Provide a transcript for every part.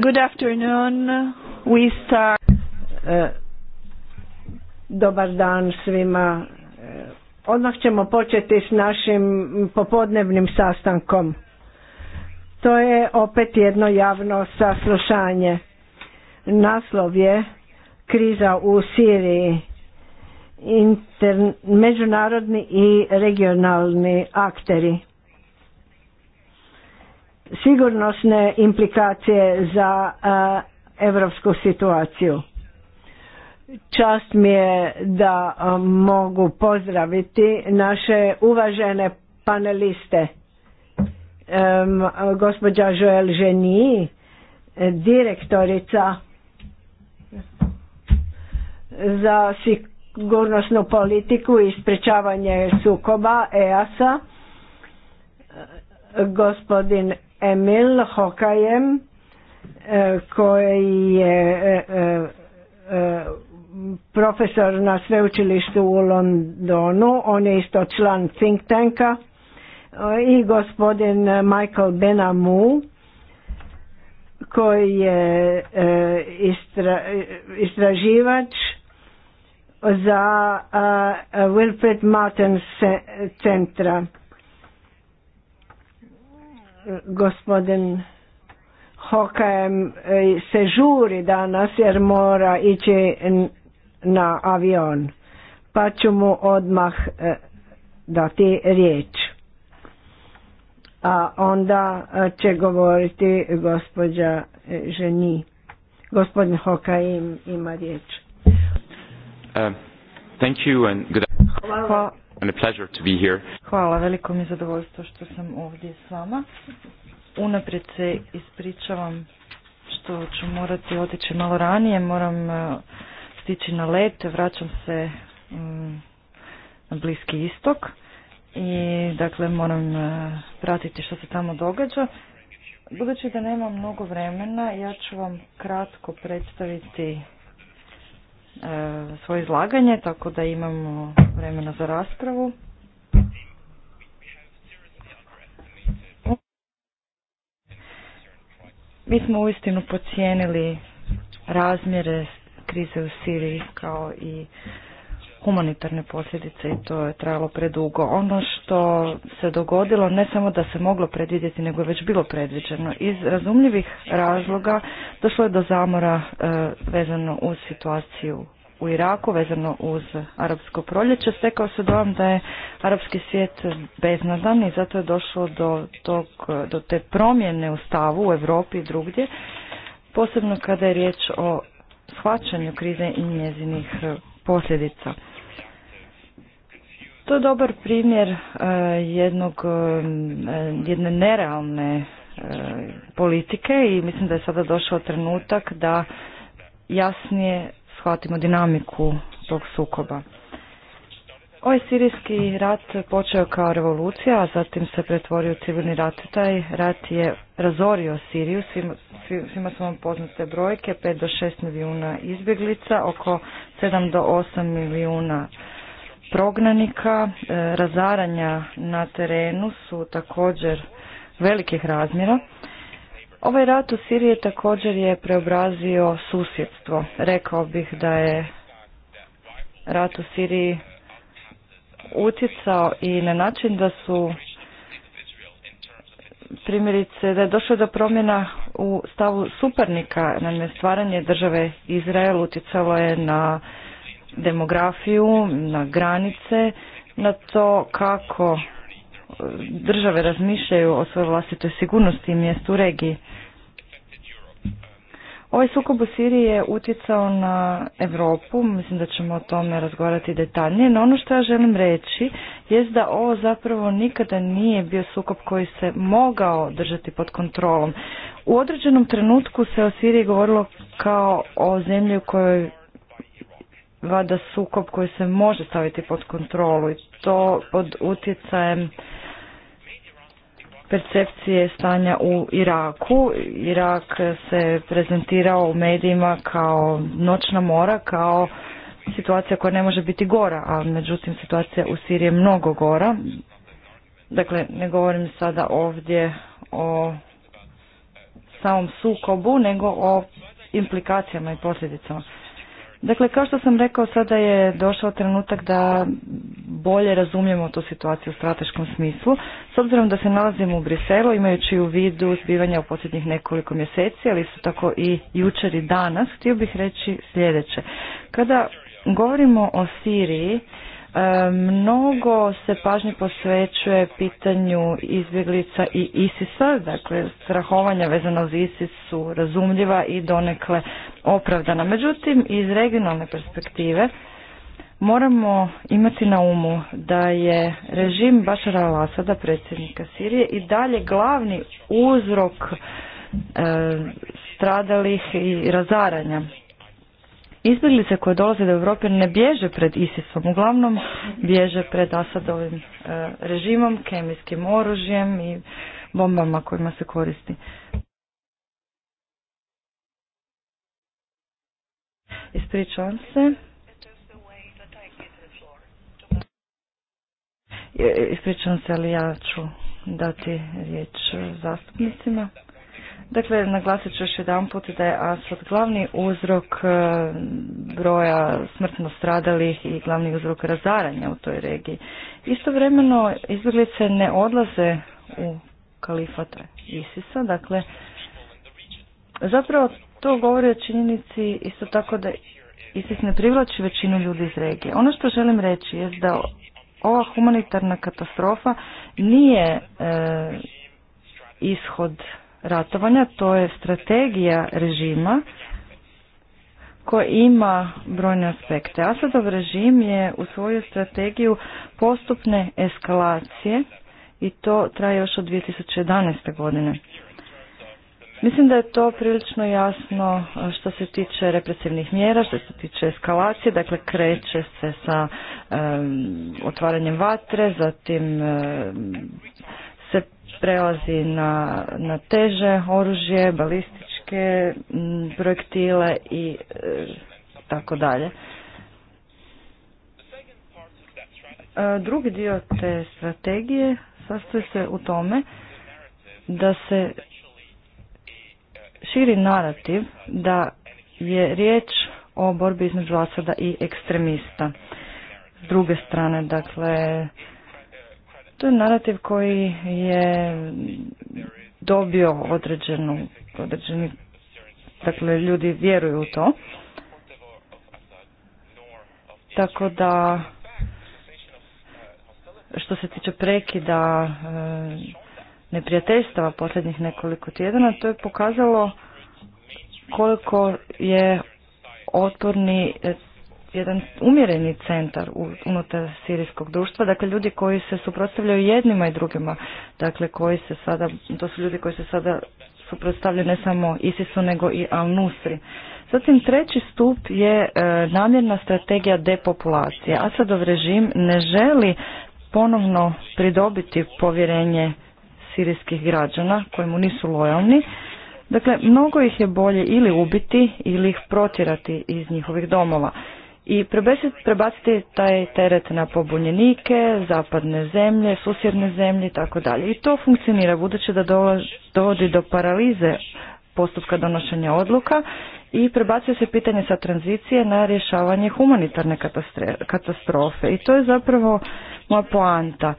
Good afternoon. start. E, dobar dan svima. E, odmah ćemo početi s našim popodnevnim sastankom. To je opet jedno javno saslušanje. Naslov je Kriza u Siriji. međunarodni i regionalni akteri sigurnosne implikacije za europsku situaciju. Čast mi je da mogu pozdraviti naše uvažene paneliste. Gospođa Joel Ženi, direktorica za sigurnosnu politiku i sprečavanje sukoba EASA, gospodin Emil Hokajem e, koji je e, e, profesor na sveučilištu u Londonu, on je isto član think tanka i gospodin Michael Benamu koji je istraživač za Wilfred Martin centra. Gospodin Hokajem e, se žuri danas jer mora ići na avion. Pa ću mu odmah e, dati riječ. A onda e, će govoriti gospođa ženi. Gospodin Hokajem ima riječ. Uh, Hvala and a pleasure to be here. Hvala, veliko mi je zadovoljstvo što sam ovdje s vama. Unaprijed se ispričavam što ću morati otići malo ranije, moram e, stići na let, vraćam se mm, na Bliski istok i dakle moram e, pratiti što se tamo događa. Budući da nemam mnogo vremena, ja ću vam kratko predstaviti E, svoje izlaganje, tako da imamo vremena za raspravu. Mi smo uistinu pocijenili razmjere krize u Siriji kao i humanitarne posljedice i to je trajalo predugo. Ono što se dogodilo ne samo da se moglo predvidjeti, nego je već bilo predviđeno. Iz razumljivih razloga došlo je do zamora e, vezano uz situaciju u Iraku, vezano uz arapsko proljeće. Stekao se dojam da je arapski svijet beznadan i zato je došlo do, tog, do te promjene u stavu u Europi i drugdje, posebno kada je riječ o shvaćanju krize i njezinih posljedica. To je dobar primjer e, jednog, e, jedne nerealne e, politike i mislim da je sada došao trenutak da jasnije shvatimo dinamiku tog sukoba. Ovaj sirijski rat počeo kao revolucija, a zatim se pretvorio u civilni rat. Taj rat je razorio Siriju, svima, svima su vam poznate brojke, 5 do 6 milijuna izbjeglica, oko 7 do 8 milijuna prognanika, e, razaranja na terenu su također velikih razmjera. Ovaj rat u Siriji također je preobrazio susjedstvo. Rekao bih da je rat u Siriji utjecao i na način da su primjerice da je došlo do promjena u stavu suparnika na stvaranje države Izrael utjecalo je na demografiju, na granice, na to kako e, države razmišljaju o svojoj vlastitoj sigurnosti i mjestu u regiji. Ovaj sukob u Siriji je utjecao na Europu, mislim da ćemo o tome razgovarati detaljnije, no ono što ja želim reći je da ovo zapravo nikada nije bio sukob koji se mogao držati pod kontrolom. U određenom trenutku se o Siriji govorilo kao o zemlji u kojoj vada sukob koji se može staviti pod kontrolu i to pod utjecajem percepcije stanja u Iraku. Irak se prezentirao u medijima kao noćna mora, kao situacija koja ne može biti gora, a međutim situacija u Siriji je mnogo gora. Dakle, ne govorim sada ovdje o samom sukobu, nego o implikacijama i posljedicama. Dakle, kao što sam rekao, sada je došao trenutak da bolje razumijemo tu situaciju u strateškom smislu. S obzirom da se nalazimo u Briselu, imajući u vidu zbivanja u posljednjih nekoliko mjeseci, ali su tako i jučer i danas, htio bih reći sljedeće. Kada govorimo o Siriji, E, mnogo se pažnje posvećuje pitanju izbjeglica i ISIS-a, dakle strahovanja vezana uz ISIS su razumljiva i donekle opravdana. Međutim, iz regionalne perspektive moramo imati na umu da je režim Bašara al-Asada, predsjednika Sirije, i dalje glavni uzrok e, stradalih i razaranja Izbjeglice koje dolaze do Europe ne bježe pred ISIS-om, uglavnom bježe pred Asadovim e, režimom, kemijskim oružjem i bombama kojima se koristi. Ispričavam se. Ispričavam se, ali ja ću dati riječ zastupnicima. Dakle, naglasit ću još jedan put da je asfalt glavni uzrok e, broja smrtno stradalih i glavni uzrok razaranja u toj regiji. Istovremeno, izbjeglice ne odlaze u kalifat Isisa, dakle, zapravo to govori o činjenici isto tako da Isis ne privlači većinu ljudi iz regije. Ono što želim reći je da ova humanitarna katastrofa nije e, ishod ratovanja, to je strategija režima koja ima brojne aspekte. Asadov režim je u svoju strategiju postupne eskalacije i to traje još od 2011. godine. Mislim da je to prilično jasno što se tiče represivnih mjera, što se tiče eskalacije, dakle kreće se sa otvaranjem vatre, zatim prelazi na, na teže oružje, balističke projektile i e, tako dalje. E, drugi dio te strategije sastoji se u tome da se širi narativ da je riječ o borbi između Asada i ekstremista. S druge strane, dakle, to je narativ koji je dobio određenu, određeni, dakle ljudi vjeruju u to. Tako da što se tiče prekida e, neprijateljstava posljednjih nekoliko tjedana, to je pokazalo koliko je otporni jedan umjereni centar unutar sirijskog društva, dakle ljudi koji se suprotstavljaju jednima i drugima, dakle koji se sada, to su ljudi koji se sada suprotstavljaju ne samo Isisu nego i Al-Nusri. Zatim treći stup je e, namjerna strategija depopulacije. Asadov režim ne želi ponovno pridobiti povjerenje sirijskih građana koji nisu lojalni. Dakle, mnogo ih je bolje ili ubiti ili ih protjerati iz njihovih domova i prebaciti taj teret na pobunjenike, zapadne zemlje, susjedne zemlje i tako dalje. I to funkcionira budući da dovodi do paralize postupka donošenja odluka i prebacuje se pitanje sa tranzicije na rješavanje humanitarne katastrofe. I to je zapravo moja poanta.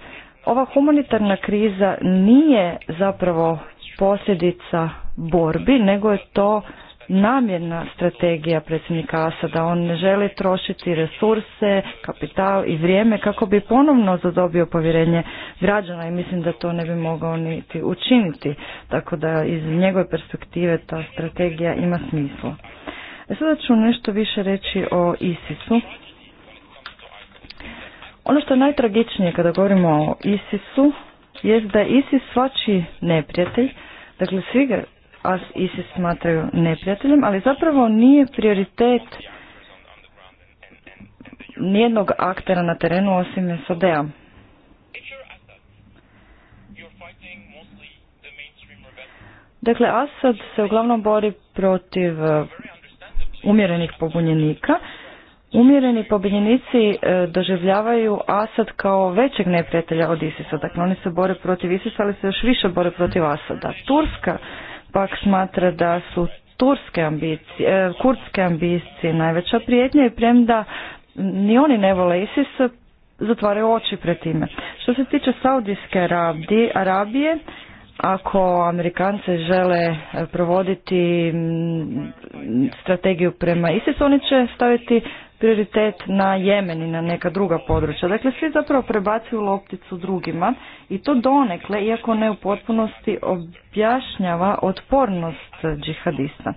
Ova humanitarna kriza nije zapravo posljedica borbi, nego je to namjerna strategija predsjednika da On ne želi trošiti resurse, kapital i vrijeme kako bi ponovno zadobio povjerenje građana i mislim da to ne bi mogao niti učiniti. Tako da iz njegove perspektive ta strategija ima smisla. E sada ću nešto više reći o ISIS-u. Ono što je najtragičnije kada govorimo o ISIS-u jest da ISIS svači neprijatelj, dakle svi ISIS smatraju neprijateljem, ali zapravo nije prioritet nijednog aktera na terenu osim SAD-a. Dakle, Asad se uglavnom bori protiv e, umjerenih pobunjenika. Umjereni pobunjenici e, doživljavaju Asad kao većeg neprijatelja od Isisa. Dakle, oni se bore protiv Isisa, ali se još više bore protiv Asada. Turska pak smatra da su turske ambicije, e, kurdske ambicije najveća prijetnja i premda ni oni ne vole ISIS, zatvaraju oči pred time. Što se tiče Saudijske Arabije, ako Amerikance žele e, provoditi strategiju prema ISIS, oni će staviti prioritet na Jemen i na neka druga područja. Dakle, svi zapravo prebacuju lopticu drugima i to donekle, iako ne u potpunosti, objašnjava otpornost džihadista.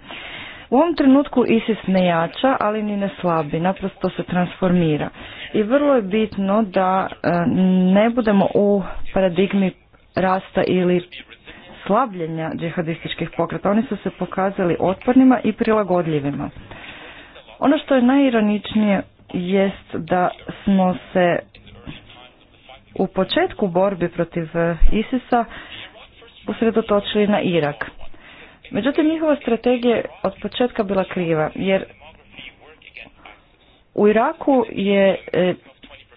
U ovom trenutku ISIS ne jača, ali ni ne slabi, naprosto se transformira. I vrlo je bitno da e, ne budemo u paradigmi rasta ili slabljenja džihadističkih pokreta. Oni su se pokazali otpornima i prilagodljivima. Ono što je najironičnije jest da smo se u početku borbi protiv eh, Isisa usredotočili na Irak. Međutim, njihova strategija od početka bila kriva, jer u Iraku je eh,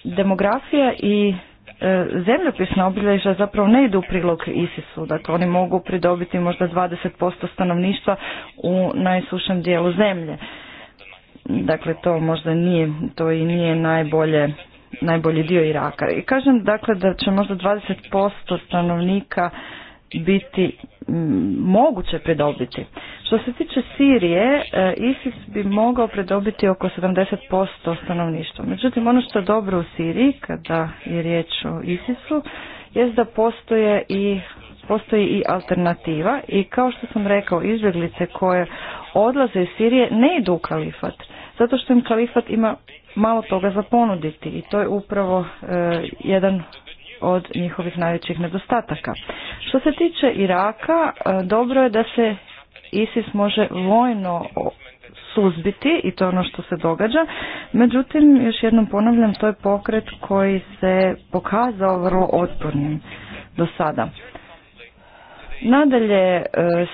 demografija i E, zemljopisna obilježja zapravo ne idu u prilog isis Dakle, oni mogu pridobiti možda 20% stanovništva u najsušem dijelu zemlje. Dakle, to možda nije, to i nije najbolje najbolji dio Iraka. I kažem dakle da će možda 20% stanovnika biti moguće predobiti. Što se tiče Sirije, e, ISIS bi mogao predobiti oko 70% stanovništva. Međutim, ono što je dobro u Siriji, kada je riječ o Isisu u je da postoje i postoji i alternativa i kao što sam rekao, izbjeglice koje odlaze iz Sirije ne idu u kalifat, zato što im kalifat ima malo toga za ponuditi i to je upravo e, jedan od njihovih najvećih nedostataka. Što se tiče Iraka, e, dobro je da se ISIS može vojno suzbiti i to je ono što se događa. Međutim, još jednom ponavljam, to je pokret koji se pokazao vrlo otpornim do sada. Nadalje, e,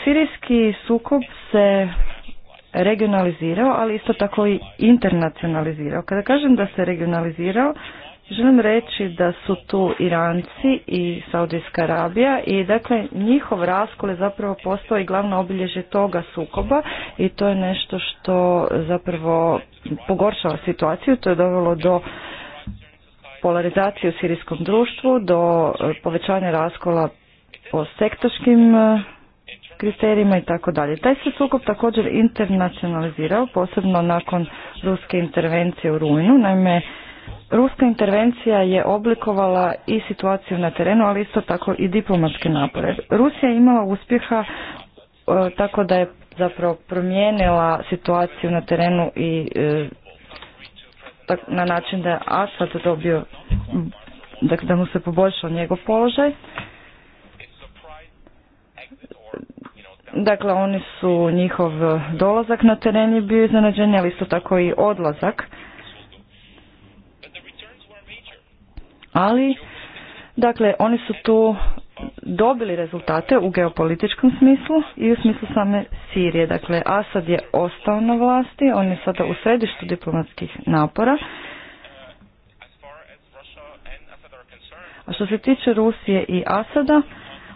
sirijski sukob se regionalizirao, ali isto tako i internacionalizirao. Kada kažem da se regionalizirao, Želim reći da su tu Iranci i Saudijska Arabija i dakle njihov raskol je zapravo postao i glavno obilježje toga sukoba i to je nešto što zapravo pogoršava situaciju, to je dovelo do polarizacije u sirijskom društvu, do e, povećanja raskola po sektorskim e, kriterijima i tako dalje. Taj se sukob također internacionalizirao, posebno nakon ruske intervencije u rujnu, naime Ruska intervencija je oblikovala i situaciju na terenu, ali isto tako i diplomatske napore. Rusija je imala uspjeha e, tako da je zapravo promijenila situaciju na terenu i e, na način da je Asad dobio, dakle da mu se poboljšao njegov položaj. Dakle, oni su njihov dolazak na teren je bio iznenađenje, ali isto tako i odlazak. ali dakle oni su tu dobili rezultate u geopolitičkom smislu i u smislu same Sirije. Dakle, Asad je ostao na vlasti, on je sada u središtu diplomatskih napora. A što se tiče Rusije i Asada,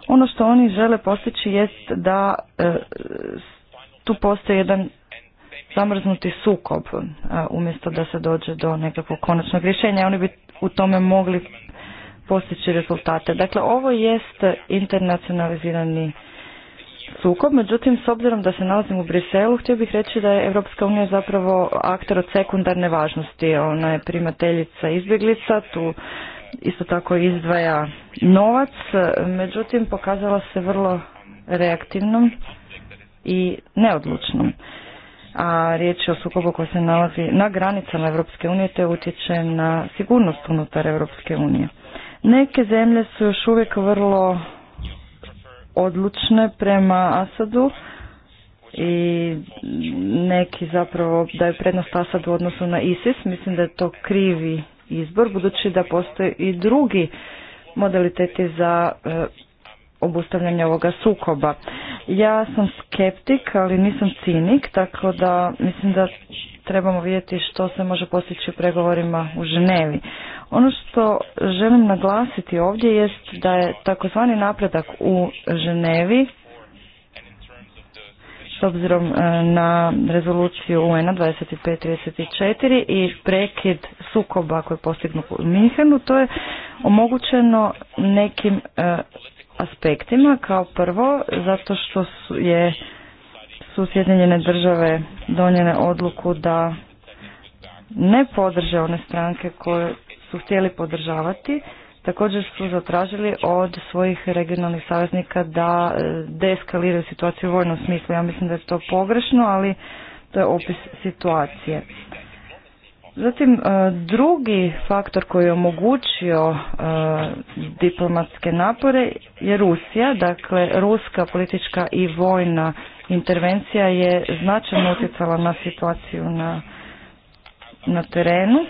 ono što oni žele postići jest da e, tu postoji jedan zamrznuti sukob e, umjesto da se dođe do nekakvog konačnog rješenja. Oni bi u tome mogli postići rezultate. Dakle, ovo jest internacionalizirani sukob, međutim, s obzirom da se nalazim u Briselu, htio bih reći da je Europska unija zapravo aktor od sekundarne važnosti. Ona je primateljica izbjeglica, tu isto tako izdvaja novac, međutim, pokazala se vrlo reaktivnom i neodlučnom a riječ je o sukobu koji se nalazi na granicama Europske unije te utječe na sigurnost unutar Europske unije. Neke zemlje su još uvijek vrlo odlučne prema Asadu i neki zapravo daju prednost Asadu u odnosu na ISIS. Mislim da je to krivi izbor budući da postoje i drugi modaliteti za e, obustavljanje ovoga sukoba. Ja sam skeptik, ali nisam cinik, tako da mislim da trebamo vidjeti što se može postići u pregovorima u Ženevi. Ono što želim naglasiti ovdje jest da je takozvani napredak u Ženevi s obzirom e, na rezoluciju UN-a 2534 i prekid sukoba koji je u Mihenu to je omogućeno nekim e, aspektima. Kao prvo, zato što su, je, su Sjedinjene države donijele odluku da ne podrže one stranke koje su htjeli podržavati. Također su zatražili od svojih regionalnih saveznika da e, deeskaliraju situaciju u vojnom smislu. Ja mislim da je to pogrešno, ali to je opis situacije. Zatim, e, drugi faktor koji je omogućio e, diplomatske napore je Rusija. Dakle, ruska politička i vojna intervencija je značajno utjecala na situaciju na, na terenu.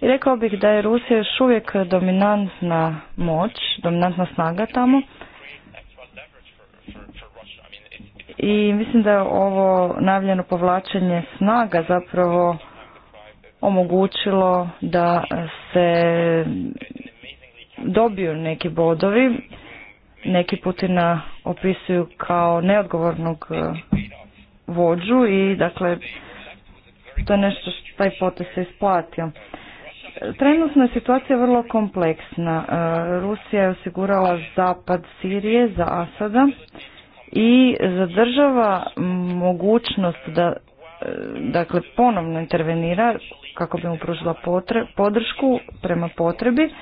I rekao bih da je Rusija još uvijek dominantna moć, dominantna snaga tamo. i mislim da je ovo najavljeno povlačenje snaga zapravo omogućilo da se dobiju neki bodovi. Neki Putina opisuju kao neodgovornog e, vođu i dakle to je nešto što taj potez se isplatio. Trenutna situacija je vrlo kompleksna. E, Rusija je osigurala zapad Sirije za Asada i zadržava mogućnost da e, dakle ponovno intervenira kako bi mu pružila podršku prema potrebi.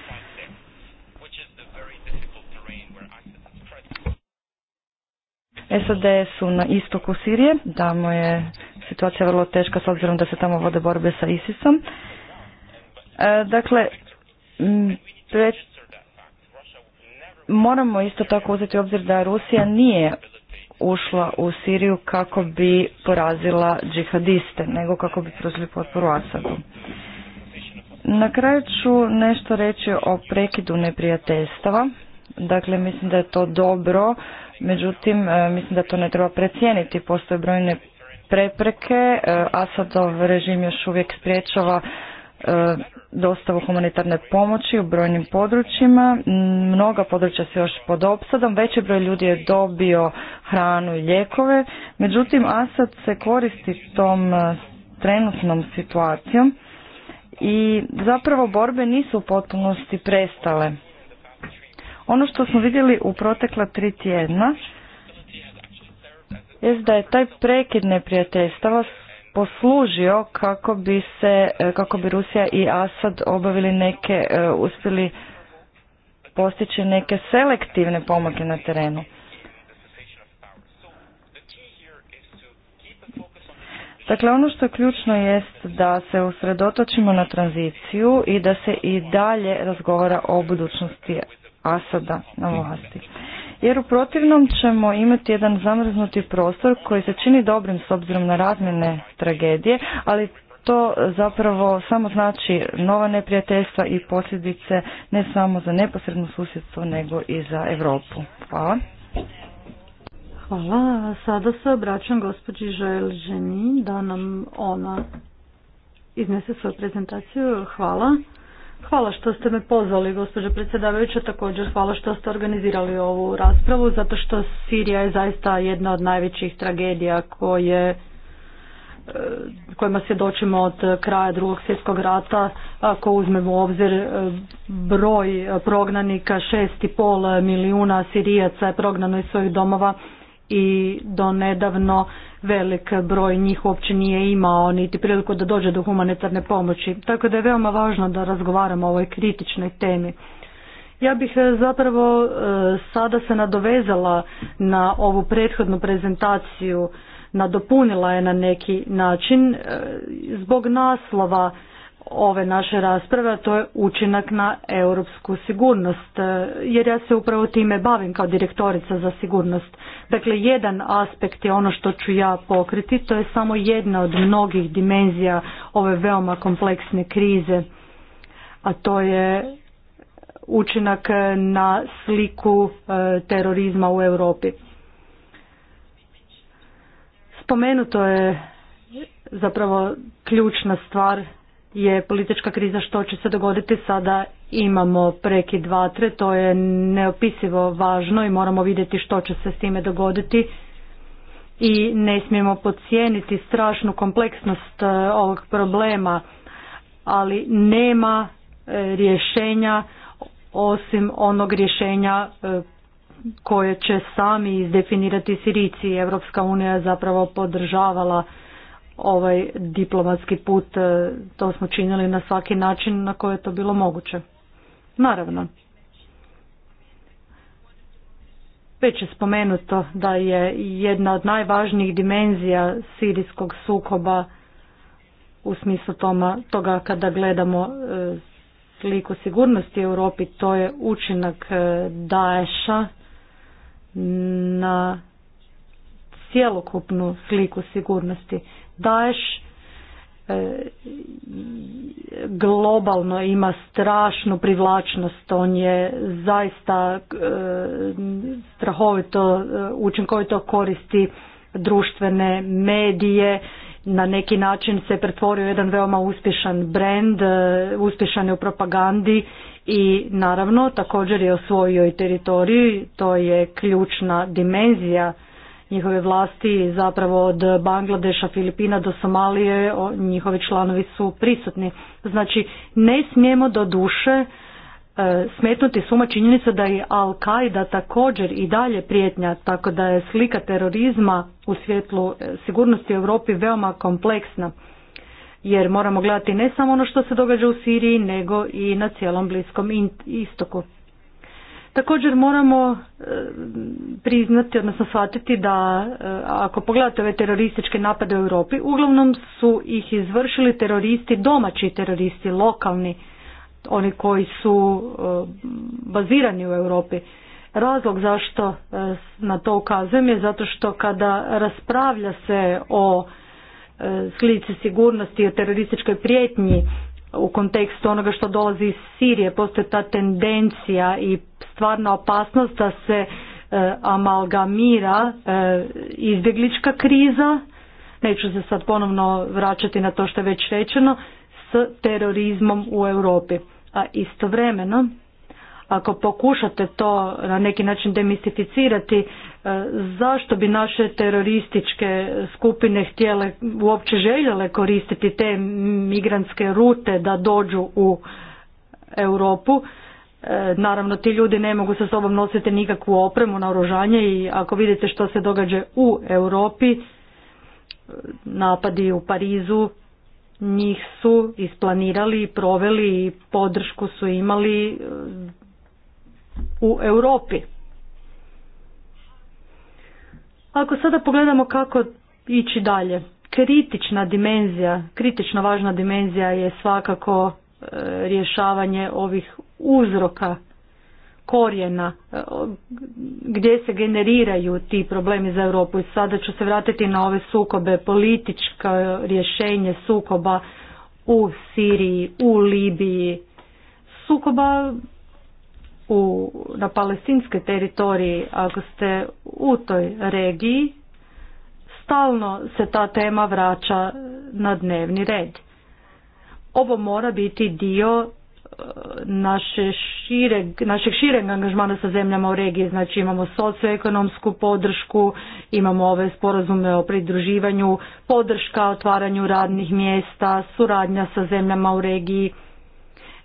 SAD su na istoku Sirije, tamo je situacija vrlo teška s obzirom da se tamo vode borbe sa ISISom. E, dakle, pre... moramo isto tako uzeti u obzir da Rusija nije ušla u Siriju kako bi porazila džihadiste, nego kako bi pružili potporu Asadu. Na kraju ću nešto reći o prekidu neprijateljstava. Dakle, mislim da je to dobro, međutim, e, mislim da to ne treba precijeniti. Postoje brojne prepreke, e, Asadov režim još uvijek spriječava e, dostavu humanitarne pomoći u brojnim područjima. Mnoga područja su još pod opsadom, veći broj ljudi je dobio hranu i ljekove, međutim Asad se koristi tom eh, trenutnom situacijom i zapravo borbe nisu u potpunosti prestale. Ono što smo vidjeli u protekla tri tjedna je da je taj prekid neprijateljstava poslužio kako bi se, e, kako bi Rusija i Asad obavili neke, e, uspjeli postići neke selektivne pomake na terenu. Dakle, ono što je ključno jest da se usredotočimo na tranziciju i da se i dalje razgovara o budućnosti Asada na vlasti jer u protivnom ćemo imati jedan zamrznuti prostor koji se čini dobrim s obzirom na razmjene tragedije, ali to zapravo samo znači nova neprijateljstva i posljedice ne samo za neposredno susjedstvo nego i za Europu. Hvala. Hvala. Sada se obraćam gospođi Joel Ženi da nam ona iznese svoju prezentaciju. Hvala. Hvala što ste me pozvali, gospođo predsjedavajuća. Također hvala što ste organizirali ovu raspravu, zato što Sirija je zaista jedna od najvećih tragedija koje e, kojima svjedočimo od kraja drugog svjetskog rata, ako uzmemo u obzir e, broj prognanika, pol milijuna Sirijaca je prognano iz svojih domova, i do nedavno velik broj njih uopće nije imao niti priliku da dođe do humanitarne pomoći. Tako da je veoma važno da razgovaramo o ovoj kritičnoj temi. Ja bih e, zapravo e, sada se nadovezala na ovu prethodnu prezentaciju, nadopunila je na neki način e, zbog naslova ove naše rasprave, a to je učinak na europsku sigurnost, e, jer ja se upravo time bavim kao direktorica za sigurnost. Dakle, jedan aspekt je ono što ću ja pokriti, to je samo jedna od mnogih dimenzija ove veoma kompleksne krize, a to je učinak na sliku e, terorizma u Europi. Spomenuto je zapravo ključna stvar je politička kriza što će se dogoditi sada imamo dva tre, to je neopisivo važno i moramo vidjeti što će se s time dogoditi i ne smijemo podcijeniti strašnu kompleksnost e, ovog problema, ali nema e, rješenja osim onog rješenja e, koje će sami izdefinirati Sirici. Evropska unija je zapravo podržavala ovaj diplomatski put, e, to smo činili na svaki način na koji je to bilo moguće. Naravno. Već je spomenuto da je jedna od najvažnijih dimenzija sirijskog sukoba u smislu toma, toga kada gledamo e, sliku sigurnosti u Europi, to je učinak e, Daesha na cjelokupnu sliku sigurnosti. Daesh e, globalno ima strašnu privlačnost, on je zaista e, strahovito e, učinkovito koristi društvene medije, na neki način se pretvorio jedan veoma uspješan brand, uspješan je u propagandi i naravno također je osvojio i teritoriju, to je ključna dimenzija njihove vlasti zapravo od Bangladeša, Filipina do Somalije, njihovi članovi su prisutni. Znači ne smijemo do duše e, smetnuti suma činjenica da je Al-Qaida također i dalje prijetnja, tako da je slika terorizma u svjetlu e, sigurnosti u Europi veoma kompleksna. Jer moramo gledati ne samo ono što se događa u Siriji, nego i na cijelom bliskom istoku. Također moramo e, priznati, odnosno shvatiti da e, ako pogledate ove terorističke napade u Europi, uglavnom su ih izvršili teroristi, domaći teroristi, lokalni, oni koji su e, bazirani u Europi. Razlog zašto na to ukazujem je zato što kada raspravlja se o slici sigurnosti i o terorističkoj prijetnji u kontekstu onoga što dolazi iz Sirije postoje ta tendencija i stvarna opasnost da se e, amalgamira e, izbjeglička kriza neću se sad ponovno vraćati na to što je već rečeno s terorizmom u Europi a istovremeno ako pokušate to na neki način demistificirati zašto bi naše terorističke skupine htjele uopće željele koristiti te migrantske rute da dođu u Europu. E, naravno ti ljudi ne mogu sa sobom nositi nikakvu opremu, na oružanje i ako vidite što se događa u Europi, napadi u Parizu, njih su isplanirali i proveli i podršku su imali e, u Europi. Ako sada pogledamo kako ići dalje, kritična dimenzija, kritično važna dimenzija je svakako e, rješavanje ovih uzroka korijena e, gdje se generiraju ti problemi za Europu i sada ću se vratiti na ove sukobe, političko rješenje sukoba u Siriji, u Libiji, sukoba u, na palestinske teritoriji, ako ste u toj regiji, stalno se ta tema vraća na dnevni red. Ovo mora biti dio e, naše šire, našeg šireg angažmana sa zemljama u regiji. Znači imamo socioekonomsku podršku, imamo ove sporazume o pridruživanju, podrška otvaranju radnih mjesta, suradnja sa zemljama u regiji.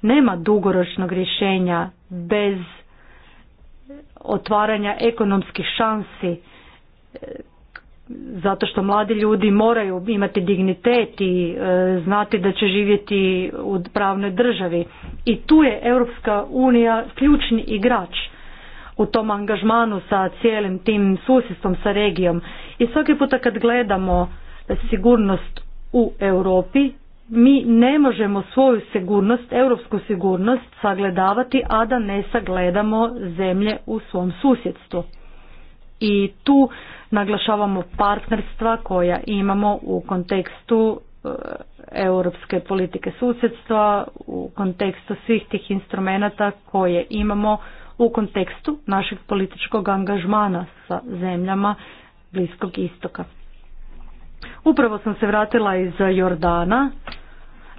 Nema dugoročnog rješenja bez otvaranja ekonomskih šansi e, zato što mladi ljudi moraju imati dignitet i e, znati da će živjeti u pravnoj državi i tu je Europska unija ključni igrač u tom angažmanu sa cijelim tim susjedstvom sa regijom i svaki puta kad gledamo sigurnost u Europi mi ne možemo svoju sigurnost, europsku sigurnost sagledavati, a da ne sagledamo zemlje u svom susjedstvu. I tu naglašavamo partnerstva koja imamo u kontekstu e, europske politike susjedstva, u kontekstu svih tih instrumenata koje imamo u kontekstu našeg političkog angažmana sa zemljama Bliskog istoka. Upravo sam se vratila iz Jordana.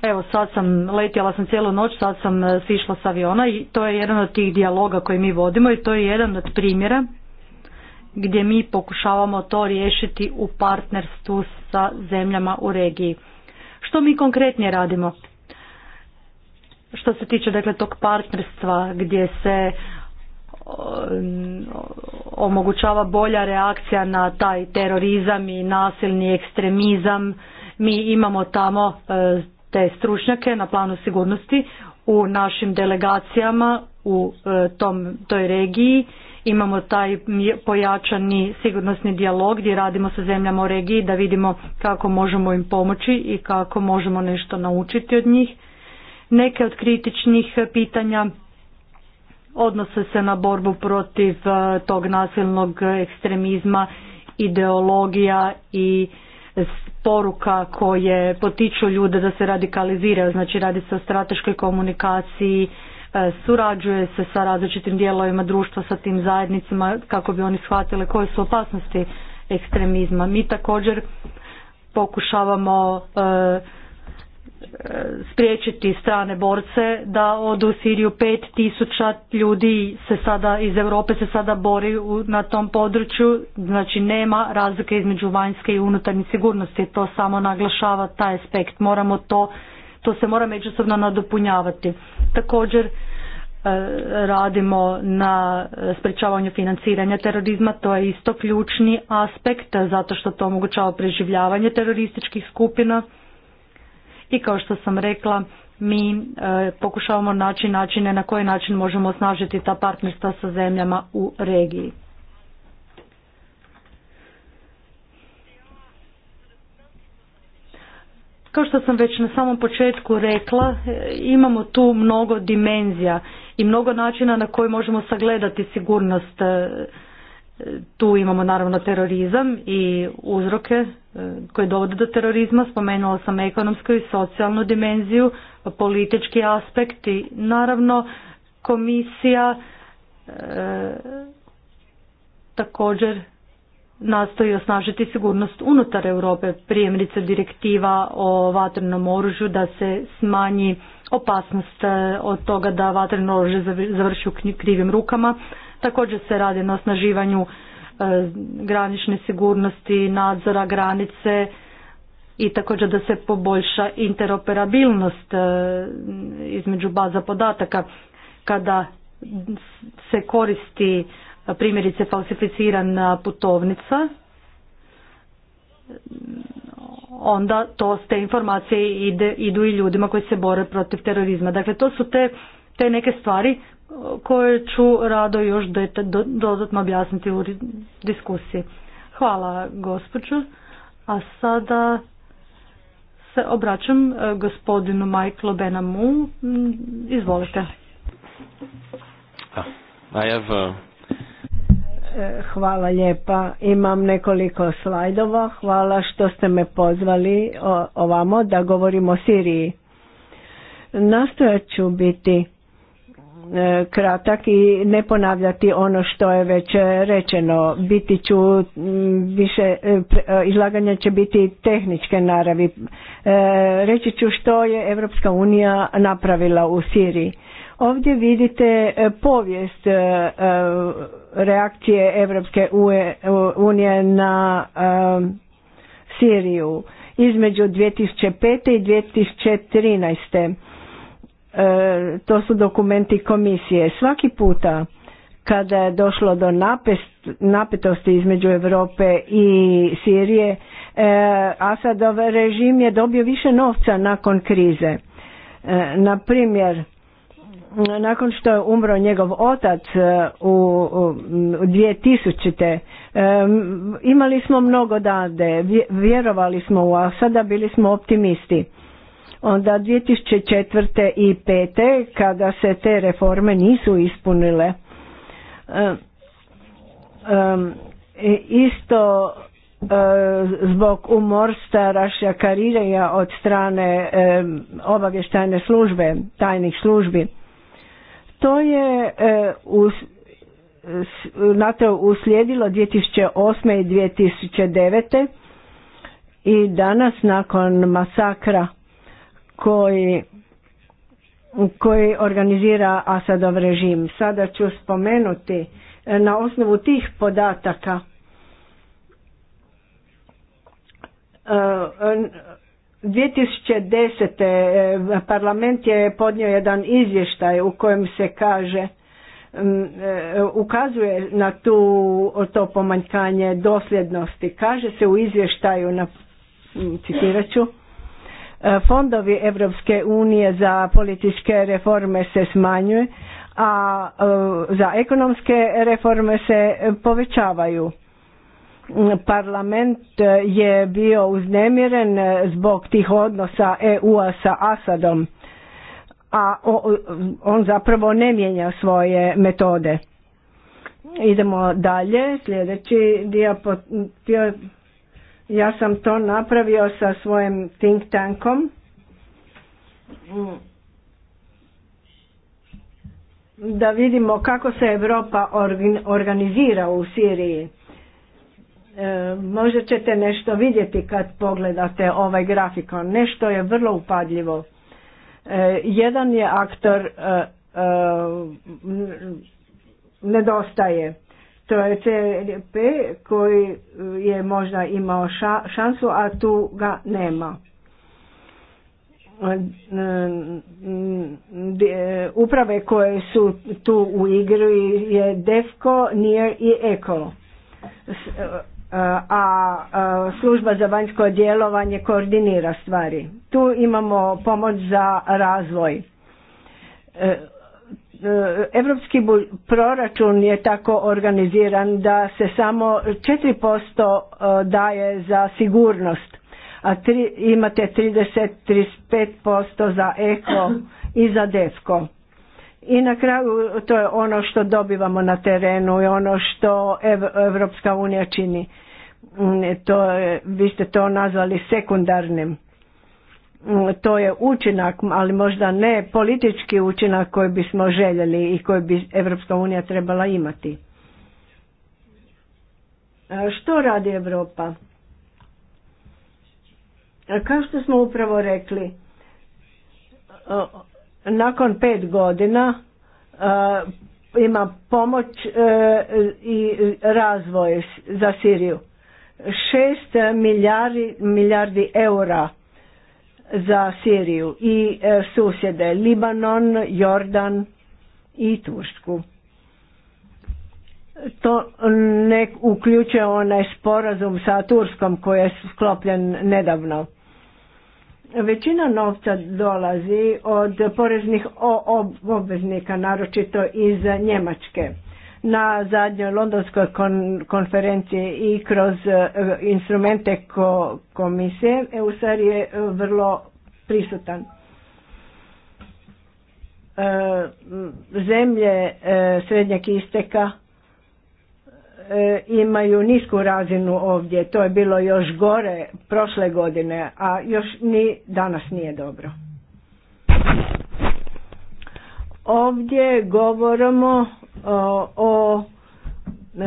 Evo sad sam, letjela sam cijelu noć, sad sam e, sišla s aviona i to je jedan od tih dijaloga koji mi vodimo i to je jedan od primjera gdje mi pokušavamo to riješiti u partnerstvu sa zemljama u regiji. Što mi konkretnije radimo? Što se tiče dakle tog partnerstva gdje se omogućava bolja reakcija na taj terorizam i nasilni ekstremizam. Mi imamo tamo e, te stručnjake na planu sigurnosti u našim delegacijama u e, tom, toj regiji. Imamo taj pojačani sigurnosni dijalog gdje radimo sa zemljama u regiji da vidimo kako možemo im pomoći i kako možemo nešto naučiti od njih. Neke od kritičnih pitanja odnose se na borbu protiv e, tog nasilnog ekstremizma, ideologija i poruka koje potiču ljude da se radikaliziraju, znači radi se o strateškoj komunikaciji, e, surađuje se sa različitim dijelovima društva, sa tim zajednicama kako bi oni shvatili koje su opasnosti ekstremizma. Mi također pokušavamo e, spriječiti strane borce da odu u Siriju. 5000 ljudi se sada iz Europe se sada bori na tom području, znači nema razlike između vanjske i unutarnje sigurnosti, to samo naglašava taj aspekt. Moramo to, to se mora međusobno nadopunjavati. Također e, radimo na sprečavanju financiranja terorizma, to je isto ključni aspekt zato što to omogućava preživljavanje terorističkih skupina i kao što sam rekla mi e, pokušavamo naći načine na koji način možemo osnažiti ta partnerstva sa zemljama u regiji. Kao što sam već na samom početku rekla, e, imamo tu mnogo dimenzija i mnogo načina na koji možemo sagledati sigurnost. E, tu imamo naravno terorizam i uzroke koje dovode do terorizma, spomenula sam ekonomsku i socijalnu dimenziju, politički aspekt i naravno komisija e, također nastoji osnažiti sigurnost unutar Europe, Primjerice direktiva o vatrenom oružju da se smanji opasnost e, od toga da vatreno oružje završi u krivim rukama. Također se radi na osnaživanju E, granične sigurnosti, nadzora granice i također da se poboljša interoperabilnost e, između baza podataka kada se koristi primjerice falsificirana putovnica onda to s te informacije ide, idu i ljudima koji se bore protiv terorizma. Dakle, to su te, te neke stvari koje ću rado još dodatno objasniti u diskusiji. Hvala gospođo. A sada se obraćam e, gospodinu Michaelu Benamu. Mm, izvolite. Ah, uh, e, hvala lijepa. Imam nekoliko slajdova. Hvala što ste me pozvali ovamo da govorimo o Siriji. Nastojat ću biti E, kratak i ne ponavljati ono što je već e, rečeno. Biti ću više, e, izlaganja će biti tehničke naravi. Reći ću što je Europska unija napravila u Siriji. Ovdje vidite povijest reakcije Europske unije na Siriju između 2005. i 2013 E, to su dokumenti komisije. Svaki puta kada je došlo do napetosti između Europe i Sirije, e, Asadov režim je dobio više novca nakon krize. E, na primjer, nakon što je umro njegov otac u 2000. Imali smo mnogo dade, vjerovali smo u Asada, bili smo optimisti Onda 2004. i 2005. kada se te reforme nisu ispunile, e, isto e, zbog umorstva rašakariranja od strane e, obavještajne službe, tajnih službi. To je na to uslijedilo 2008. i 2009. i danas nakon masakra koji koji organizira Asadov režim. Sada ću spomenuti e, na osnovu tih podataka e, uh, 2010. E, parlament je podnio jedan izvještaj u kojem se kaže ukazuje na tu, to pomanjkanje dosljednosti. Kaže se u izvještaju, na, citirat ću, E, fondovi Europske unije za političke reforme se smanjuje, a e, za ekonomske reforme se povećavaju. Parlament e, je bio uznemiren zbog tih odnosa EU-a sa Asadom, a on zapravo ne mijenja svoje metode. Idemo dalje, sljedeći dio ja sam to napravio sa svojim think tankom. Da vidimo kako se Europa organizira u Siriji. E, Možda ćete nešto vidjeti kad pogledate ovaj grafikon. Nešto je vrlo upadljivo. E, jedan je aktor e, nedostaje to je koji je možda imao šansu, a tu ga nema. E, e, uprave koje su tu u igri je DEFCO, NIR i eko e, A služba za vanjsko djelovanje koordinira stvari. Tu imamo pomoć za razvoj Eh, evropski proračun je tako organiziran da se samo 4% eh, daje za sigurnost, a tri, imate 30-35% za eko i za desko. I na kraju to je ono što dobivamo na terenu i ono što Evropska unija čini. Mm, to je, vi ste to nazvali sekundarnim Mm, to je učinak, ali možda ne politički učinak koji bismo željeli i koji bi Europska unija trebala imati. E, što radi Europa? E, kao što smo upravo rekli, e, nakon pet godina ima pomoć i razvoj za Siriju. Šest milijardi, milijardi eura za Siriju i e, susjede Libanon, Jordan i Tursku. To ne uključuje onaj sporazum sa Turskom koji je sklopljen nedavno. Većina novca dolazi od poreznih obveznika, naročito iz Njemačke na zadnjoj londonskoj konferenciji i kroz e, instrumente komisije EUSAR je e, vrlo prisutan. E, zemlje srednjeg isteka imaju nisku razinu ovdje, to je bilo još gore prošle godine, a još ni danas nije dobro. Ovdje govorimo o e,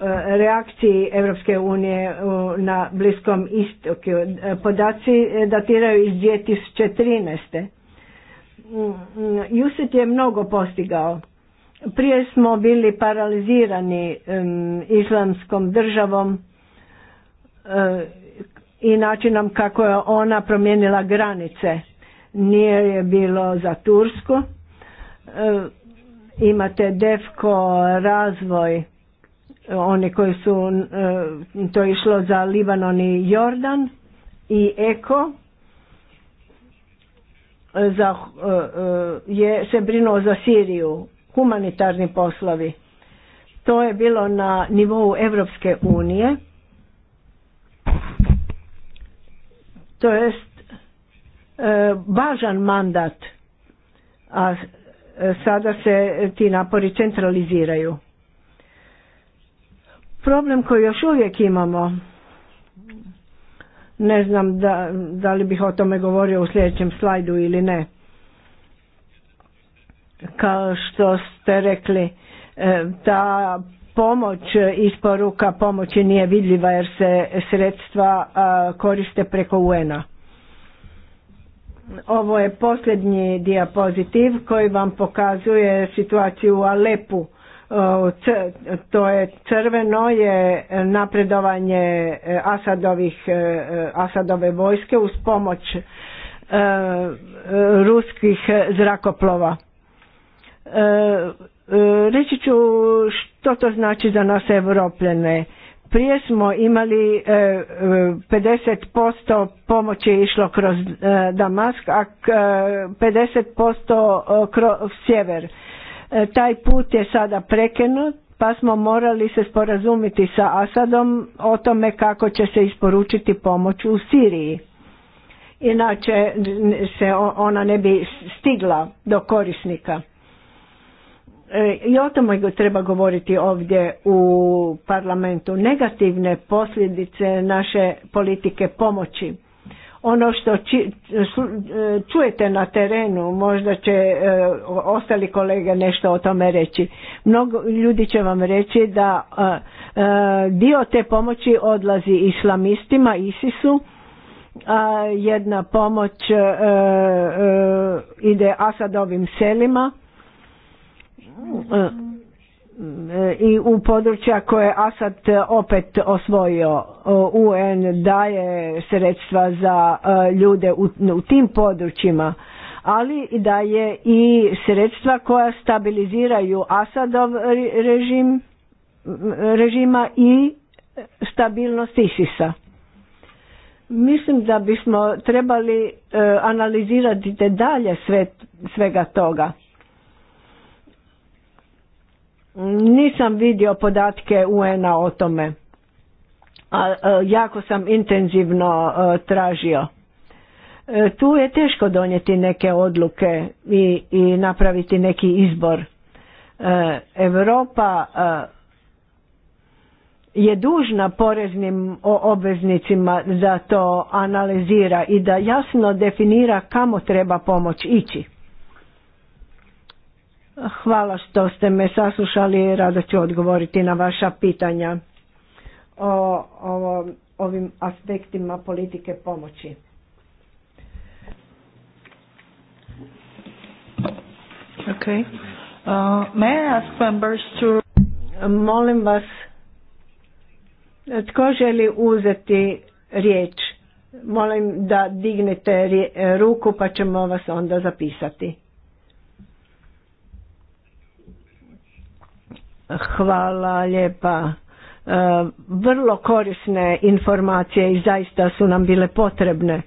e, reakciji Europske unije e, na Bliskom istoku. Podaci datiraju iz 2013. Mm, mm, Juset je mnogo postigao. Prije smo bili paralizirani islamskom državom i načinom kako je ona promijenila granice. Nije je bilo za Tursku Imate DEFKO razvoj, oni koji su, e, to išlo za Libanon i Jordan i EKO za, e, e, je se brinuo za Siriju, humanitarni poslovi. To je bilo na nivou Evropske unije. To jest važan mandat a sada se ti napori centraliziraju. Problem koji još uvijek imamo, ne znam da, da li bih o tome govorio u sljedećem slajdu ili ne, kao što ste rekli, e, ta pomoć, isporuka pomoći nije vidljiva jer se sredstva koriste preko un ovo je posljednji diapozitiv koji vam pokazuje situaciju u Alepu. To je crveno je napredovanje e, Asadovih, e, Asadove vojske uz pomoć e, ruskih zrakoplova. Reći ću što to znači za nas evropljene prije smo imali 50% e, e, pomoći išlo kroz e, Damask, a 50% kroz sjever. Taj put je sada prekenut, pa smo morali se sporazumiti sa Asadom o tome kako će se isporučiti pomoć u Siriji. Inače se ona ne bi stigla do korisnika. E, i o tome treba govoriti ovdje u parlamentu negativne posljedice naše politike pomoći ono što e, čujete na terenu možda će e, ostali kolege nešto o tome reći mnogo ljudi će vam reći da dio te pomoći odlazi islamistima ISISu a jedna pomoć ide Asadovim selima E, i u područja koje Asad opet osvojio e, UN daje sredstva za e, ljude u, u tim područjima ali daje i sredstva koja stabiliziraju Asadov režim režima i stabilnost isis Mislim da bismo trebali analizirati dalje svega toga nisam vidio podatke UN-a o tome, a e, jako sam intenzivno e, tražio. E, tu je teško donijeti neke odluke i, i napraviti neki izbor. Europa je dužna poreznim obveznicima da to analizira i da jasno definira kamo treba pomoć ići. Hvala što ste me saslušali i rado ću odgovoriti na vaša pitanja o, ovim aspektima politike pomoći. Okay. Uh, may ask members to... Molim vas, tko želi uzeti riječ? Molim da dignete ruku pa ćemo vas onda zapisati. Hvala lijepa. E, vrlo korisne informacije i zaista su nam bile potrebne. E,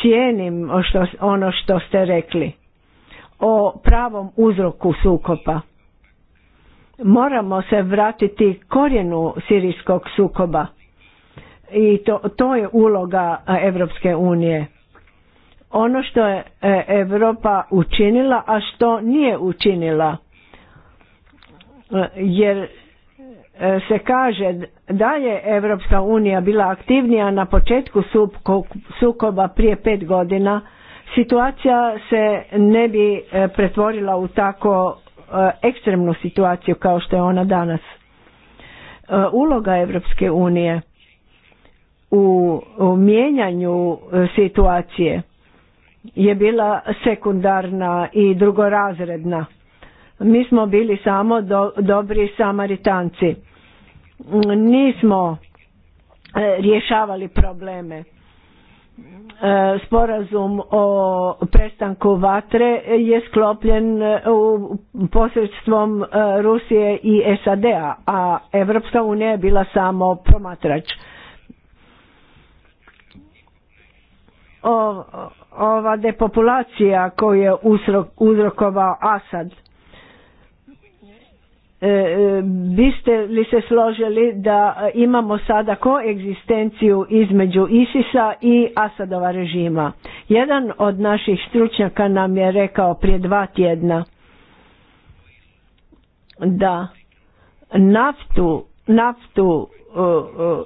cijenim ono što ste rekli o pravom uzroku sukopa. Moramo se vratiti korijenu sirijskog sukoba i to, to je uloga Europske unije. Ono što je Europa učinila, a što nije učinila – jer e, se kaže da je Europska unija bila aktivnija na početku sukoba prije pet godina, situacija se ne bi e, pretvorila u tako e, ekstremnu situaciju kao što je ona danas. Uloga Europske unije u mijenjanju situacije je bila sekundarna i drugorazredna mi smo bili samo do, dobri samaritanci. Nismo e, rješavali probleme. E, sporazum o prestanku vatre je sklopljen e, u posredstvom Rusije i SAD-a, a Evropska unija je bila samo promatrač. O, ova depopulacija koju je uzrokovao Asad E, e, biste li se složili da imamo sada koegzistenciju između Isisa i Asadova režima. Jedan od naših stručnjaka nam je rekao prije dva tjedna da naftu, naftu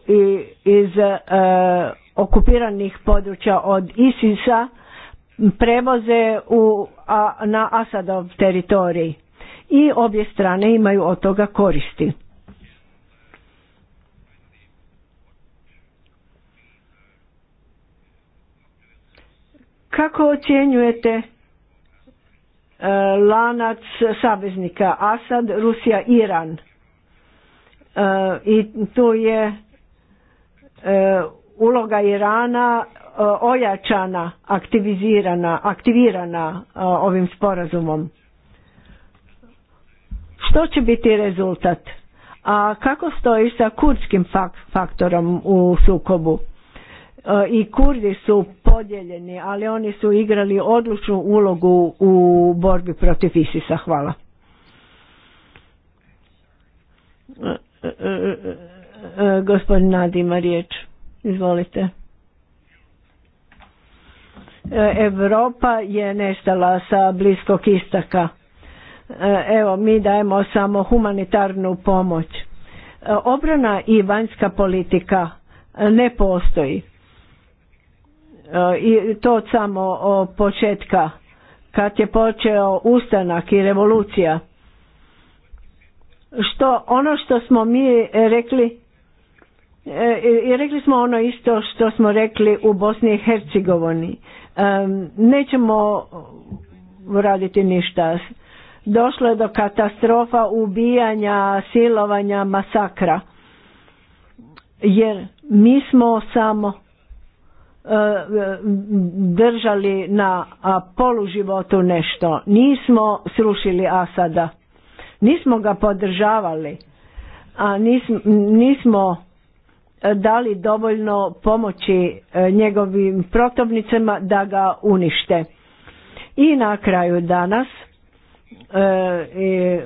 e, iz okupiranih područja od Isisa prevoze u, na Asadov teritorij i obje strane imaju od toga koristi. Kako ocjenjujete e, lanac saveznika Asad, Rusija, Iran? E, I tu je e, uloga Irana ojačana, aktivizirana, aktivirana ovim sporazumom. To će biti rezultat? A kako stoji sa kurdskim faktorom u sukobu? E, I kurdi su podijeljeni, ali oni su igrali odlučnu ulogu u borbi protiv Isisa. Hvala. E, e, gospodin Nadima riječ. Izvolite. Europa je nestala sa bliskog istaka E, evo, mi dajemo samo humanitarnu pomoć. E, obrana i vanjska politika e, ne postoji. I to od samo početka, kad je počeo ustanak i revolucija. Što, ono što smo mi rekli, i rekli smo ono isto što smo rekli u Bosni i Hercegovini. Nećemo raditi ništa došlo je do katastrofa ubijanja, silovanja, masakra. Jer mi smo samo e, držali na poluživotu nešto. Nismo srušili Asada. Nismo ga podržavali. A nismo, nismo e, dali dovoljno pomoći e, njegovim protovnicama da ga unište. I na kraju danas E,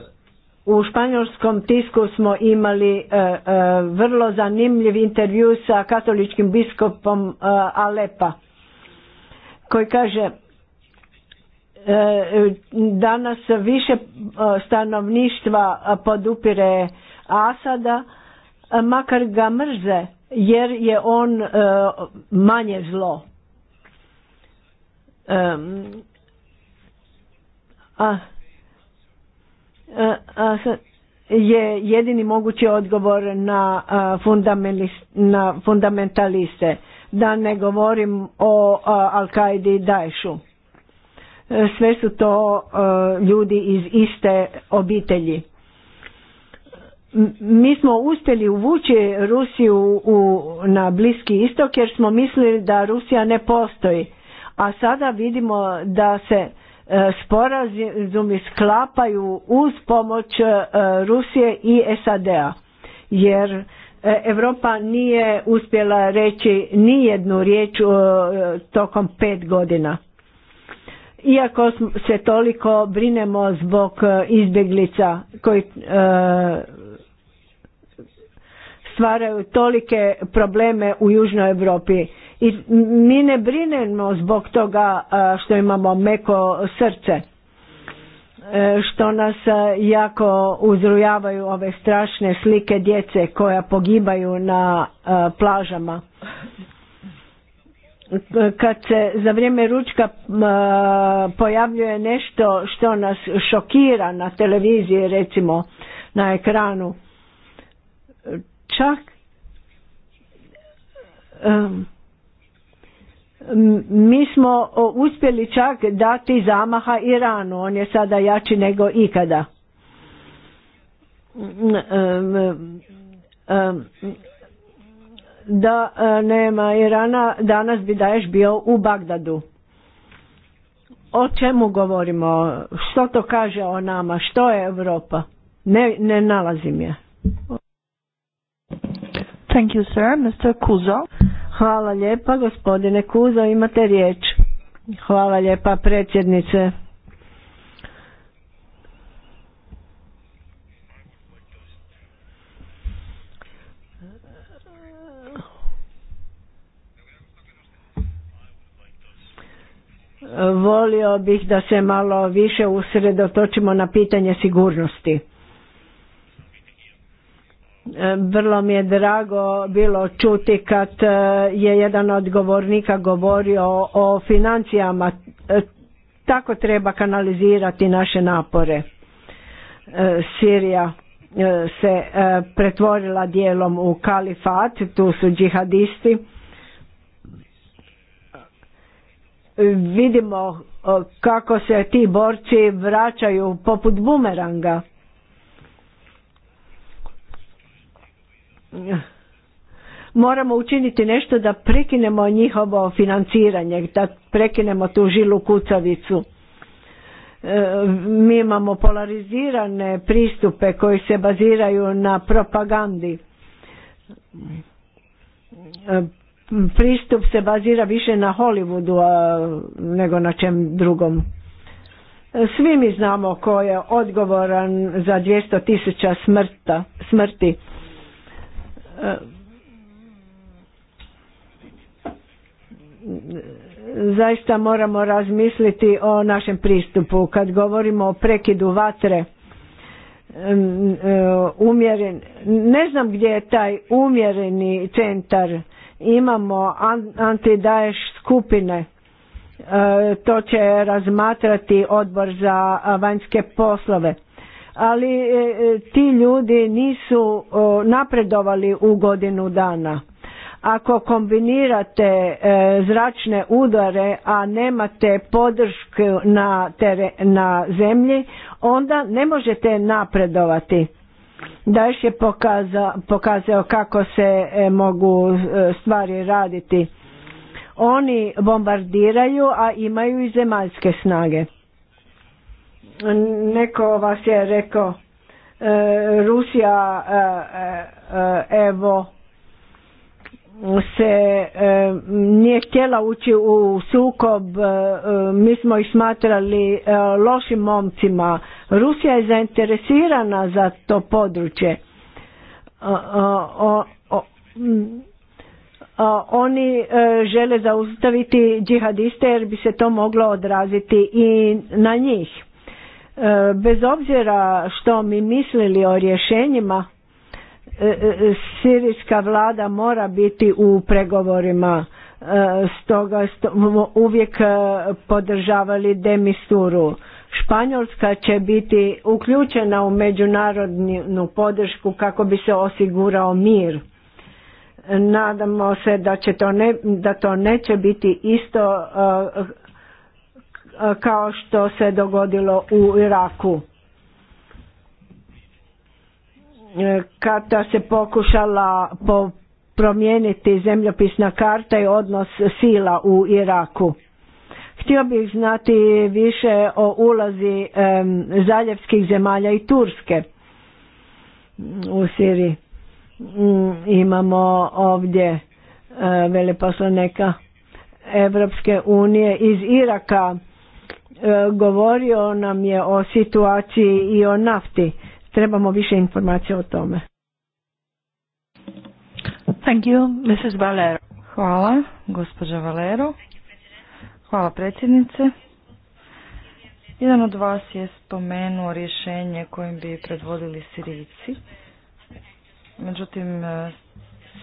u španjolskom tisku smo imali e, e, vrlo zanimljiv intervju sa katoličkim biskupom Alepa koji kaže danas više stanovništva podupire Asada makar ga mrze jer je on manje zlo. A E, je jedini mogući odgovor na, na fundamentaliste, da ne govorim o Al-Qaidi i Daeshu. E, sve su to ljudi iz iste obitelji. Mi smo uspjeli uvući Rusiju u, na Bliski istok jer smo mislili da Rusija ne postoji, a sada vidimo da se E, sporazumi sklapaju uz pomoć e, Rusije i SAD-a jer e, Europa nije uspjela reći ni jednu riječ tokom pet godina. Iako se toliko brinemo zbog izbjeglica koji stvaraju tolike probleme u Južnoj Europi, i mi ne brinemo zbog toga e, što imamo meko srce, e, što nas e, jako uzrujavaju ove strašne slike djece koja pogibaju na plažama. Kad se za vrijeme ručka pojavljuje nešto što nas šokira na televiziji, recimo na ekranu, čak mi smo uspjeli čak dati zamaha Iranu, on je sada jači nego ikada. Da e, nema Irana, danas bi Daješ bio u Bagdadu. O čemu govorimo? Što to kaže o nama? Što je Europa? Ne, ne nalazim je. Thank you, sir. Mr. Kuzo. Hvala lijepa, gospodine Kuzo, imate riječ. Hvala lijepa, predsjednice. Volio bih da se malo više usredotočimo na pitanje sigurnosti. Vrlo mi je drago bilo čuti kad e, je jedan od govornika govorio o financijama. E, tako treba kanalizirati naše napore. E, Sirija se pretvorila dijelom u kalifat, tu su džihadisti. Vidimo kako se ti borci vraćaju poput bumeranga. moramo učiniti nešto da prekinemo njihovo financiranje, da prekinemo tu žilu kucavicu. E, mi imamo polarizirane pristupe koji se baziraju na propagandi. E, pristup se bazira više na Hollywoodu nego na čem drugom. Svi mi znamo ko je odgovoran za 200 tisuća smrti E, zaista moramo razmisliti o našem pristupu kad govorimo o prekidu vatre e, umjeren ne znam gdje je taj umjereni centar imamo antidaješ skupine e, to će razmatrati odbor za vanjske poslove ali e, e, ti ljudi nisu napredovali u godinu dana. Ako kombinirate e, zračne udare, a nemate podršku na, zemlji, onda ne možete napredovati. Daš je pokazao kako se mogu stvari raditi. Oni bombardiraju, a imaju i zemaljske snage. Neko vas je rekao e, Rusija e, e, evo se nije htjela ući u sukob, mi smo ih smatrali lošim momcima. Rusija je zainteresirana za to područje. Oni žele zaustaviti džihadiste jer bi se to moglo odraziti i na njih E, bez obzira što mi mislili o rješenjima, e, e, sirijska vlada mora biti u pregovorima stoga smo uvijek podržavali demisturu. Španjolska će biti uključena u međunarodnu podršku kako bi se osigurao mir. Nadamo se da, će to, ne, da to neće biti isto E, kao što se dogodilo u Iraku e, kada se pokušala promijeniti zemljopisna karta i odnos sila u Iraku. Htio bih znati više o ulazi zaljevskih zemalja i Turske u Siriji. Mm, imamo ovdje e, veleposlanika Evropske unije iz Iraka E, govorio nam je o situaciji i o nafti. Trebamo više informacija o tome. Thank you, Mrs. Valero. Hvala, gospođa Valero. Hvala predsjednice. Jedan od vas je spomenuo rješenje kojim bi predvodili Sirici. Međutim, e,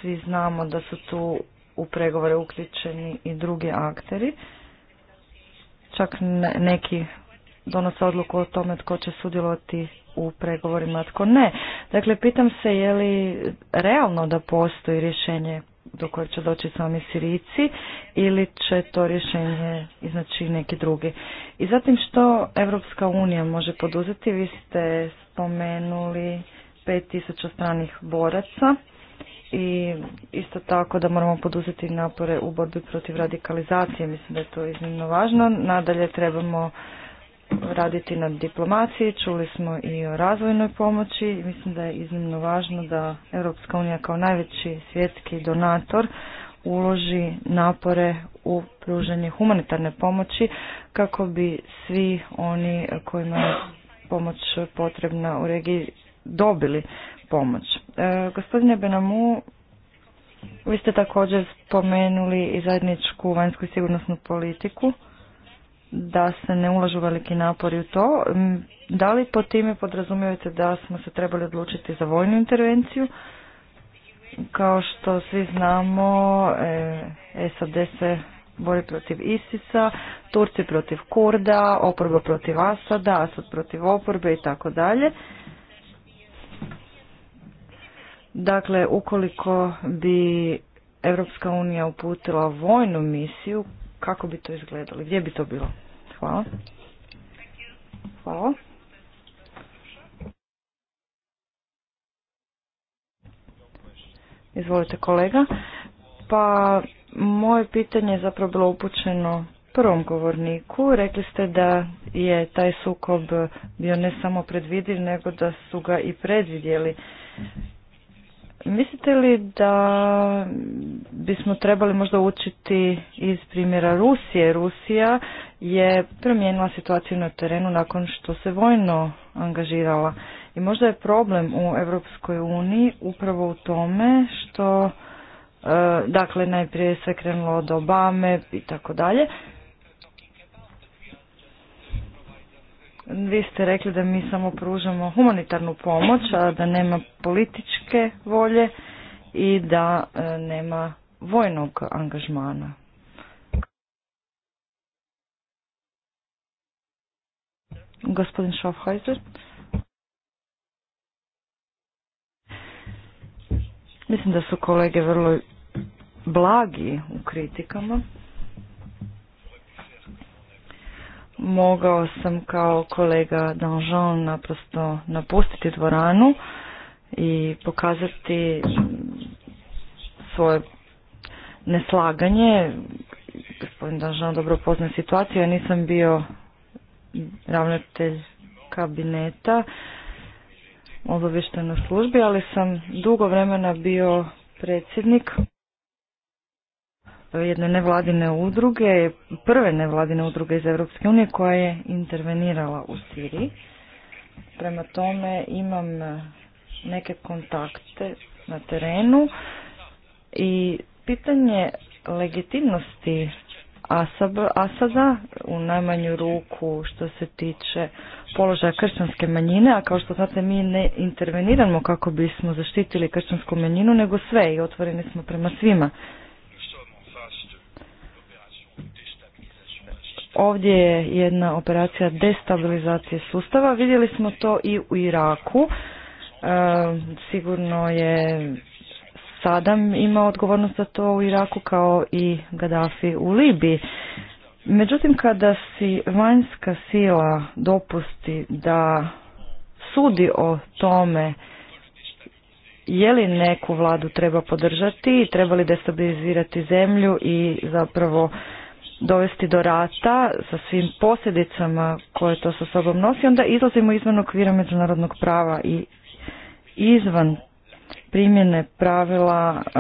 svi znamo da su tu u pregovore uključeni i drugi akteri. Čak neki donose odluku o tome tko će sudjelovati u pregovorima, tko ne. Dakle, pitam se je li realno da postoji rješenje do koje će doći sami Sirici ili će to rješenje iznaći neki drugi. I zatim što Evropska unija može poduzeti, vi ste spomenuli 5000 stranih boraca i isto tako da moramo poduzeti napore u borbi protiv radikalizacije. Mislim da je to iznimno važno. Nadalje trebamo raditi na diplomaciji, čuli smo i o razvojnoj pomoći. Mislim da je iznimno važno da Europska unija kao najveći svjetski donator uloži napore u pružanje humanitarne pomoći kako bi svi oni kojima je pomoć potrebna u regiji dobili pomoć. E, gospodine Benamu, vi ste također spomenuli i zajedničku vanjsku i sigurnosnu politiku, da se ne ulažu veliki napori u to. Da li po time podrazumijevate da smo se trebali odlučiti za vojnu intervenciju? Kao što svi znamo, e, SAD se bori protiv Isisa, Turci protiv Kurda, oporba protiv Asada, Asad protiv oporbe i tako dalje. Dakle, ukoliko bi Europska unija uputila vojnu misiju, kako bi to izgledalo? Gdje bi to bilo? Hvala. Hvala. Izvolite kolega. Pa moje pitanje je zapravo bilo upućeno prvom govorniku. Rekli ste da je taj sukob bio ne samo predvidiv, nego da su ga i predvidjeli. Mislite li da bismo trebali možda učiti iz primjera Rusije? Rusija je promijenila situaciju na terenu nakon što se vojno angažirala i možda je problem u Europskoj uniji upravo u tome što e, dakle najprije se krenulo od Obame i tako dalje Vi ste rekli da mi samo pružamo humanitarnu pomoć, a da nema političke volje i da e, nema vojnog angažmana. Gospodin Mislim da su kolege vrlo blagi u kritikama. mogao sam kao kolega Danjean naprosto napustiti dvoranu i pokazati svoje neslaganje. Gospodin Danjean dobro poznaje situaciju, ja nisam bio ravnatelj kabineta obavještajnoj službi, ali sam dugo vremena bio predsjednik jedne nevladine udruge, prve nevladine udruge iz Europske unije koja je intervenirala u Siriji. Prema tome imam neke kontakte na terenu i pitanje legitimnosti Asab, Asada u najmanju ruku što se tiče položaja kršćanske manjine, a kao što znate mi ne interveniramo kako bismo zaštitili kršćansku manjinu, nego sve i otvoreni smo prema svima. Ovdje je jedna operacija destabilizacije sustava. Vidjeli smo to i u Iraku. E, sigurno je Saddam ima odgovornost za to u Iraku kao i Gaddafi u Libiji. Međutim, kada si vanjska sila dopusti da sudi o tome je li neku vladu treba podržati i treba li destabilizirati zemlju i zapravo dovesti do rata sa svim posljedicama koje to sa sobom nosi, onda izlazimo izvan okvira međunarodnog prava i izvan primjene pravila e,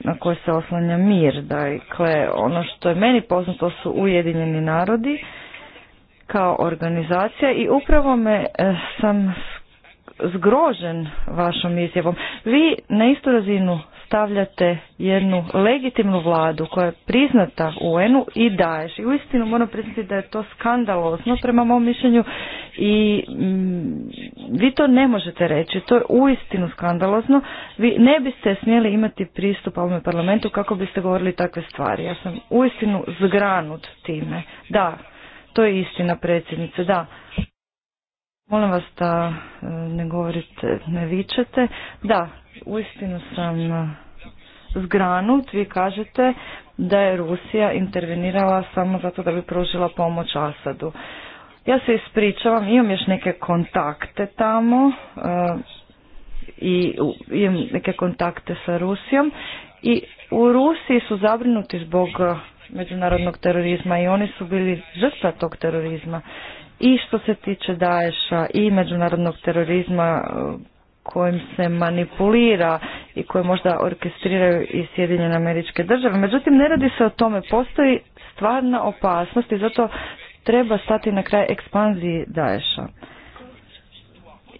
na koje se oslanja mir. Dakle, ono što je meni poznato su Ujedinjeni narodi kao organizacija i upravo me e, sam zgrožen vašom izjavom. Vi na istu razinu stavljate jednu legitimnu vladu koja je priznata UN-u i daješ. I uistinu moram priznati da je to skandalozno prema mom mišljenju i mm, vi to ne možete reći. To je uistinu skandalozno. Vi ne biste smjeli imati pristup ovome parlamentu kako biste govorili takve stvari. Ja sam uistinu zgranut time. Da, to je istina predsjednice, da. Molim vas da e, ne govorite, ne vičete. Da, uistinu sam e, zgranut. Vi kažete da je Rusija intervenirala samo zato da bi pružila pomoć Asadu. Ja se ispričavam, imam još neke kontakte tamo e, i imam neke kontakte sa Rusijom i u Rusiji su zabrinuti zbog e, međunarodnog terorizma i oni su bili žrtva tog terorizma. I što se tiče Daesha i međunarodnog terorizma, kojim se manipulira i koje možda orkestriraju i Sjedinjene američke države. Međutim, ne radi se o tome. Postoji stvarna opasnost i zato treba stati na kraj ekspanziji Daesha.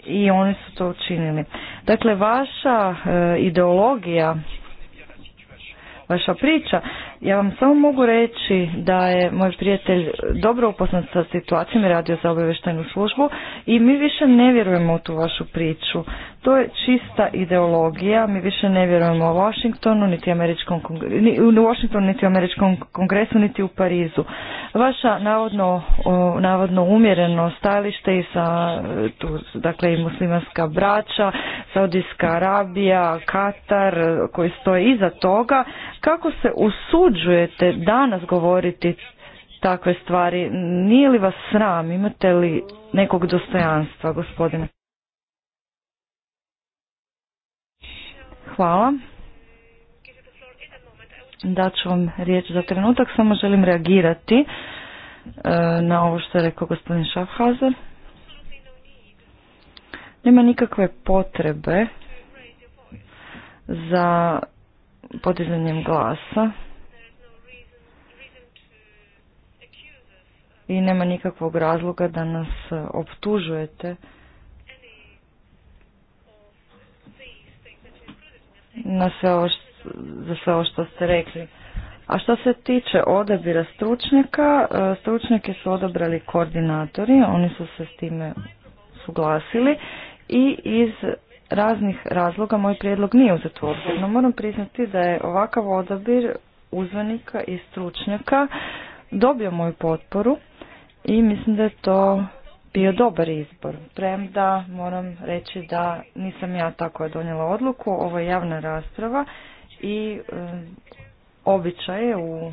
I oni su to učinili. Dakle, vaša e, ideologija, vaša priča, ja vam samo mogu reći da je moj prijatelj dobro upoznat sa situacijom radio za obaveštajnu službu i mi više ne vjerujemo u tu vašu priču. To je čista ideologija, mi više ne vjerujemo u Washingtonu, niti američkom ni, u Washingtonu, niti u američkom kongresu, niti u Parizu. Vaša navodno, navodno umjereno stajalište i sa, tu, dakle, i muslimanska braća, Saudijska Arabija, Katar, koji stoje iza toga, kako se usuđujete danas govoriti takve stvari? Nije li vas sram? Imate li nekog dostojanstva, gospodine? Hvala. Daću vam riječ za trenutak, samo želim reagirati e, na ovo što je rekao gospodin Schaffhauser. Nema nikakve potrebe za podizanjem glasa i nema nikakvog razloga da nas optužujete na sve ovo što, za sve što ste rekli. A što se tiče odabira stručnjaka, e, stručnjake su odabrali koordinatori, oni su se s time suglasili i iz raznih razloga moj prijedlog nije uzet u No moram priznati da je ovakav odabir uzvanika i stručnjaka dobio moju potporu i mislim da je to bio dobar izbor. Premda moram reći da nisam ja tako donijela odluku, ovo je javna rasprava i običaje običaj je u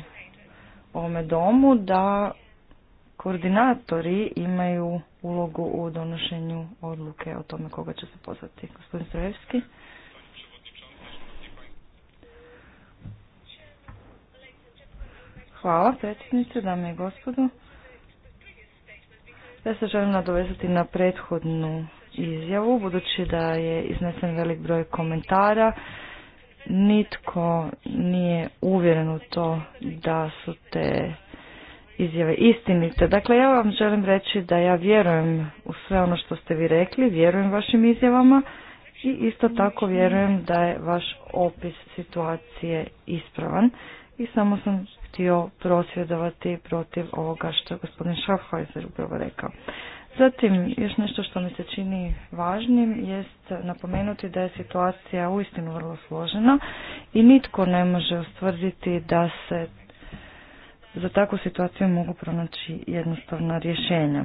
ovome domu da koordinatori imaju ulogu u donošenju odluke o tome koga će se pozvati. Gospodin Strojevski. Hvala predsjednice, dame i gospodu. Ja se želim nadovezati na prethodnu izjavu, budući da je iznesen velik broj komentara. Nitko nije uvjeren u to da su te izjave istinite. Dakle, ja vam želim reći da ja vjerujem u sve ono što ste vi rekli, vjerujem vašim izjavama i isto tako vjerujem da je vaš opis situacije ispravan i samo sam htio prosvjedovati protiv ovoga što je gospodin Schaffhauser upravo rekao. Zatim, još nešto što mi se čini važnim jest napomenuti da je situacija uistinu vrlo složena i nitko ne može ustvrditi da se za takvu situaciju mogu pronaći jednostavna rješenja.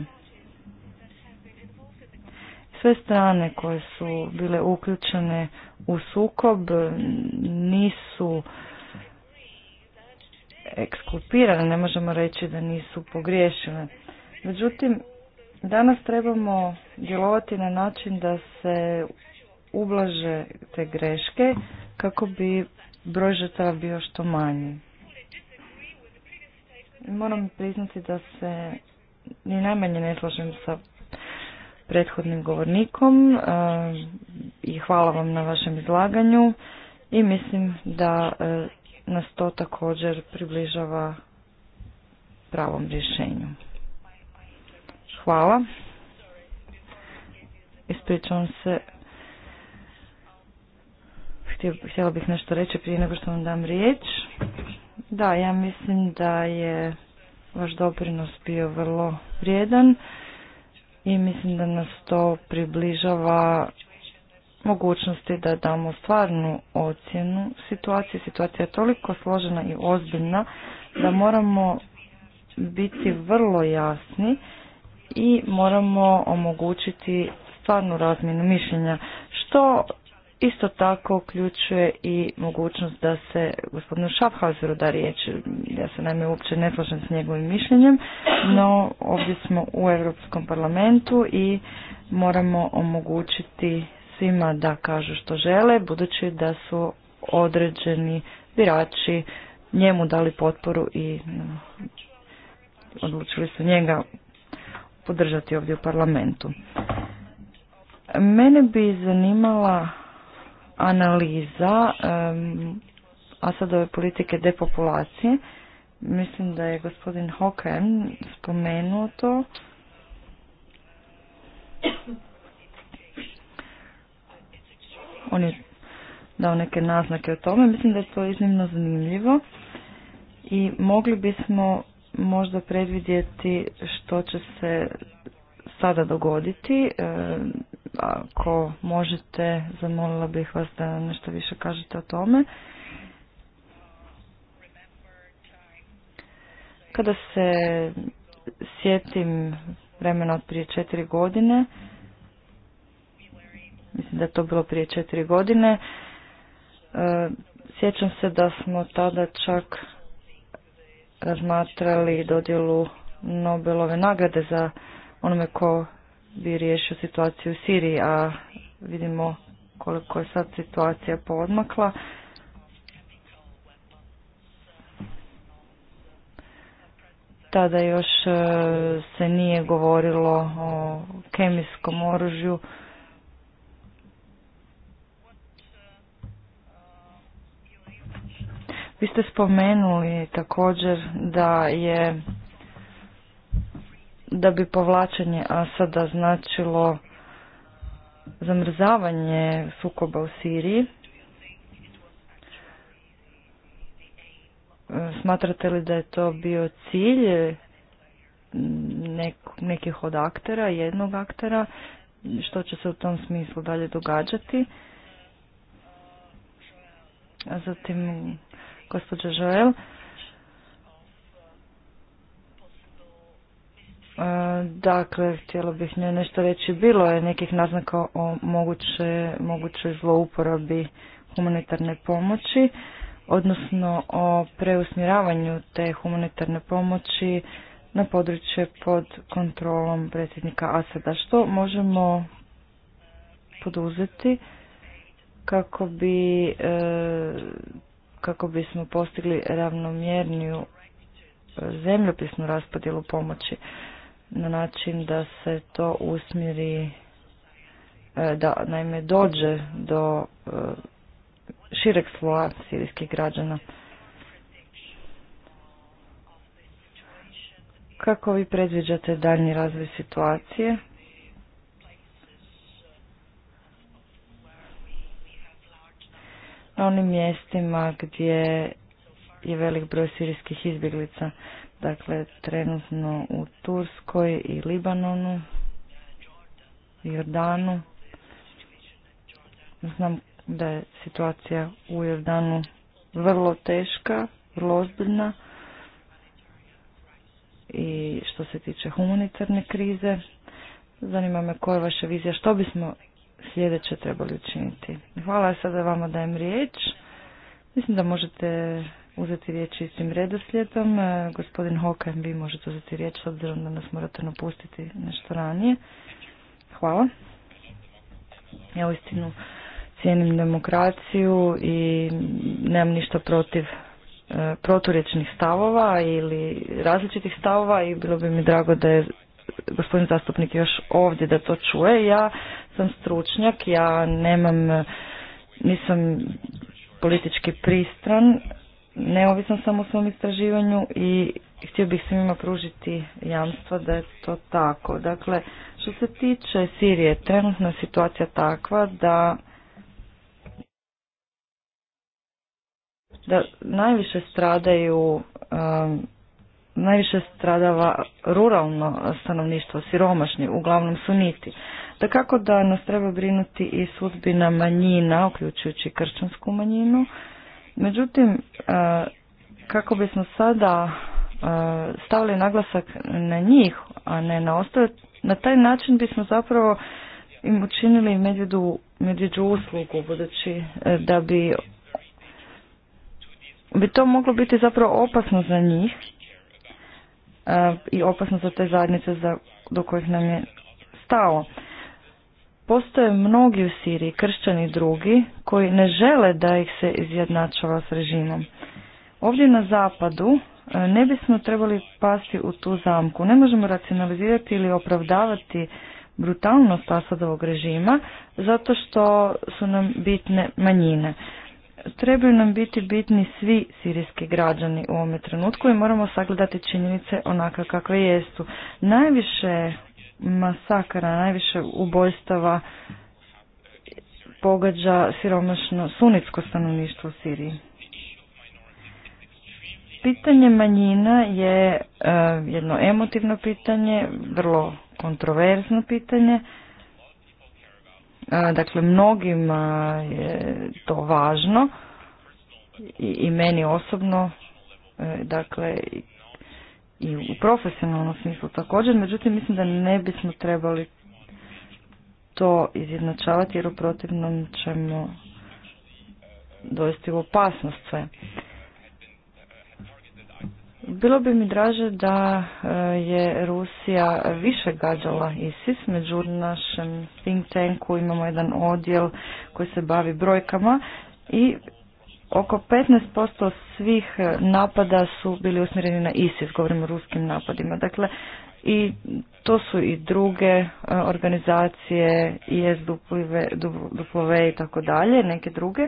Sve strane koje su bile uključene u sukob nisu ekskulpirane, ne možemo reći da nisu pogriješile. Međutim, danas trebamo djelovati na način da se ublaže te greške kako bi broj žrtava bio što manji. Moram priznati da se ni najmanje ne slažem sa prethodnim govornikom i hvala vam na vašem izlaganju i mislim da e, nas to također približava pravom rješenju. Hvala. Ispričavam se. Htjela bih nešto reći prije nego što vam dam riječ. Da, ja mislim da je vaš doprinos bio vrlo vrijedan i mislim da nas to približava mogućnosti da damo stvarnu ocjenu situacije. Situacija je toliko složena i ozbiljna da moramo biti vrlo jasni i moramo omogućiti stvarnu razmjenu mišljenja, što isto tako uključuje i mogućnost da se gospodinu Schaffhauseru da riječ, ja se naime uopće ne slažem s njegovim mišljenjem, no ovdje smo u Europskom parlamentu i moramo omogućiti svima da kažu što žele, budući da su određeni birači njemu dali potporu i odlučili su njega podržati ovdje u parlamentu. Mene bi zanimala analiza um, Asadove politike depopulacije. Mislim da je gospodin Hocken spomenuo to on je dao neke naznake o tome. Mislim da je to iznimno zanimljivo i mogli bismo možda predvidjeti što će se sada dogoditi. E, ako možete, zamolila bih vas da nešto više kažete o tome. Kada se sjetim vremena od prije četiri godine, mislim da je to bilo prije četiri godine. E, sjećam se da smo tada čak razmatrali dodjelu Nobelove nagrade za onome ko bi riješio situaciju u Siriji, a vidimo koliko je sad situacija poodmakla. Tada još e, se nije govorilo o kemijskom oružju Vi ste spomenuli također da je da bi povlačenje Asada značilo zamrzavanje sukoba u Siriji. Smatrate li da je to bio cilj mm, nekih od aktera, jednog aktera, što će se u tom smislu dalje događati? A zatim gospođa Joel. E, dakle, htjela bih nešto reći. Bilo je nekih naznaka o moguće, mogućoj zlouporabi humanitarne pomoći, odnosno o preusmjeravanju te humanitarne pomoći na područje pod kontrolom predsjednika Asada. Što možemo poduzeti kako bi e, kako bismo postigli ravnomjerniju e, zemljopisnu raspodjelu pomoći na način da se to usmjeri e, da naime dođe do e, šireg sloja sirijskih građana. Kako vi predviđate daljnji razvoj situacije? na onim mjestima gdje je velik broj sirijskih izbjeglica, dakle trenutno u Turskoj i Libanonu Jordanu. Znam da je situacija u Jordanu vrlo teška, vrlo ozbiljna i što se tiče humanitarne krize. Zanima me koja je vaša vizija, što bismo sljedeće trebali učiniti. Hvala sada vama dajem riječ. Mislim da možete uzeti riječ istim redoslijedom. E, gospodin Hokan, vi možete uzeti riječ s obzirom da nas morate napustiti nešto ranije. Hvala. Ja uistinu cijenim demokraciju i nemam ništa protiv e, proturječnih stavova ili različitih stavova i bilo bi mi drago da je gospodin zastupnik još ovdje da to čuje. Ja sam stručnjak, ja nemam, nisam politički pristran, neovisan sam u svom istraživanju i htio bih svima pružiti jamstva da je to tako. Dakle, što se tiče Sirije, trenutna situacija takva da da najviše stradaju um, najviše stradava ruralno stanovništvo, siromašni, uglavnom suniti. Da kako da nas treba brinuti i sudbina manjina, uključujući kršćansku manjinu. Međutim, e, kako bismo sada e, stavili naglasak na njih, a ne na ostale, na taj način bismo zapravo im učinili medvjedu, uslugu, budući e, da bi bi to moglo biti zapravo opasno za njih E, i opasno za te zajednice za, do kojih nam je stalo. Postoje mnogi u Siriji, kršćani i drugi, koji ne žele da ih se izjednačava s režimom. Ovdje na zapadu e, ne bismo trebali pasti u tu zamku. Ne možemo racionalizirati ili opravdavati brutalnost Asadovog režima zato što su nam bitne manjine. Trebaju nam biti bitni svi sirijski građani u ovome trenutku i moramo sagledati činjenice onakve kakve jesu. Najviše masakara, najviše ubojstava pogađa siromašno sunitsko stanovništvo u Siriji. Pitanje manjina je e, jedno emotivno pitanje, vrlo kontroverzno pitanje. Dakle, mnogima je to važno i, meni osobno, e, dakle, i u profesionalnom smislu također, međutim mislim da ne bismo trebali to izjednačavati jer u protivnom ćemo dovesti u opasnost sve. Bilo bi mi draže da e, je Rusija više gađala ISIS, među našem think tanku imamo jedan odjel koji se bavi brojkama i oko 15% svih napada su bili usmjereni na ISIS, govorimo o ruskim napadima. Dakle, i to su i druge e, organizacije, IS, duplove i tako dalje, neke druge.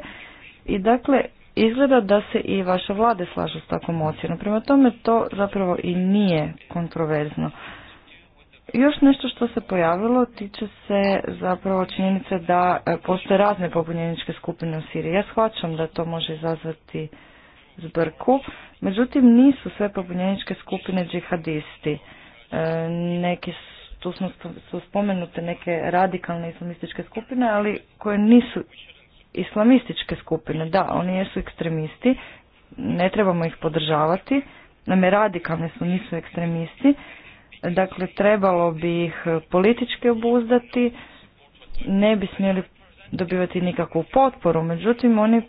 I dakle, izgleda da se i vaša vlade slažu s takvom ocjenom. Prema tome to zapravo i nije kontroverzno. Još nešto što se pojavilo tiče se zapravo činjenice da e, postoje razne pobunjeničke skupine u Siriji. Ja shvaćam da to može izazvati zbrku, međutim nisu sve pobunjeničke skupine džihadisti. E, neki tu su spomenute neke radikalne islamističke skupine, ali koje nisu islamističke skupine. Da, oni jesu ekstremisti, ne trebamo ih podržavati, nam je radikalne su, nisu ekstremisti. Dakle, trebalo bi ih politički obuzdati, ne bi smjeli dobivati nikakvu potporu, međutim oni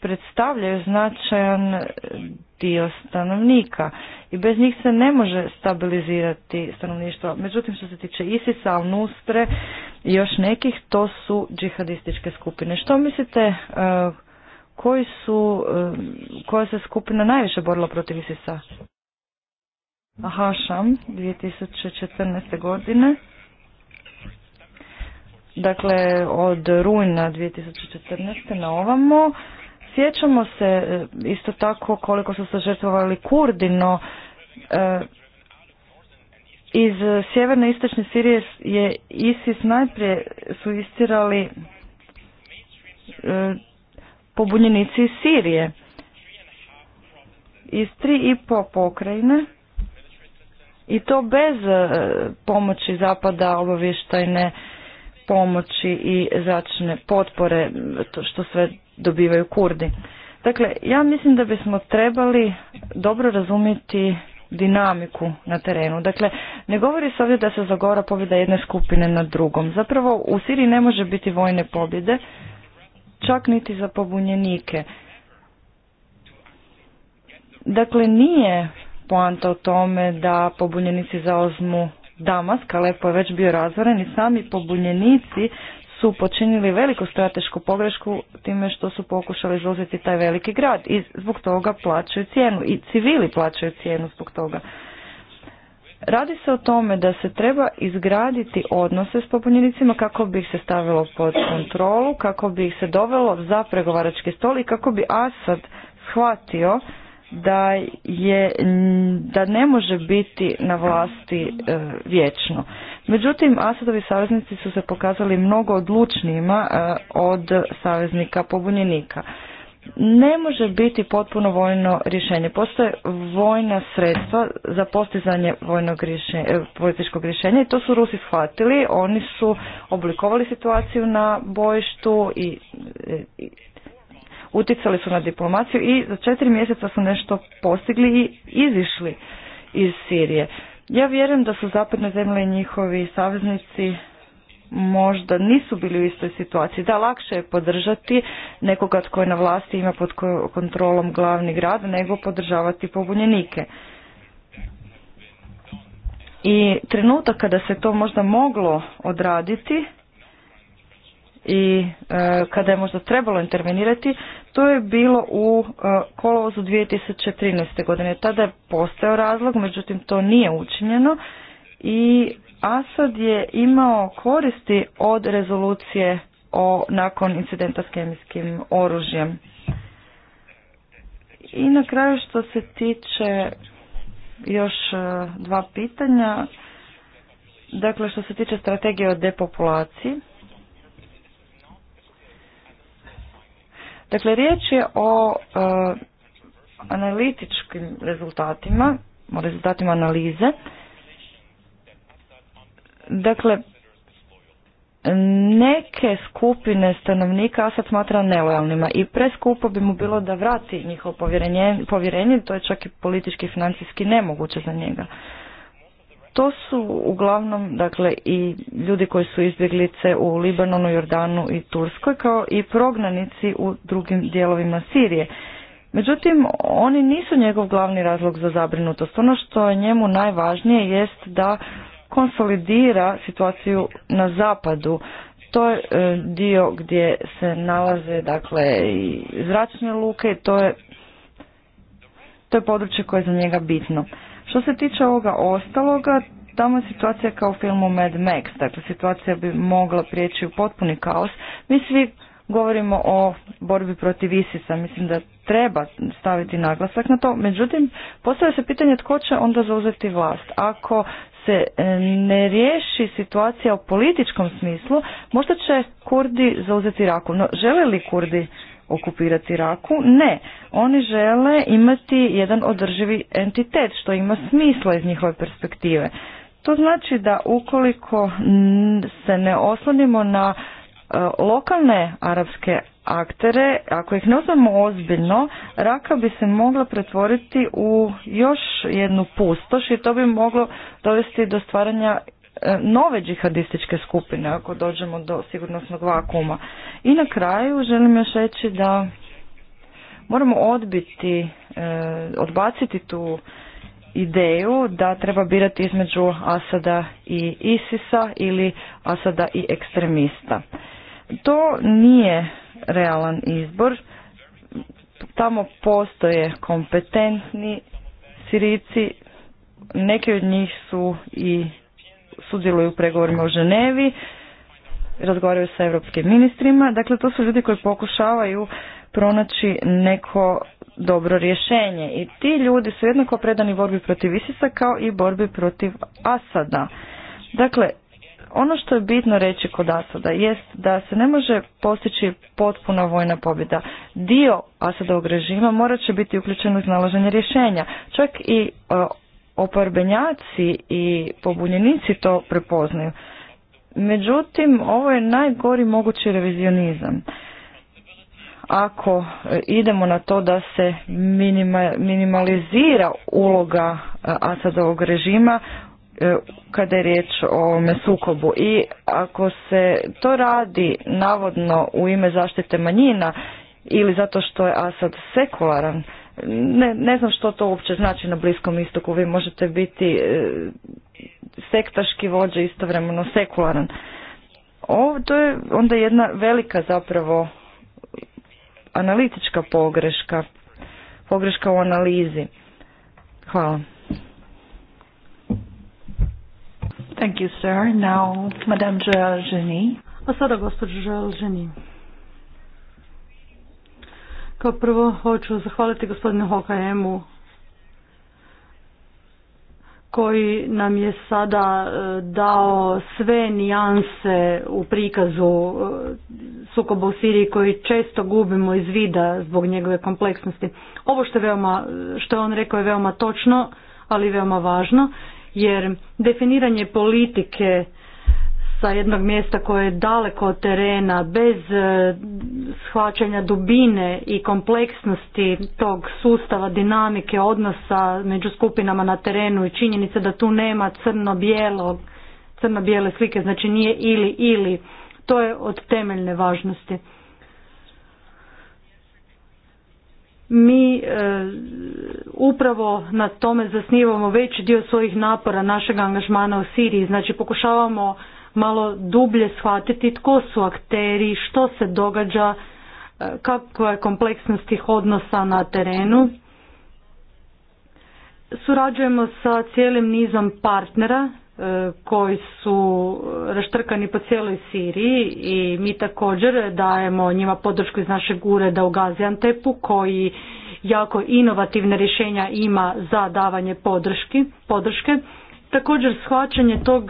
predstavljaju značajan dio stanovnika i bez njih se ne može stabilizirati stanovništvo. Međutim, što se tiče ISIS-a, Al-Nustre i još nekih, to su džihadističke skupine. Što mislite, e, koji su, e, koja se skupina najviše borila protiv ISIS-a? Hašam, 2014. godine. Dakle, od rujna 2014. na ovamo Sjećamo se e, isto tako koliko su se žrtvovali Kurdi, no e, iz sjeverne istočne Sirije je ISIS najprije su istirali e, pobunjenici iz Sirije. Iz tri i po pokrajine i to bez pomoći zapada obavještajne pomoći i zračne potpore što sve dobivaju Kurdi. Dakle, ja mislim da bismo trebali dobro razumjeti dinamiku na terenu. Dakle, ne govori se ovdje da se zagora pobjeda jedne skupine nad drugom. Zapravo u Siriji ne može biti vojne pobjede, čak niti za pobunjenike. Dakle, nije poanta o tome da pobunjenici zaozmu Damask, Alepo je već bio razvoren i sami pobunjenici su počinili veliku stratešku pogrešku time što su pokušali izuzeti taj veliki grad i zbog toga plaćaju cijenu i civili plaćaju cijenu zbog toga. Radi se o tome da se treba izgraditi odnose s pobunjenicima kako bi ih se stavilo pod kontrolu, kako bi ih se dovelo za pregovarački stol i kako bi Asad shvatio da je da ne može biti na vlasti e, vječno. Međutim, Asadovi saveznici su se pokazali mnogo odlučnijima e, od saveznika pobunjenika. Ne može biti potpuno vojno rješenje. Postoje vojna sredstva za postizanje vojnog rješenja, e, političkog rješenja i to su Rusi shvatili. Oni su oblikovali situaciju na bojištu i e, utjecali su na diplomaciju i za četiri mjeseca su nešto postigli i izišli iz Sirije. Ja vjerujem da su zapadne zemlje i njihovi saveznici možda nisu bili u istoj situaciji. Da, lakše je podržati nekoga tko je na vlasti ima pod kontrolom glavni grad nego podržavati pobunjenike. I trenutak kada se to možda moglo odraditi i e, kada je možda trebalo intervenirati, to je bilo u e, kolovozu 2013. godine. Tada je postao razlog, međutim to nije učinjeno i Asad je imao koristi od rezolucije o, nakon incidenta s kemijskim oružjem. I na kraju što se tiče još e, dva pitanja, dakle što se tiče strategije o depopulaciji, Dakle, riječ je o e, analitičkim rezultatima, o rezultatima analize. Dakle, neke skupine stanovnika Asad smatra nelojalnima i preskupo bi mu bilo da vrati njihovo povjerenje, povjerenje to je čak i politički i financijski nemoguće za njega. To su uglavnom dakle i ljudi koji su izbjeglice u Libanonu, Jordanu i Turskoj kao i prognanici u drugim dijelovima Sirije. Međutim, oni nisu njegov glavni razlog za zabrinutost. Ono što je njemu najvažnije jest da konsolidira situaciju na zapadu. To je e, dio gdje se nalaze dakle i zračne luke i to je, to je područje koje je za njega bitno. Što se tiče ovoga ostaloga, tamo je situacija kao u filmu Mad Max, dakle situacija bi mogla prijeći u potpuni kaos. Mi svi govorimo o borbi protiv Isisa, mislim da treba staviti naglasak na to, međutim postavlja se pitanje tko će onda zauzeti vlast. Ako se e, ne riješi situacija u političkom smislu, možda će Kurdi zauzeti raku. No, žele li Kurdi okupirati Raku? Ne, oni žele imati jedan održivi entitet što ima smisla iz njihove perspektive. To znači da ukoliko se ne oslonimo na e, lokalne arapske aktere, ako ih ne uzmemo ozbiljno, raka bi se mogla pretvoriti u još jednu pustoš i to bi moglo dovesti do stvaranja E, nove džihadističke skupine ako dođemo do sigurnosnog vakuma. I na kraju želim još reći da moramo odbiti, e, odbaciti tu ideju da treba birati između Asada i Isisa ili Asada i ekstremista. To nije realan izbor. Tamo postoje kompetentni Sirici, neki od njih su i sudjeluju u pregovorima u Ženevi, razgovaraju sa europskim ministrima. Dakle, to su ljudi koji pokušavaju pronaći neko dobro rješenje. I ti ljudi su jednako predani borbi protiv Isisa kao i borbi protiv Asada. Dakle, ono što je bitno reći kod Asada jest da se ne može postići potpuna vojna pobjeda. Dio Asadovog režima morat će biti uključen u iznalaženje rješenja. Čak i e, oporbenjaci i pobunjenici to prepoznaju. Međutim, ovo je najgori mogući revizionizam. Ako e, idemo na to da se minimalizira uloga e, Asadovog režima e, kada je riječ o ovome sukobu i ako se to radi navodno u ime zaštite manjina ili zato što je Asad sekularan, ne, ne znam što to uopće znači na Bliskom istoku. Vi možete biti e, sektaški vođa istovremeno sekularan. Ovo to je onda jedna velika zapravo analitička pogreška. Pogreška u analizi. Hvala. Thank you, sir. Now, Madame Genie. A sada Joelle Genie. Kao prvo hoću zahvaliti gospodinu HKM-u koji nam je sada e, dao sve nijanse u prikazu e, sukoba u Siriji koji često gubimo iz vida zbog njegove kompleksnosti. Ovo što je, veoma, što je on rekao je veoma točno, ali veoma važno, jer definiranje politike jednog mjesta koje je daleko od terena, bez e, shvaćanja dubine i kompleksnosti tog sustava, dinamike, odnosa među skupinama na terenu i činjenice da tu nema crno bijelo crno-bijele slike, znači nije ili ili. To je od temeljne važnosti. mi e, upravo na tome zasnivamo veći dio svojih napora našeg angažmana u Siriji. Znači pokušavamo malo dublje shvatiti tko su akteri, što se događa, e, kakva je kompleksnost tih odnosa na terenu. Surađujemo sa cijelim nizom partnera e, koji su raštrkani po cijeloj Siriji i mi također dajemo njima podršku iz našeg ureda u Gaziantepu koji jako inovativne rješenja ima za davanje podrške. Također shvaćanje tog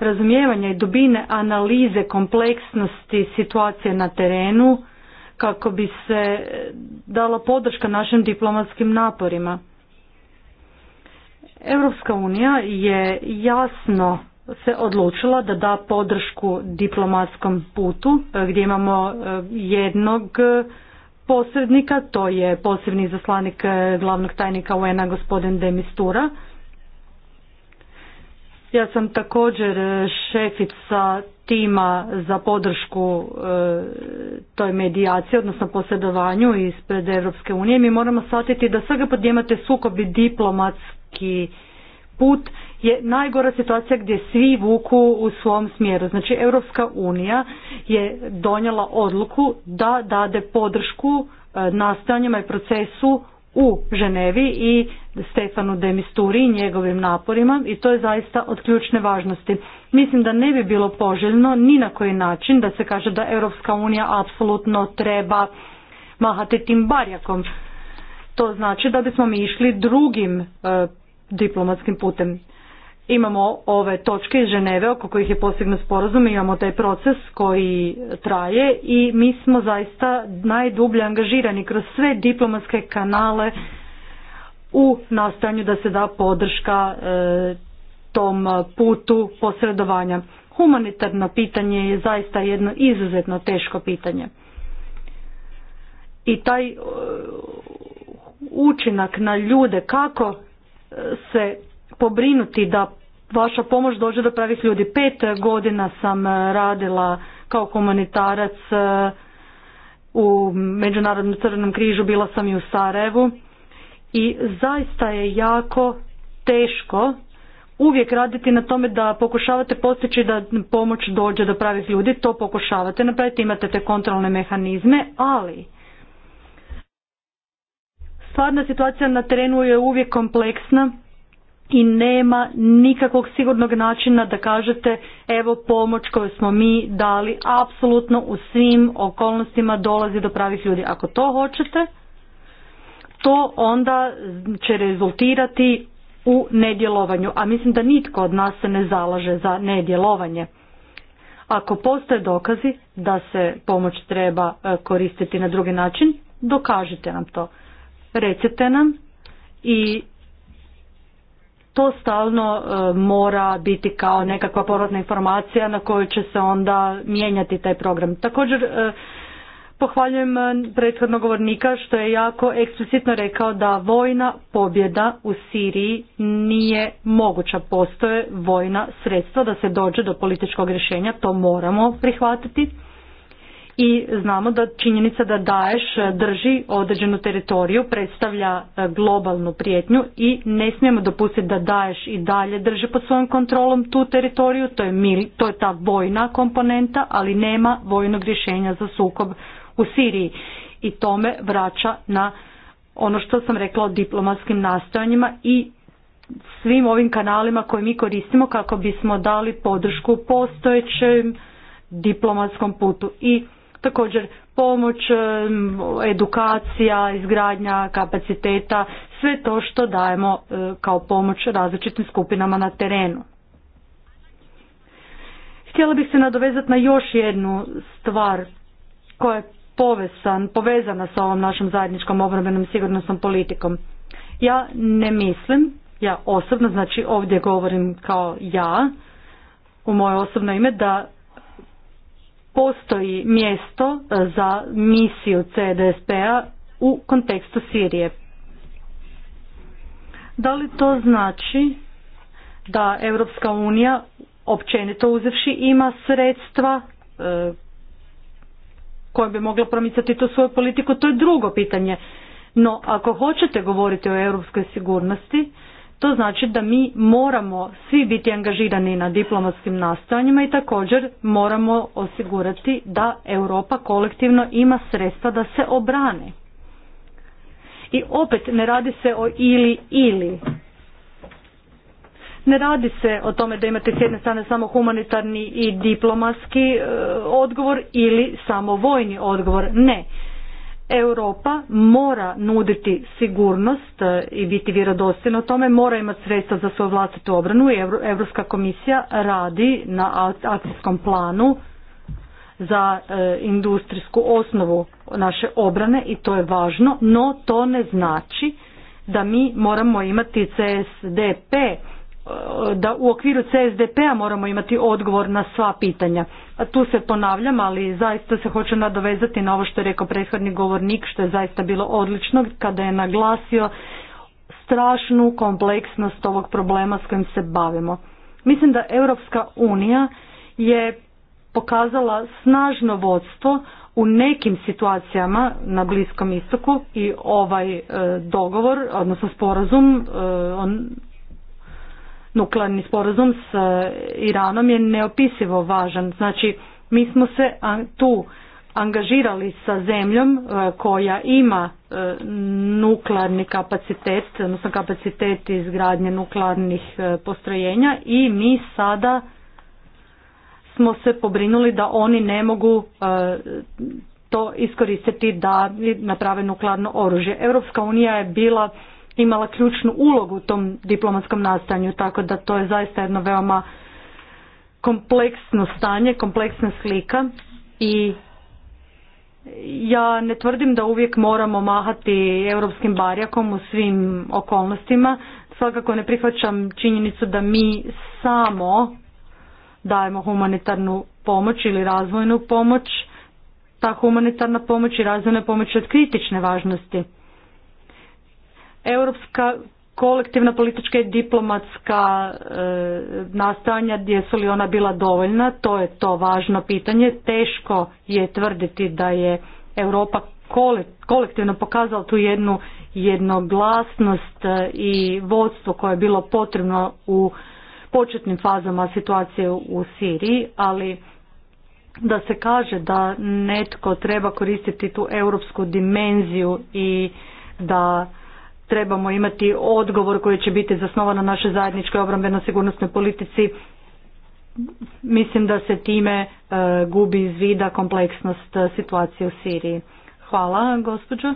razumijevanja i dubine analize kompleksnosti situacije na terenu kako bi se dala podrška našim diplomatskim naporima. Europska unija je jasno se odlučila da da podršku diplomatskom putu e, gdje imamo e, jednog posrednika, to je posebni zaslanik e, glavnog tajnika UN-a gospodin Demistura ja sam također e, šefica tima za podršku e, toj medijaciji, odnosno posjedovanju ispred Europske unije. Mi moramo shvatiti da svega pod imate sukobi diplomatski put je najgora situacija gdje svi vuku u svom smjeru. Znači Europska unija je donijela odluku da dade podršku e, nastojanjima i procesu u Ženevi i Stefanu Misturi i njegovim naporima i to je zaista od ključne važnosti. Mislim da ne bi bilo poželjno ni na koji način da se kaže da Europska unija apsolutno treba mahati tim barjakom. To znači da bismo mi išli drugim e, diplomatskim putem. Imamo ove točke iz Ženeve oko kojih je posebno sporazum, imamo taj proces koji traje i mi smo zaista najdublje angažirani kroz sve diplomatske kanale u nastojanju da se da podrška e, tom putu posredovanja. Humanitarno pitanje je zaista jedno izuzetno teško pitanje. I taj e, učinak na ljude kako e, se pobrinuti da vaša pomoć dođe do pravih ljudi. Pet godina sam radila kao humanitarac u Međunarodnom crvenom križu, bila sam i u Sarajevu i zaista je jako teško uvijek raditi na tome da pokušavate postići da pomoć dođe do pravih ljudi, to pokušavate napraviti, imate te kontrolne mehanizme, ali stvarna situacija na terenu je uvijek kompleksna i nema nikakvog sigurnog načina da kažete evo pomoć koju smo mi dali apsolutno u svim okolnostima dolazi do pravih ljudi. Ako to hoćete, to onda će rezultirati u nedjelovanju, a mislim da nitko od nas se ne zalaže za nedjelovanje. Ako postoje dokazi da se pomoć treba e, koristiti na drugi način, dokažite nam to. Recite nam i to stalno e, mora biti kao nekakva porodna informacija na kojoj će se onda mijenjati taj program. Također e, Pohvaljujem e, prethodnog govornika što je jako eksplicitno rekao da vojna pobjeda u Siriji nije moguća. Postoje vojna sredstva da se dođe do političkog rješenja, to moramo prihvatiti. I znamo da činjenica da Daesh drži određenu teritoriju predstavlja e, globalnu prijetnju i ne smijemo dopustiti da Daesh i dalje drži pod svojom kontrolom tu teritoriju, to je, to je ta vojna komponenta, ali nema vojnog rješenja za sukob u Siriji i tome vraća na ono što sam rekla o diplomatskim nastojanjima i svim ovim kanalima koje mi koristimo kako bismo dali podršku postojećem diplomatskom putu i također pomoć, edukacija, izgradnja kapaciteta, sve to što dajemo e, kao pomoć različitim skupinama na terenu. Htjela bih se nadovezati na još jednu stvar koja je povezan, povezana sa ovom našom zajedničkom obrambenom sigurnosnom politikom. Ja ne mislim, ja osobno, znači ovdje govorim kao ja, u moje osobno ime, da postoji mjesto za misiju CDSP-a u kontekstu Sirije. Da li to znači da Europska unija općenito uzevši ima sredstva e, kojom bi mogla promicati tu svoju politiku, to je drugo pitanje. No, ako hoćete govoriti o europskoj sigurnosti, to znači da mi moramo svi biti angažirani na diplomatskim nastojanjima i također moramo osigurati da Europa kolektivno ima sredstva da se obrane. I opet ne radi se o ili ili. Ne radi se o tome da imate s jedne strane samo humanitarni i diplomatski e, odgovor ili samo vojni odgovor. Ne. Europa mora nuditi sigurnost e, i biti vjerodostojna o tome, mora imati sredstva za svoju vlastitu obranu i Europska komisija radi na akcijskom planu za e, industrijsku osnovu naše obrane i to je važno, no to ne znači da mi moramo imati CSDP da u okviru CSDP-a moramo imati odgovor na sva pitanja. Tu se ponavljam, ali zaista se hoću nadovezati na ovo što je rekao prethodni govornik, što je zaista bilo odlično kada je naglasio strašnu kompleksnost ovog problema s kojim se bavimo. Mislim da Europska unija je pokazala snažno vodstvo u nekim situacijama na Bliskom istoku i ovaj e, dogovor, odnosno sporazum, e, on nuklearni sporazum s e, Iranom je neopisivo važan. Znači, mi smo se tu angažirali sa zemljom e, koja ima e, nuklearni kapacitet, odnosno kapacitet izgradnje nuklearnih postrojenja i mi sada smo se pobrinuli da oni ne mogu to iskoristiti da naprave nuklearno oružje. Europska unija je bila imala ključnu ulogu u tom diplomatskom nastanju, tako da to je zaista jedno veoma kompleksno stanje, kompleksna slika i ja ne tvrdim da uvijek moramo mahati europskim barjakom u svim okolnostima. Svakako ne prihvaćam činjenicu da mi samo dajemo humanitarnu pomoć ili razvojnu pomoć. Ta humanitarna pomoć i razvojna pomoć je od kritične važnosti europska kolektivna politička i diplomatska e, nastojanja jesu li ona bila dovoljna to je to važno pitanje teško je tvrditi da je europa kolektivno pokazala tu jednu jednoglasnost e, i vodstvo koje je bilo potrebno u početnim fazama situacije u siriji ali da se kaže da netko treba koristiti tu europsku dimenziju i da trebamo imati odgovor koji će biti zasnovan na našoj zajedničkoj obrambeno-sigurnosnoj politici. Mislim da se time e, gubi iz vida kompleksnost e, situacije u Siriji. Hvala gospođo.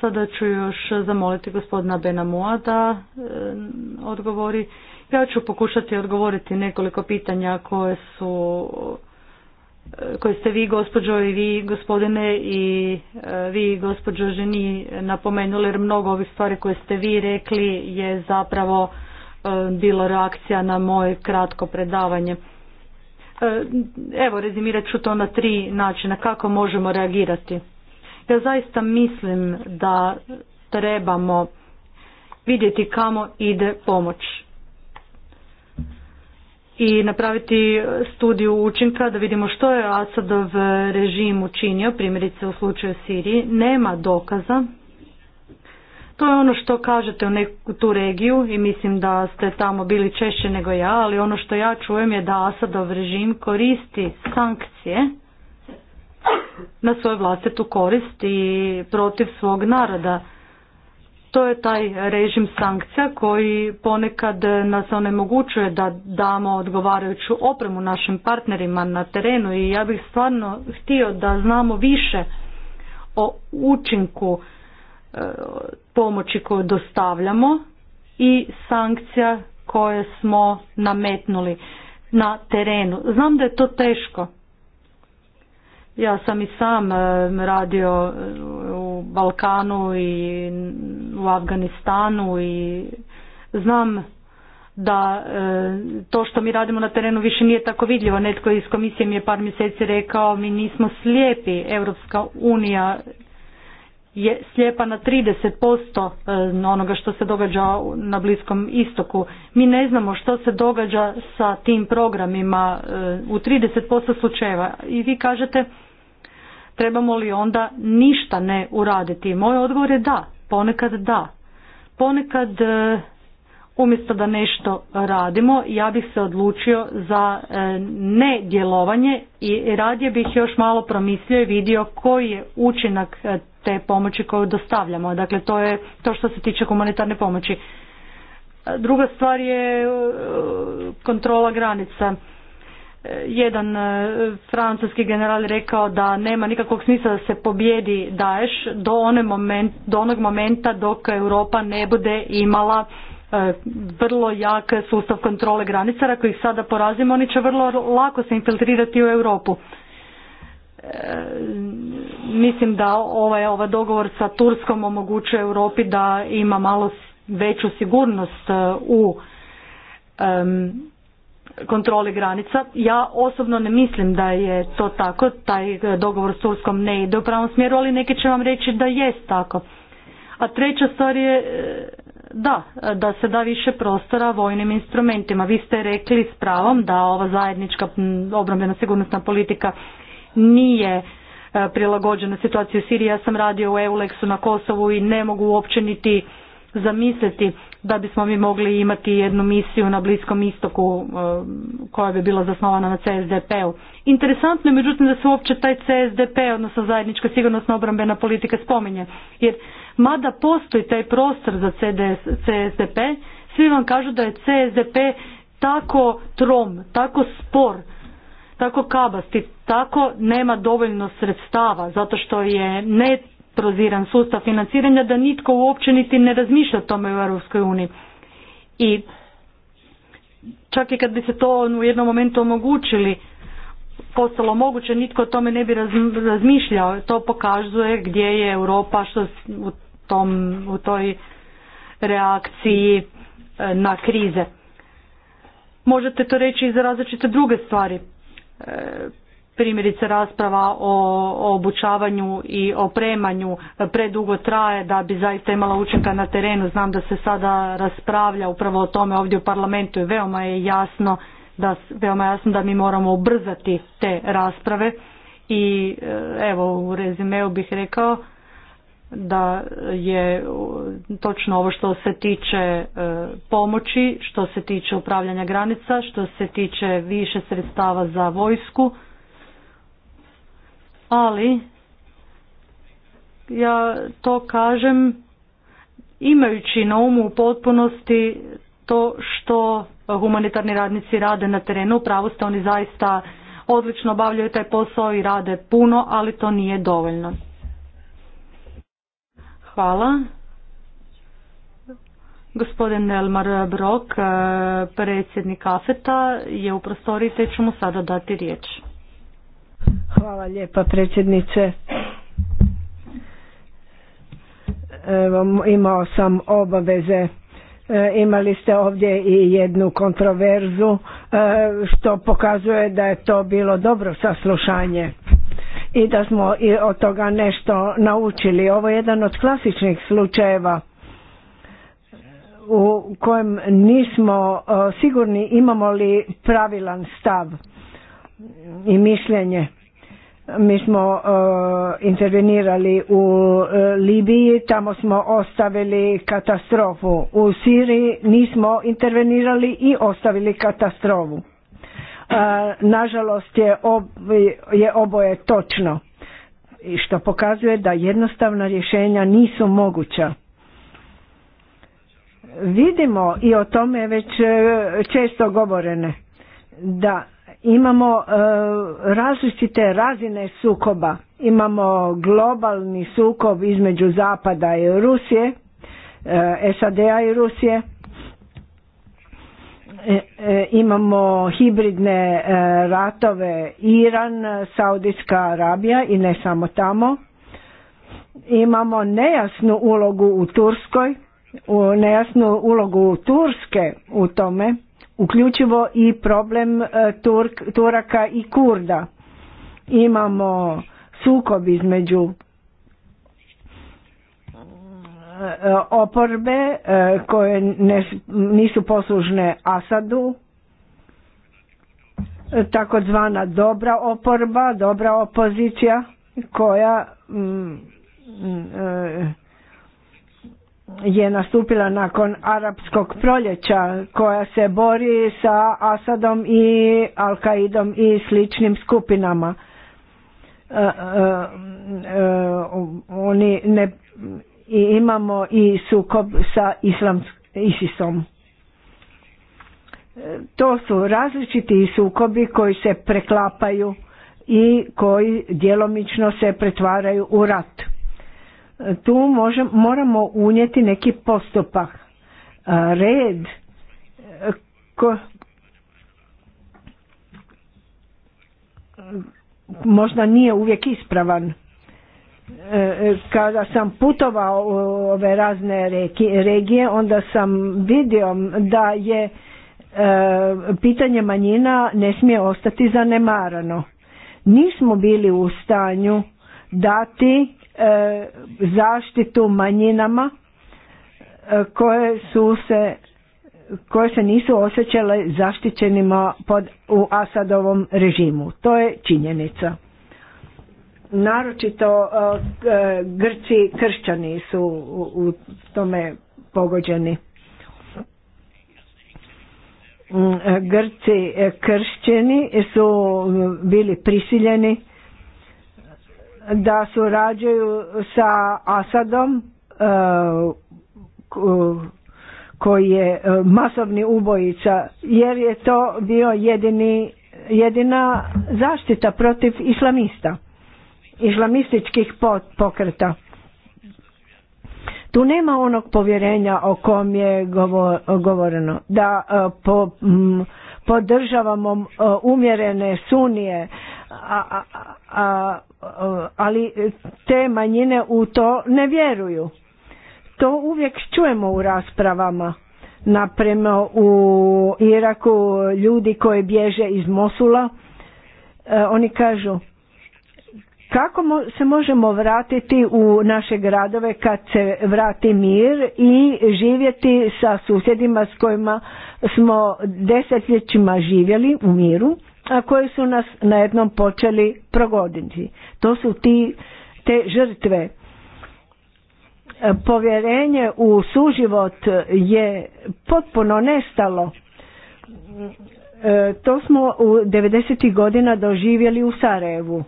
Sada ću još zamoliti gospodina Benamua da e, odgovori. Ja ću pokušati odgovoriti nekoliko pitanja koje su koje ste vi gospođo i vi gospodine i e, vi gospođo ženi napomenuli jer mnogo ovih stvari koje ste vi rekli je zapravo e, bilo reakcija na moje kratko predavanje. E, evo rezimirat ću to na tri načina kako možemo reagirati. Ja zaista mislim da trebamo vidjeti kamo ide pomoć i napraviti studiju učinka da vidimo što je Asadov režim učinio, primjerice u slučaju Siriji, nema dokaza. To je ono što kažete u neku tu regiju i mislim da ste tamo bili češće nego ja, ali ono što ja čujem je da Asadov režim koristi sankcije na svoju vlastitu korist i protiv svog naroda to je taj režim sankcija koji ponekad nas onemogućuje da damo odgovarajuću opremu našim partnerima na terenu i ja bih stvarno htio da znamo više o učinku e, pomoći koju dostavljamo i sankcija koje smo nametnuli na terenu. Znam da je to teško. Ja sam i sam e, radio u Balkanu i u Afganistanu i znam da e, to što mi radimo na terenu više nije tako vidljivo. Netko iz komisije mi je par mjeseci rekao mi nismo slijepi. Europska unija je slijepa na 30% e, onoga što se događa na Bliskom istoku. Mi ne znamo što se događa sa tim programima e, u 30% slučajeva. I vi kažete trebamo li onda ništa ne uraditi? Moj odgovor je da, ponekad da. Ponekad e, umjesto da nešto radimo, ja bih se odlučio za e, nedjelovanje i radije bih još malo promislio i vidio koji je učinak e, te pomoći koju dostavljamo. Dakle, to je to što se tiče humanitarne pomoći. Druga stvar je kontrola granica jedan e, francuski general rekao da nema nikakvog smisla da se pobjedi Daesh do, one moment, do onog momenta dok Europa ne bude imala e, vrlo jak sustav kontrole granica, ako ih sada porazimo, oni će vrlo lako se infiltrirati u Europu. E, mislim da ovaj, ovaj dogovor sa Turskom omogućuje Europi da ima malo veću sigurnost u kontroli granica. Ja osobno ne mislim da je to tako, taj dogovor s Turskom ne ide u pravom smjeru, ali neki će vam reći da jest tako. A treća stvar je e, da, da se da više prostora vojnim instrumentima. Vi ste rekli s pravom da ova zajednička obrambena sigurnosna politika nije e, prilagođena situaciji u Siriji. Ja sam radio u Eulexu na Kosovu i ne mogu uopće niti zamisliti da bismo mi mogli imati jednu misiju na Bliskom istoku e, koja bi bila zasnovana na CSDP-u. Interesantno je međutim da se uopće taj CSDP, odnosno zajednička sigurnosno obrambena politika spominje. Jer mada postoji taj prostor za CDS, CSDP, svi vam kažu da je CSDP tako trom, tako spor, tako kabasti, tako nema dovoljno sredstava zato što je ne proziran sustav financiranja da nitko uopće niti ne razmišlja o tome u Europskoj uniji. I čak i kad bi se to u jednom momentu omogućili, postalo moguće, nitko o tome ne bi razmišljao. To pokazuje gdje je Europa što u, tom, u toj reakciji e, na krize. Možete to reći i za različite druge stvari. E, primjerice rasprava o obučavanju i opremanju predugo traje da bi zaista imala učinka na terenu. Znam da se sada raspravlja upravo o tome ovdje u parlamentu i veoma je jasno da, veoma jasno da mi moramo ubrzati te rasprave i e, evo u rezimeu bih rekao da je točno ovo što se tiče e, pomoći, što se tiče upravljanja granica, što se tiče više sredstava za vojsku, ali ja to kažem imajući na umu u potpunosti to što humanitarni radnici rade na terenu, pravo ste oni zaista odlično obavljaju taj posao i rade puno, ali to nije dovoljno. Hvala. Gospodin Elmar Brok, predsjednik AFETA, je u prostoriji te ću mu sada dati riječ. Hvala lijepa predsjednice. Evo, imao sam obaveze. E, imali ste ovdje i jednu kontroverzu e, što pokazuje da je to bilo dobro saslušanje i da smo i od toga nešto naučili. Ovo je jedan od klasičnih slučajeva u kojem nismo e, sigurni imamo li pravilan stav i mišljenje mi smo e, intervenirali u e, Libiji, tamo smo ostavili katastrofu. U Siriji nismo intervenirali i ostavili katastrofu. E, nažalost je, je oboje točno i što pokazuje da jednostavna rješenja nisu moguća. Vidimo i o tome već često govorene da imamo e, različite razine sukoba. Imamo globalni sukob između Zapada i Rusije, e, SAD-a i Rusije. E, imamo hibridne ratove Iran, Saudijska Arabija i ne samo tamo. Imamo nejasnu ulogu u Turskoj, nejasnu ulogu Turske u tome uključivo i problem e, Turk, Turaka i Kurda. Imamo sukob između e, oporbe e, koje nisu poslužne Asadu, takozvana dobra oporba, dobra opozicija koja mm, mm je nastupila nakon arapskog proljeća koja se bori sa Asadom i al qaidom i sličnim skupinama. E, e, e, oni ne, i imamo i sukob sa ISISom. To su različiti sukobi koji se preklapaju i koji djelomično se pretvaraju u rat tu moramo unijeti neki postupak, e, red, e, ko, možda nije uvijek ispravan. E, kada sam putovao u ove razne regije, onda sam vidio da je pitanje manjina ne smije ostati zanemarano. Nismo bili u stanju dati E, zaštitu manjinama e, koje su se koje se nisu osjećale zaštićenima pod, u Asadovom režimu. To je činjenica. Naročito e, Grci kršćani su u, u tome pogođeni. Mm, Grci kršćani su bili prisiljeni da surađuju sa Asadom e, koji je e, masovni ubojica jer je to bio jedini, jedina zaštita protiv islamista islamističkih pokreta tu nema onog povjerenja o kom je govoreno da e, podržavamo umjerene sunije a, a, a, ali te manjine u to ne vjeruju. To uvijek čujemo u raspravama. napremo u Iraku ljudi koji bježe iz Mosula, e, oni kažu kako se možemo vratiti u naše gradove kad se vrati mir i živjeti sa susjedima s kojima smo desetljećima živjeli u miru a koji su nas na jednom počeli progoditi. To su ti, te žrtve. E, povjerenje u suživot je potpuno nestalo. E, to smo u 90. godina doživjeli u Sarajevu.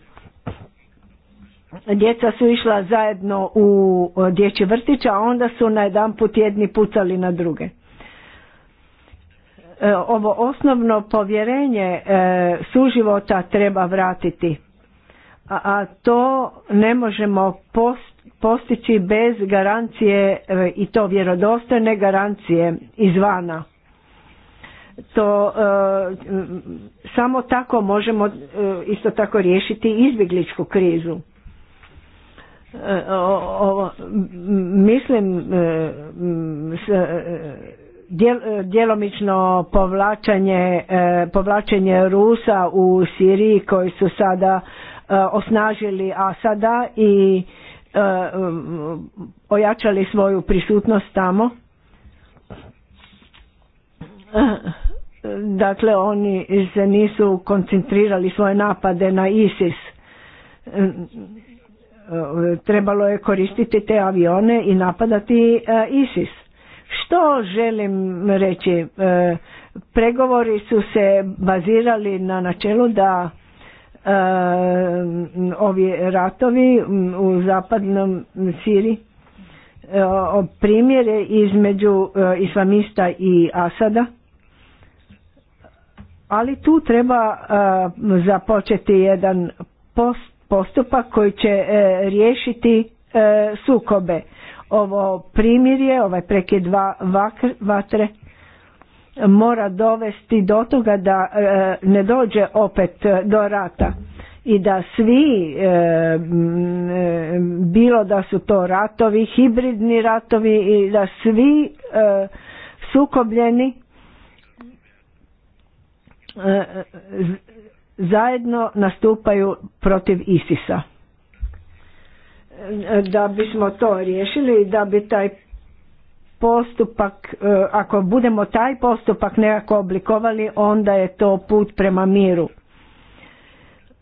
Djeca su išla zajedno u dječji vrtića, a onda su na jedan put jedni pucali na druge. E, ovo osnovno povjerenje e, suživota treba vratiti a to ne možemo postići bez garancije e, i to vjerodostojne garancije izvana to samo tako možemo isto tako riješiti izbjegličku krizu mislim E, djelomično povlačenje, e, povlačenje Rusa u Siriji koji su sada e, osnažili Asada i ojačali svoju prisutnost tamo. Dakle, oni se nisu koncentrirali svoje napade na ISIS. Trebalo je koristiti te avione i napadati ISIS to želim reći? E, pregovori su se bazirali na načelu da e, ovi ratovi u zapadnom Siriji e, primjere između islamista i Asada ali tu treba započeti jedan postupak koji će riješiti sukobe ovo primirje, ovaj prekid vatre mora dovesti do toga da e, ne dođe opet do rata i da svi e, e, bilo da su to ratovi, hibridni ratovi i da svi sukobljeni zajedno nastupaju protiv Isisa da bismo to riješili da bi taj postupak, e, ako budemo taj postupak nekako oblikovali, onda je to put prema miru.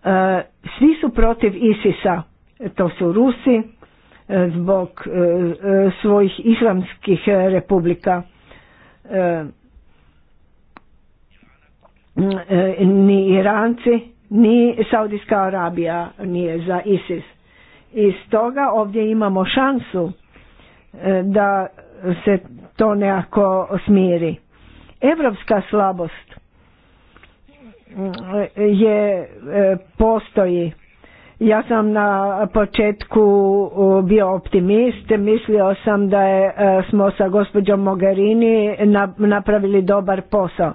E, svi su protiv ISIS-a, e, to su Rusi zbog svojih islamskih republika. Ni Iranci, ni Saudijska Arabija nije za ISIS i stoga ovdje imamo šansu e, da se to nekako smiri. Evropska slabost mm, je e, postoji. Ja sam na početku bio optimist, mislio sam da je, e, smo sa gospođom Mogherini napravili dobar posao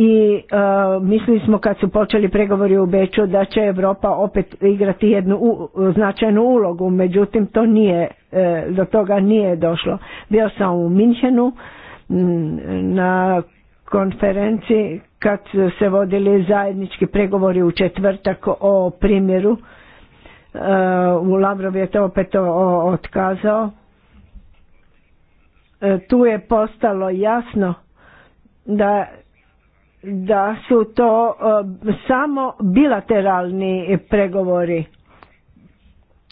i e, mislili smo kad su počeli pregovori u Beču da će Europa opet igrati jednu značajnu ulogu, međutim to nije, e, do toga nije došlo. Bio sam u Minhenu na konferenciji kad su se vodili zajednički pregovori u četvrtak o primjeru e, u Lavrov je to opet otkazao tu je postalo jasno da da su to e, samo bilateralni pregovori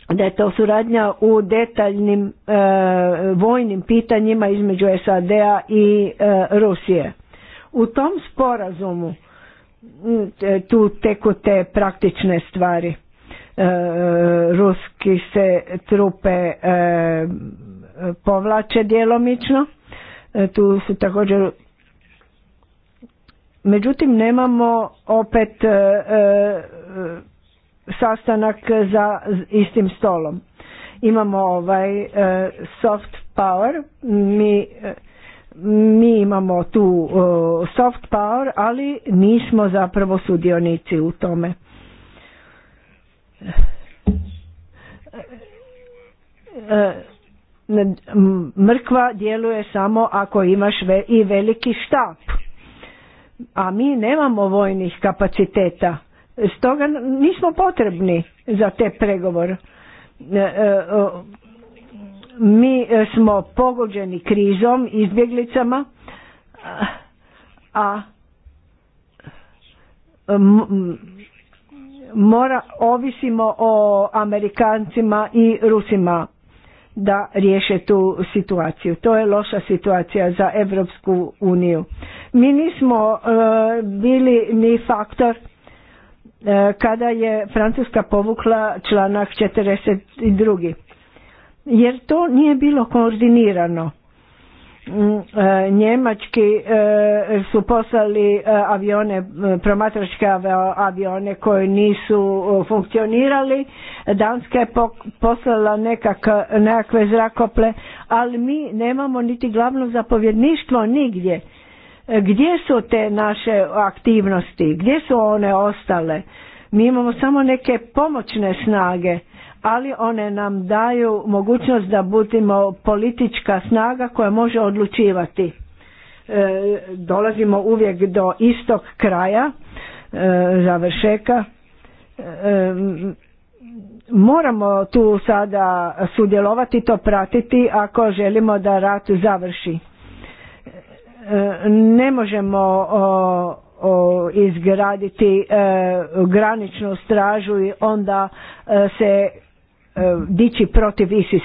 da je to suradnja u detaljnim e, vojnim pitanjima između SAD-a i e, Rusije. U tom sporazumu tu teku te praktične stvari. ruski se trupe povlače djelomično. Tu su također Međutim, nemamo opet e, e, sastanak za istim stolom. Imamo ovaj e, soft power, mi, mi imamo tu soft power, ali nismo zapravo sudionici u tome. Mrkva djeluje samo ako imaš i veliki štap a mi nemamo vojnih kapaciteta. Stoga nismo potrebni za te pregovor. E, e, mi e, smo pogođeni krizom, izbjeglicama, a mora ovisimo o Amerikancima i Rusima da riješe tu situaciju. To je loša situacija za Europsku uniju. Mi nismo e, bili ni faktor e, kada je Francuska povukla članak 42. Jer to nije bilo koordinirano. Mm, e, Njemački e, su poslali e, avione, promatračke avione koje nisu funkcionirali, Danska je poslala nekakve zrakople, ali mi nemamo niti glavno zapovjedništvo nigdje. Gdje su te naše aktivnosti, gdje su one ostale? Mi imamo samo neke pomoćne snage ali one nam daju mogućnost da budemo politička snaga koja može odlučivati. E, dolazimo uvijek do istog kraja e, završeka. E, moramo tu sada sudjelovati, to pratiti ako želimo da rat završi. E, ne možemo izgraditi graničnu stražu i onda se E, dići protiv isis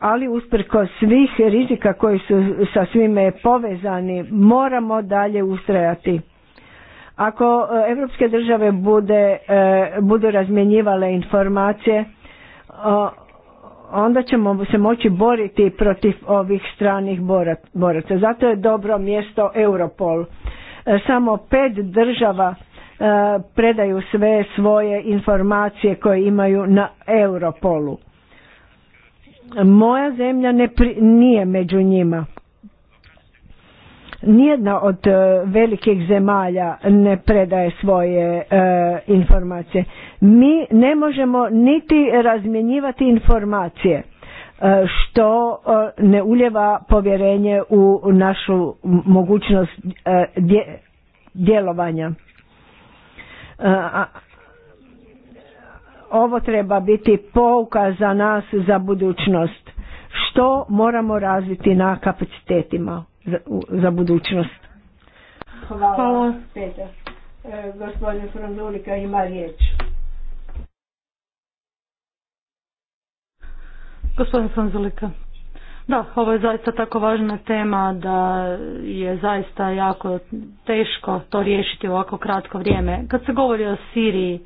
Ali usprko svih rizika koji su sa svime povezani, moramo dalje ustrajati. Ako e, evropske države bude, e, budu razmjenjivale informacije, onda ćemo se moći boriti protiv ovih stranih boraca. Zato je dobro mjesto Europol. Samo pet država E, predaju sve svoje informacije koje imaju na Europolu. Moja zemlja ne nije među njima. Nijedna od e, velikih zemalja ne predaje svoje e, informacije. Mi ne možemo niti razmjenjivati informacije što ne uljeva povjerenje u našu mogućnost djelovanja. E, ovo treba biti pouka za nas za budućnost. Što moramo razviti na kapacitetima za, za budućnost? Hvala, Hvala. Petar. E, gospodin Frondulika ima riječ. Gospodin Frondulika da, ovo je zaista tako važna tema da je zaista jako teško to riješiti u ovako kratko vrijeme. Kad se govori o Siriji,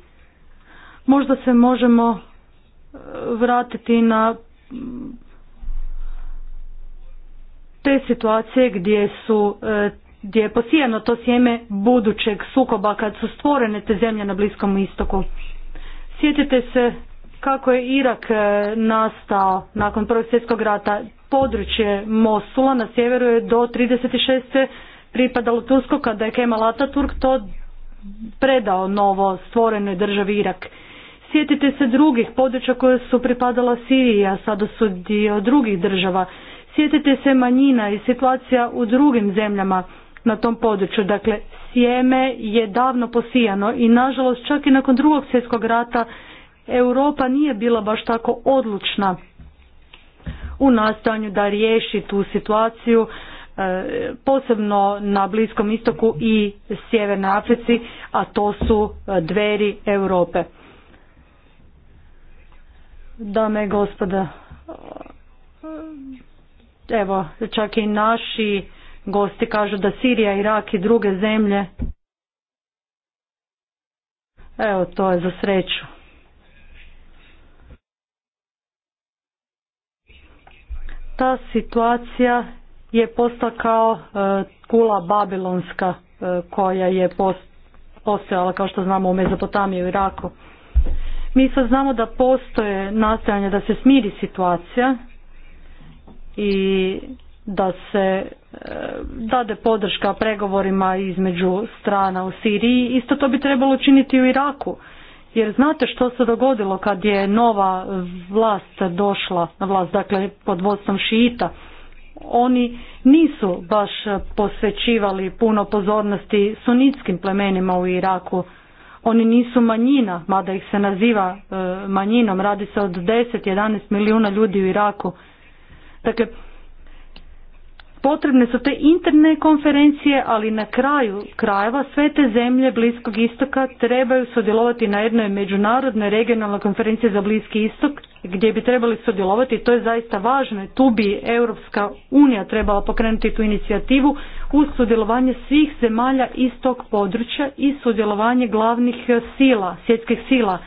možda se možemo e, vratiti na te situacije gdje su e, gdje je posijano to sjeme budućeg sukoba kad su stvorene te zemlje na Bliskom istoku. Sjetite se kako je Irak e, nastao nakon Prvog svjetskog rata područje Mosula na sjeveru je do 36. pripadalo Tursko kada je Kemal Ataturk to predao novo stvorenoj državi Irak. Sjetite se drugih područja koje su pripadala Siriji, a sada su dio drugih država. Sjetite se manjina i situacija u drugim zemljama na tom području. Dakle, sjeme je davno posijano i nažalost čak i nakon drugog svjetskog rata Europa nije bila baš tako odlučna u nastojanju da riješi tu situaciju e, posebno na Bliskom istoku i Sjevernoj Africi, a to su e, dveri Europe. Dame i gospoda, e, evo, čak i naši gosti kažu da Sirija, Irak i druge zemlje, evo, to je za sreću. ta situacija je postala kao e, kula babilonska e, koja je postojala kao što znamo u Mezopotamiji u Iraku. Mi sad znamo da postoje nastojanje da se smiri situacija i da se e, dade podrška pregovorima između strana u Siriji. Isto to bi trebalo učiniti u Iraku jer znate što se dogodilo kad je nova vlast došla na vlast, dakle pod vodstvom šita Oni nisu baš posvećivali puno pozornosti sunitskim plemenima u Iraku. Oni nisu manjina, mada ih se naziva e, manjinom, radi se od 10-11 milijuna ljudi u Iraku. Dakle, potrebne su te interne konferencije, ali na kraju krajeva sve te zemlje Bliskog istoka trebaju sudjelovati na jednoj međunarodnoj regionalnoj konferenciji za Bliski istok gdje bi trebali sudjelovati, to je zaista važno i tu bi Europska unija trebala pokrenuti tu inicijativu uz sudjelovanje svih zemalja iz tog područja i sudjelovanje glavnih sila, svjetskih sila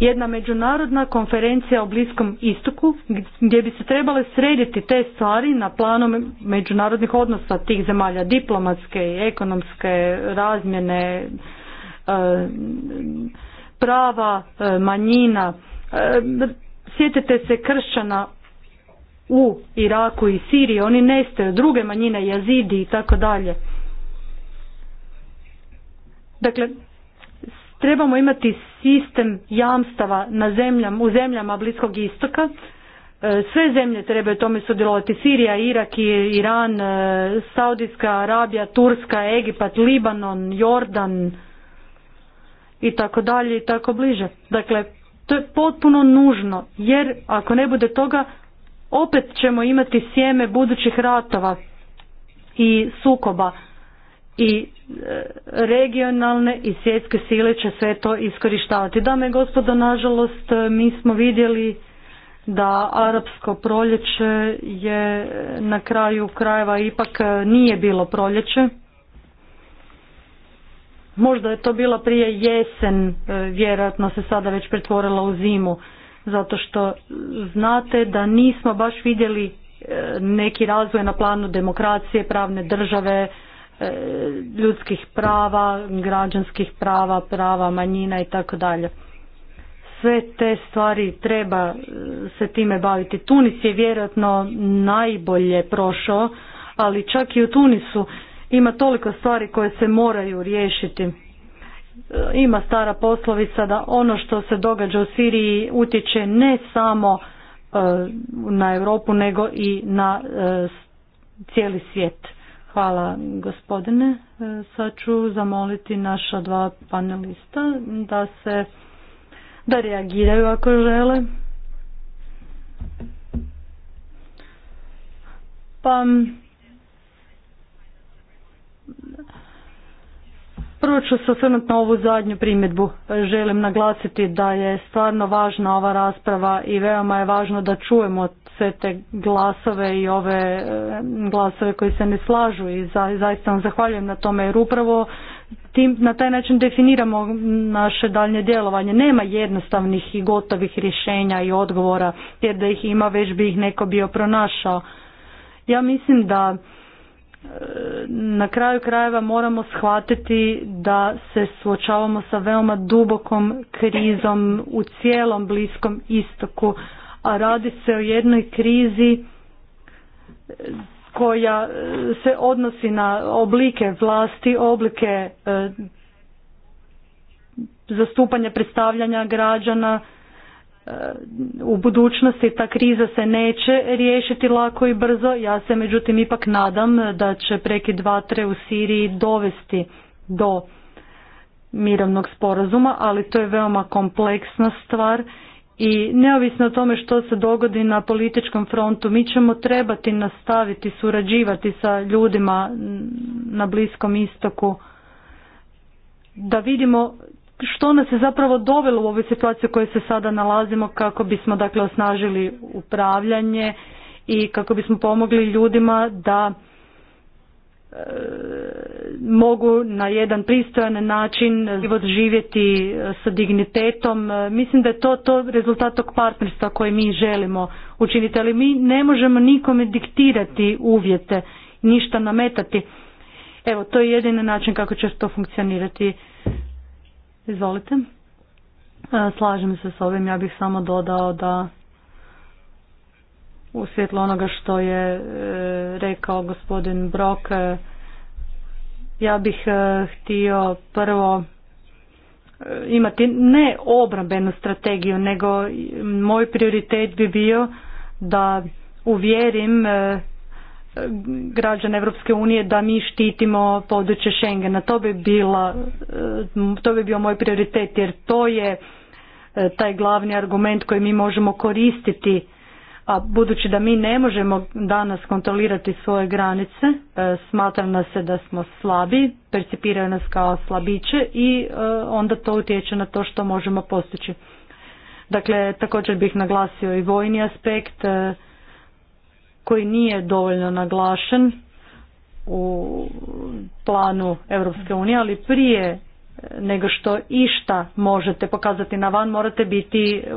jedna međunarodna konferencija o Bliskom istoku gdje bi se trebale srediti te stvari na planu međunarodnih odnosa tih zemalja, diplomatske ekonomske razmjene, e, prava e, manjina. E, sjetite se kršćana u Iraku i Siriji, oni nestaju, druge manjine, jazidi i tako dalje. Dakle, trebamo imati sistem jamstava na zemljama, u zemljama Bliskog istoka. E, sve zemlje trebaju tome sudjelovati. Sirija, Irak, Iran, e, Saudijska Arabija, Turska, Egipat, Libanon, Jordan i tako dalje i tako bliže. Dakle, to je potpuno nužno jer ako ne bude toga opet ćemo imati sjeme budućih ratova i sukoba i e, regionalne i svjetske sile će sve to iskorištavati. Dame i gospodo, nažalost, e, mi smo vidjeli da arapsko proljeće je e, na kraju krajeva ipak nije bilo proljeće. Možda je to bila prije jesen, vjerojatno se sada već pretvorila u zimu, zato što znate da nismo baš vidjeli neki razvoj na planu demokracije, pravne države, E, ljudskih prava, građanskih prava, prava manjina i tako dalje. Sve te stvari treba e, se time baviti. Tunis je vjerojatno najbolje prošao, ali čak i u Tunisu ima toliko stvari koje se moraju riješiti. E, ima stara poslovica da ono što se događa u Siriji utječe ne samo na Europu nego i na cijeli svijet. Hvala gospodine. E, sad ću zamoliti naša dva panelista da se da reagiraju ako žele. Pa Prvo ću se osvrnuti na ovu zadnju primjedbu. Želim naglasiti da je stvarno važna ova rasprava i veoma je važno da čujemo sve te glasove i ove e, glasove koji se ne slažu i za, zaista vam zahvaljujem na tome jer upravo tim, na taj način definiramo naše daljnje djelovanje. Nema jednostavnih i gotovih rješenja i odgovora jer da ih ima već bi ih neko bio pronašao. Ja mislim da e, na kraju krajeva moramo shvatiti da se suočavamo sa veoma dubokom krizom u cijelom bliskom istoku a radi se o jednoj krizi e, koja e, se odnosi na oblike vlasti, oblike e, zastupanja predstavljanja građana u budućnosti ta kriza se neće riješiti lako i brzo. Ja se međutim ipak nadam da će dva tre u Siriji dovesti do mirovnog sporazuma, ali to je veoma kompleksna stvar i neovisno o tome što se dogodi na političkom frontu, mi ćemo trebati nastaviti surađivati sa ljudima na Bliskom istoku da vidimo što nas je zapravo dovelo u ovoj situaciji u kojoj se sada nalazimo kako bismo dakle osnažili upravljanje i kako bismo pomogli ljudima da mogu na jedan pristojan način život živjeti e, sa dignitetom. E, mislim da je to, to rezultat tog partnerstva koje mi želimo učiniti, ali mi ne možemo nikome diktirati uvjete, ništa nametati. Evo, to je jedini način kako će to funkcionirati. Izvolite. E, slažem se s ovim, ja bih samo dodao da u svjetlu onoga što je e, rekao gospodin Brok, e, ja bih e, htio prvo imati ne obrambenu strategiju, nego moj prioritet bi bio da uvjerim građane Europske unije da mi štitimo područje Schengena. To bi, bila, to bi bio moj prioritet jer to je taj glavni argument koji mi možemo koristiti a budući da mi ne možemo danas kontrolirati svoje granice, e, smatra nas se da smo slabi, percipiraju nas kao slabiće i e, onda to utječe na to što možemo postići. Dakle, također bih naglasio i vojni aspekt e, koji nije dovoljno naglašen u planu Europske unije, ali prije nego što išta možete pokazati na van, morate biti e,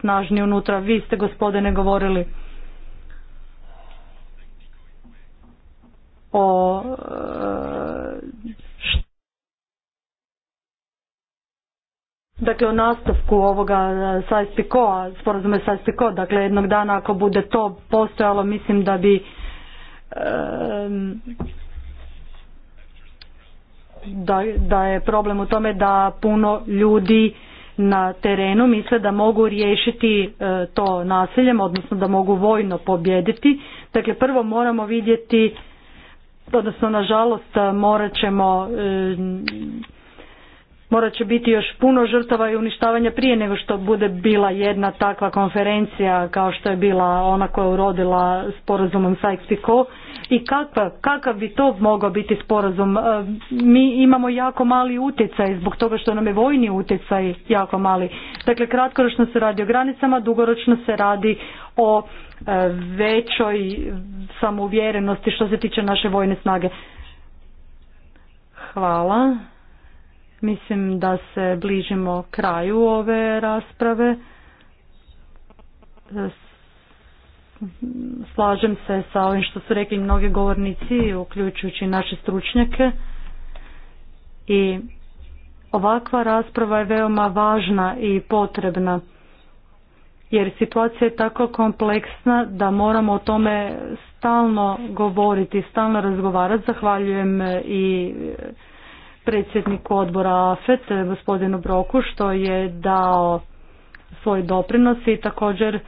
snažni unutra. Vi ste gospodine govorili o e, Dakle, o nastavku ovoga e, SASPICO-a, sporazume dakle jednog dana ako bude to postojalo, mislim da bi da, da je problem u tome da puno ljudi na terenu misle da mogu riješiti e, to nasiljem, odnosno da mogu vojno pobjediti. Dakle, prvo moramo vidjeti, odnosno nažalost morat ćemo e, morat će biti još puno žrtava i uništavanja prije nego što bude bila jedna takva konferencija kao što je bila ona koja je urodila sporazumom Sykes-Picot i kakva, kakav bi to mogao biti sporazum. E, mi imamo jako mali utjecaj zbog toga što nam je vojni utjecaj jako mali. Dakle, kratkoročno se radi o granicama, dugoročno se radi o e, većoj samouvjerenosti što se tiče naše vojne snage. Hvala. Mislim da se bližimo kraju ove rasprave. Slažem se sa ovim što su rekli mnogi govornici, uključujući naše stručnjake. I ovakva rasprava je veoma važna i potrebna jer situacija je tako kompleksna da moramo o tome stalno govoriti, stalno razgovarati. Zahvaljujem i predsjedniku odbora AFET, eh, gospodinu Broku, što je dao svoj doprinos i također eh,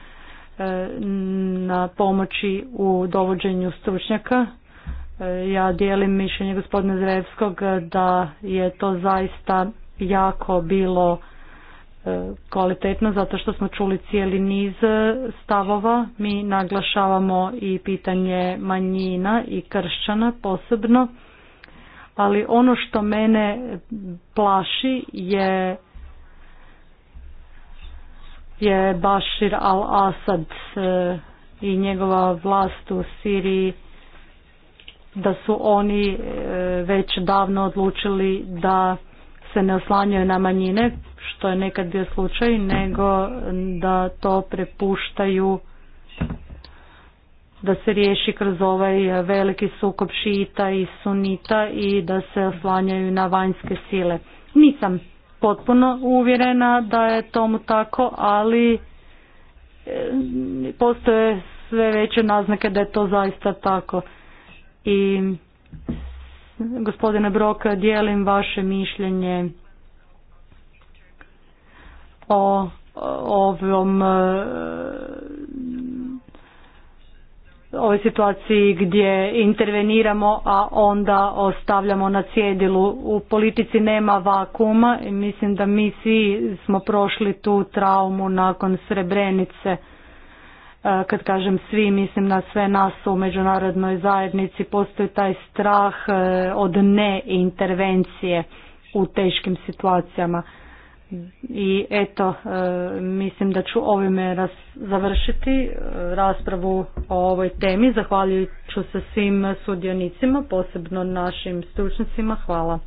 na pomoći u dovođenju stručnjaka. Eh, ja dijelim mišljenje gospodina Zrevskog da je to zaista jako bilo kvalitetno zato što smo čuli cijeli niz stavova. Mi naglašavamo i pitanje manjina i kršćana posebno ali ono što mene plaši je je Bashir al-Assad e, i njegova vlast u Siriji da su oni e, već davno odlučili da se ne oslanjaju na manjine, što je nekad bio slučaj, nego da to prepuštaju da se riješi kroz ovaj e, veliki sukob šita i sunita i da se oslanjaju na vanjske sile. Nisam potpuno uvjerena da je tomu tako, ali e, postoje sve veće naznake da je to zaista tako. I gospodine Brok, dijelim vaše mišljenje o ovom e, ovoj situaciji gdje interveniramo, a onda ostavljamo na cjedilu. U politici nema vakuma i mislim da mi svi smo prošli tu traumu nakon Srebrenice. E, kad kažem svi, mislim na sve nas u međunarodnoj zajednici. Postoji taj strah e, od neintervencije u teškim situacijama. I eto, e, mislim da ću ovime završiti e, raspravu o ovoj temi. Zahvaljujuću se svim sudionicima, posebno našim stručnicima. Hvala.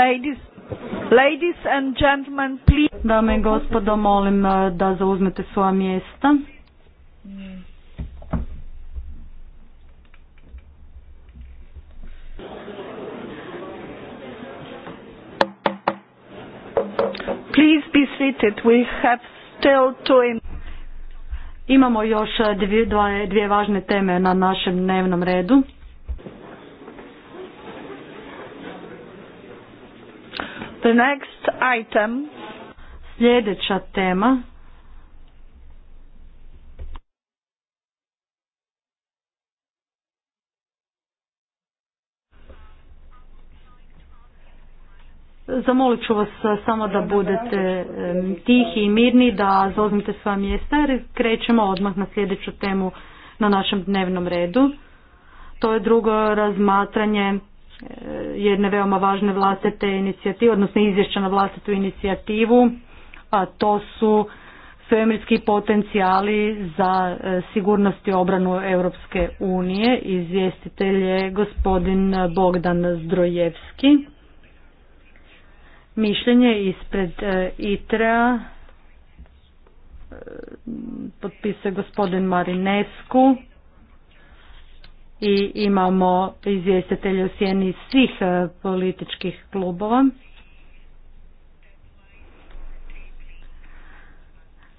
Ladies, ladies and gentlemen, please. Dame i gospodo, molim eh, da zauzmete svoja mjesta. Please be seated. We have still two Imamo još eh, dvije, dvije važne teme na našem dnevnom redu. The next item. Sljedeća tema. Zamolit ću vas eh, samo da budete tihi i mirni, da zauzmete sva mjesta jer krećemo odmah na sljedeću temu na našem dnevnom redu. To je drugo razmatranje Eh, jedne veoma važne vlastite inicijative, odnosno izvješća na vlastitu inicijativu, a to su svemirski potencijali za eh, sigurnost i obranu Europske unije. Izvjestitelj je gospodin Bogdan Zdrojevski. Mišljenje ispred eh, ITRA potpisuje gospodin Marinesku i imamo izvjestitelje u sjeni svih e, političkih klubova.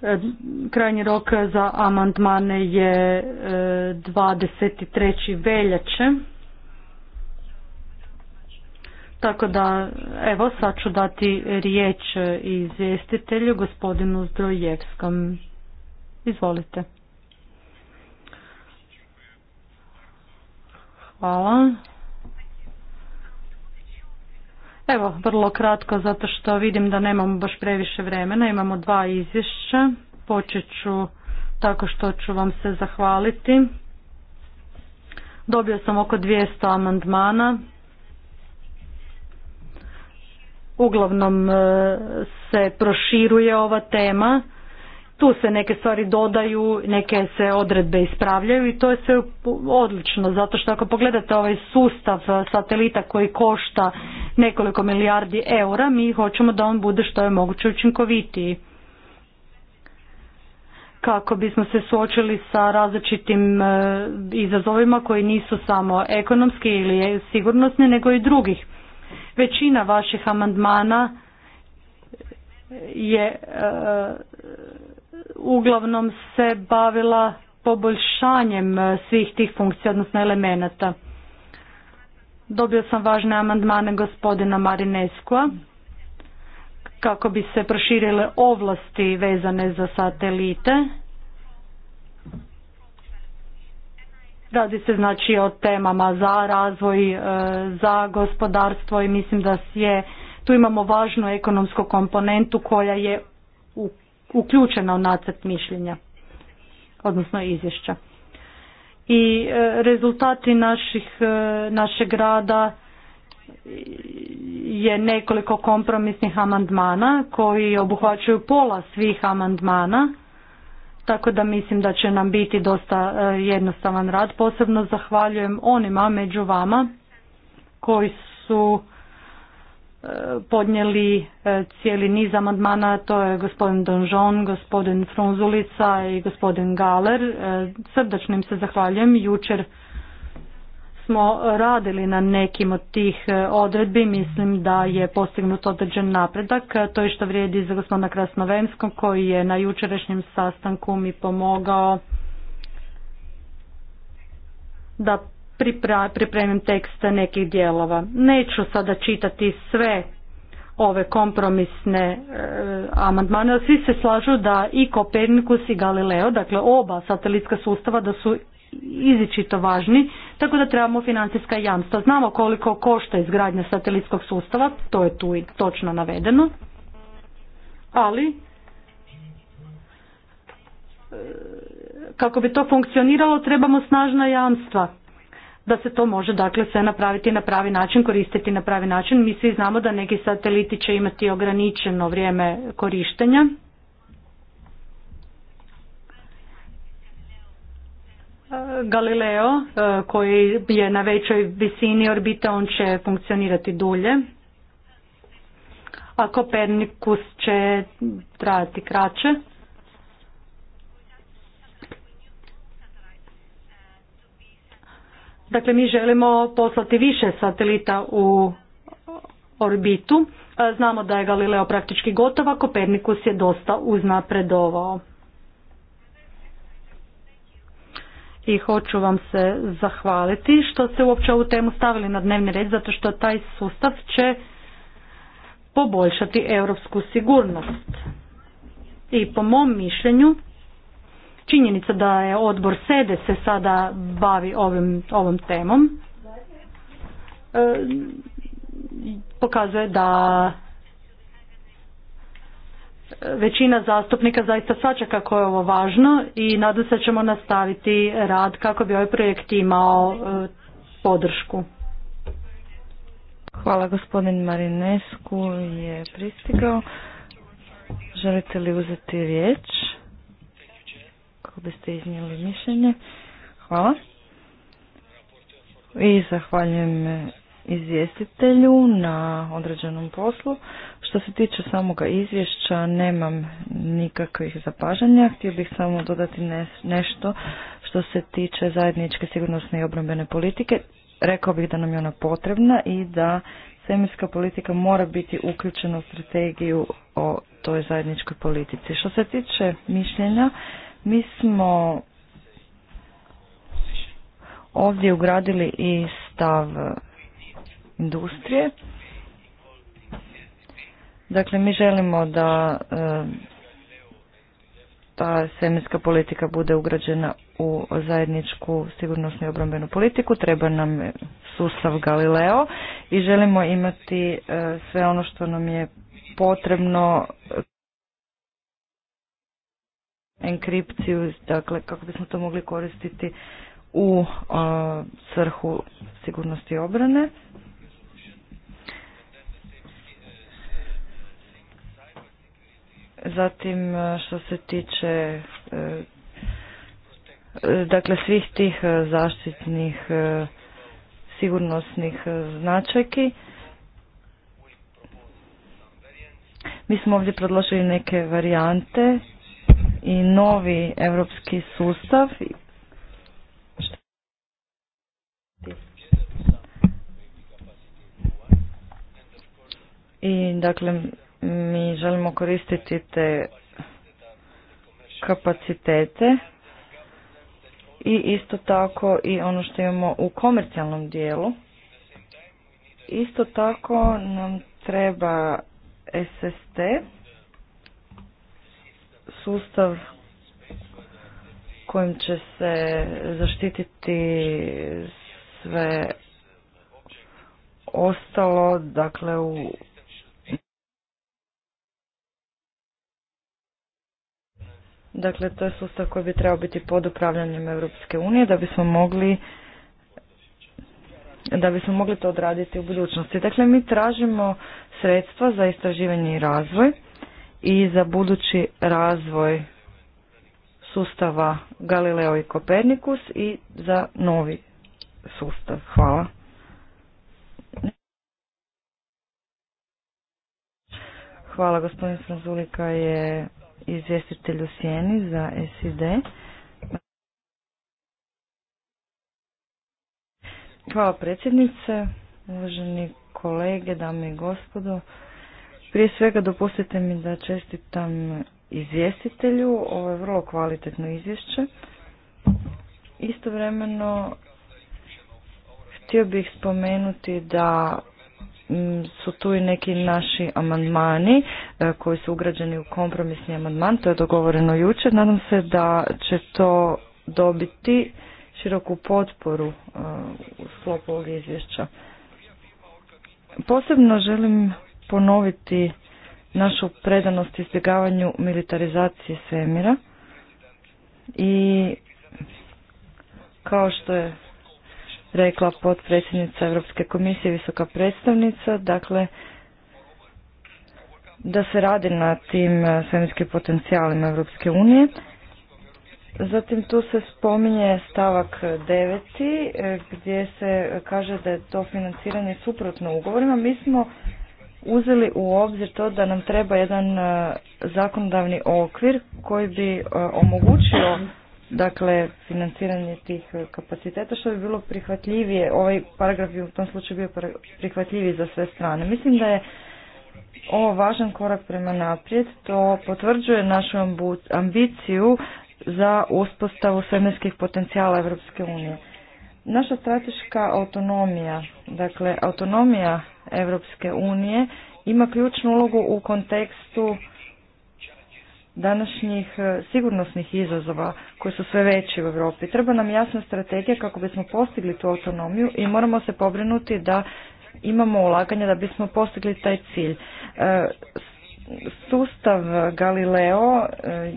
E, krajnji rok za amandmane je 23. E, veljače. Tako da, evo, sad ću dati riječ izvjestitelju, gospodinu Zdrojevskom. Izvolite. Hvala. Evo, vrlo kratko, zato što vidim da nemamo baš previše vremena. Imamo dva izvješća. Počet ću tako što ću vam se zahvaliti. Dobio sam oko 200 amandmana. Uglavnom e, se proširuje ova tema tu se neke stvari dodaju, neke se odredbe ispravljaju i to je sve odlično zato što ako pogledate ovaj sustav eh, satelita koji košta nekoliko milijardi eura, mi hoćemo da on bude što je moguće učinkovitiji. Kako bismo se suočili sa različitim eh, izazovima koji nisu samo ekonomski ili sigurnosni nego i drugih. Većina vaših amandmana je eh, uglavnom se bavila poboljšanjem e, svih tih funkcija, odnosno elemenata. Dobio sam važne amandmane gospodina Marineskua kako bi se proširile ovlasti vezane za satelite. Radi se znači o temama za razvoj, e, za gospodarstvo i mislim da je tu imamo važnu ekonomsku komponentu koja je uključena u nacrt mišljenja, odnosno izvješća. I e, rezultati naših, e, našeg rada je nekoliko kompromisnih amandmana koji obuhvaćaju pola svih amandmana tako da mislim da će nam biti dosta e, jednostavan rad. Posebno zahvaljujem onima među vama koji su podnijeli e, cijeli niz amandmana, to je gospodin Donžon, gospodin Frunzulica i gospodin Galer. E, Srdačno im se zahvaljujem. Jučer smo radili na nekim od tih e, odredbi, mislim da je postignut određen napredak. To je što vrijedi za gospodina Krasnovenskom koji je na jučerašnjem sastanku mi pomogao da pripremim tekste nekih dijelova. Neću sada čitati sve ove kompromisne e, amandmane, svi se slažu da i Kopernikus i Galileo, dakle oba satelitska sustava da su izičito važni, tako da trebamo financijska jamstva. Znamo koliko košta izgradnja satelitskog sustava, to je tu i točno navedeno, ali e, kako bi to funkcioniralo trebamo snažna jamstva da se to može dakle sve napraviti na pravi način, koristiti na pravi način. Mi svi znamo da neki sateliti će imati ograničeno vrijeme korištenja. Galileo e, koji je na većoj visini orbite on će funkcionirati dulje a Kopernikus će trajati kraće Dakle, mi želimo poslati više satelita u orbitu. E, znamo da je Galileo praktički gotov, a Kopernikus je dosta uznapredovao. I hoću vam se zahvaliti što ste uopće ovu temu stavili na dnevni red, zato što taj sustav će poboljšati europsku sigurnost. I po mom mišljenju, činjenica da je odbor sede se sada bavi ovim, ovom temom e, pokazuje da većina zastupnika zaista svača kako je ovo važno i nadam se ćemo nastaviti rad kako bi ovaj projekt imao e, podršku. Hvala gospodin Marinesku je pristigao. Želite li uzeti riječ? biste iznijeli mišljenje. Hvala. I zahvaljujem izvjestitelju na određenom poslu. Što se tiče samoga izvješća, nemam nikakvih zapažanja. Htio bih samo dodati nešto što se tiče zajedničke sigurnosne i obrambene politike. Rekao bih da nam je ona potrebna i da svemirska politika mora biti uključena u strategiju o toj zajedničkoj politici. Što se tiče mišljenja, mi smo ovdje ugradili i stav industrije. Dakle, mi želimo da e, ta semenska politika bude ugrađena u zajedničku sigurnosnu i obrambenu politiku. Treba nam sustav Galileo i želimo imati e, sve ono što nam je potrebno enkripciju, dakle kako bismo to mogli koristiti u uh, svrhu sigurnosti obrane. Zatim uh, što se tiče uh, dakle svih tih zaštitnih sigurnosnih značajki. Mi smo ovdje predložili neke varijante i novi europski sustav. I dakle mi želimo koristiti te kapacitete i isto tako i ono što imamo u komercijalnom dijelu. Isto tako nam treba SST sustav kojim će se zaštititi sve ostalo, dakle u Dakle, to je sustav koji bi trebao biti pod upravljanjem Europske unije da bismo mogli da bismo mogli to odraditi u budućnosti. Dakle, mi tražimo sredstva za istraživanje i razvoj i za budući razvoj sustava Galileo i Kopernikus i za novi sustav. Hvala. Hvala gospodin Franzulika je izvjestitelj u Sjeni za SID. Hvala predsjednice, uvaženi kolege, dame i gospodo. Prije svega dopustite mi da čestitam izvjestitelju, ovo je vrlo kvalitetno izvješće. Istovremeno htio bih spomenuti da mm, su tu i neki naši amandmani e, koji su ugrađeni u kompromisni amandman, to je dogovoreno jučer. Nadam se da će to dobiti široku potporu e, u sklopu ovog izvješća. Posebno želim ponoviti našu predanost izbjegavanju militarizacije svemira i kao što je rekla potpredsjednica Europske komisije visoka predstavnica, dakle da se radi na tim eh, svemirskim potencijalima Europske unije. Zatim tu se spominje stavak 9. Eh, gdje se kaže da je to financiranje suprotno ugovorima. Mi smo uzeli u obzir to da nam treba jedan e, zakonodavni okvir koji bi e, omogućio dakle financiranje tih e, kapaciteta što bi bilo prihvatljivije, ovaj paragraf bi u tom slučaju bio prihvatljiviji za sve strane. Mislim da je ovo važan korak prema naprijed, to potvrđuje našu ambiciju za uspostavu svemirskih potencijala Europske unije. Naša strateška autonomija, dakle autonomija Europske unije ima ključnu ulogu u kontekstu današnjih e, sigurnosnih izazova koji su sve veći u Europi. Treba nam jasna strategija kako bismo postigli tu autonomiju i moramo se pobrinuti da imamo ulaganja da bismo postigli taj cilj. E, sustav Galileo e,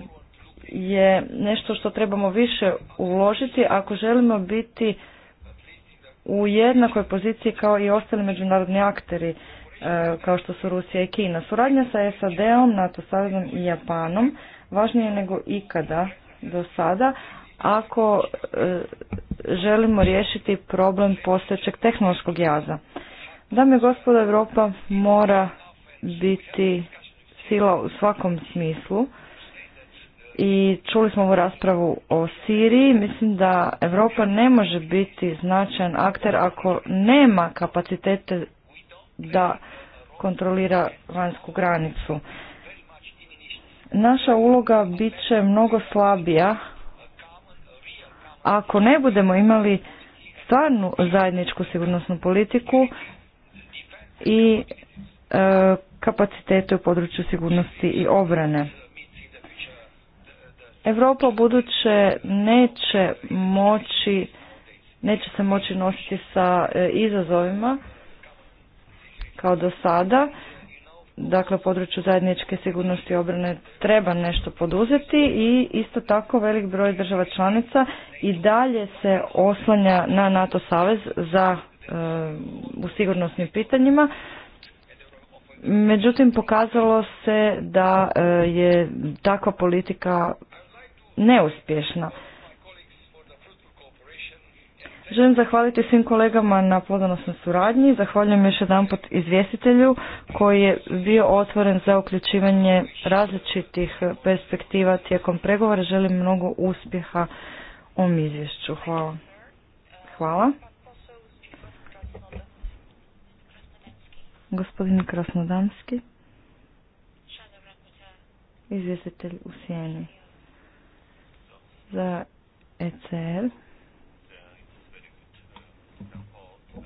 je nešto što trebamo više uložiti ako želimo biti u jednakoj poziciji kao i ostali međunarodni akteri e, kao što su Rusija i Kina. Suradnja sa SAD-om, NATO savezom i Japanom važnije nego ikada do sada ako e, želimo riješiti problem postojećeg tehnološkog jaza. Dame i gospodo, Europa mora biti sila u svakom smislu i čuli smo ovu raspravu o Siriji. Mislim da Europa ne može biti značajan akter ako nema kapacitete da kontrolira vanjsku granicu. Naša uloga bit će mnogo slabija ako ne budemo imali stvarnu zajedničku sigurnosnu politiku i e, kapacitete u području sigurnosti i obrane. Evropa buduće neće moći neće se moći nositi sa e, izazovima kao do sada. Dakle, području zajedničke sigurnosti i obrane treba nešto poduzeti i isto tako velik broj država članica i dalje se oslanja na NATO savez za e, u sigurnosnim pitanjima. Međutim, pokazalo se da e, je takva politika neuspješna. Želim zahvaliti svim kolegama na plodonosnoj suradnji. Zahvaljujem još jedanput izvjestitelju koji je bio otvoren za uključivanje različitih perspektiva tijekom pregovora. Želim mnogo uspjeha ovom izvješću. Hvala. Hvala. Gospodin Krasnodamski. Izvjestitelj u Sijeni za ECR.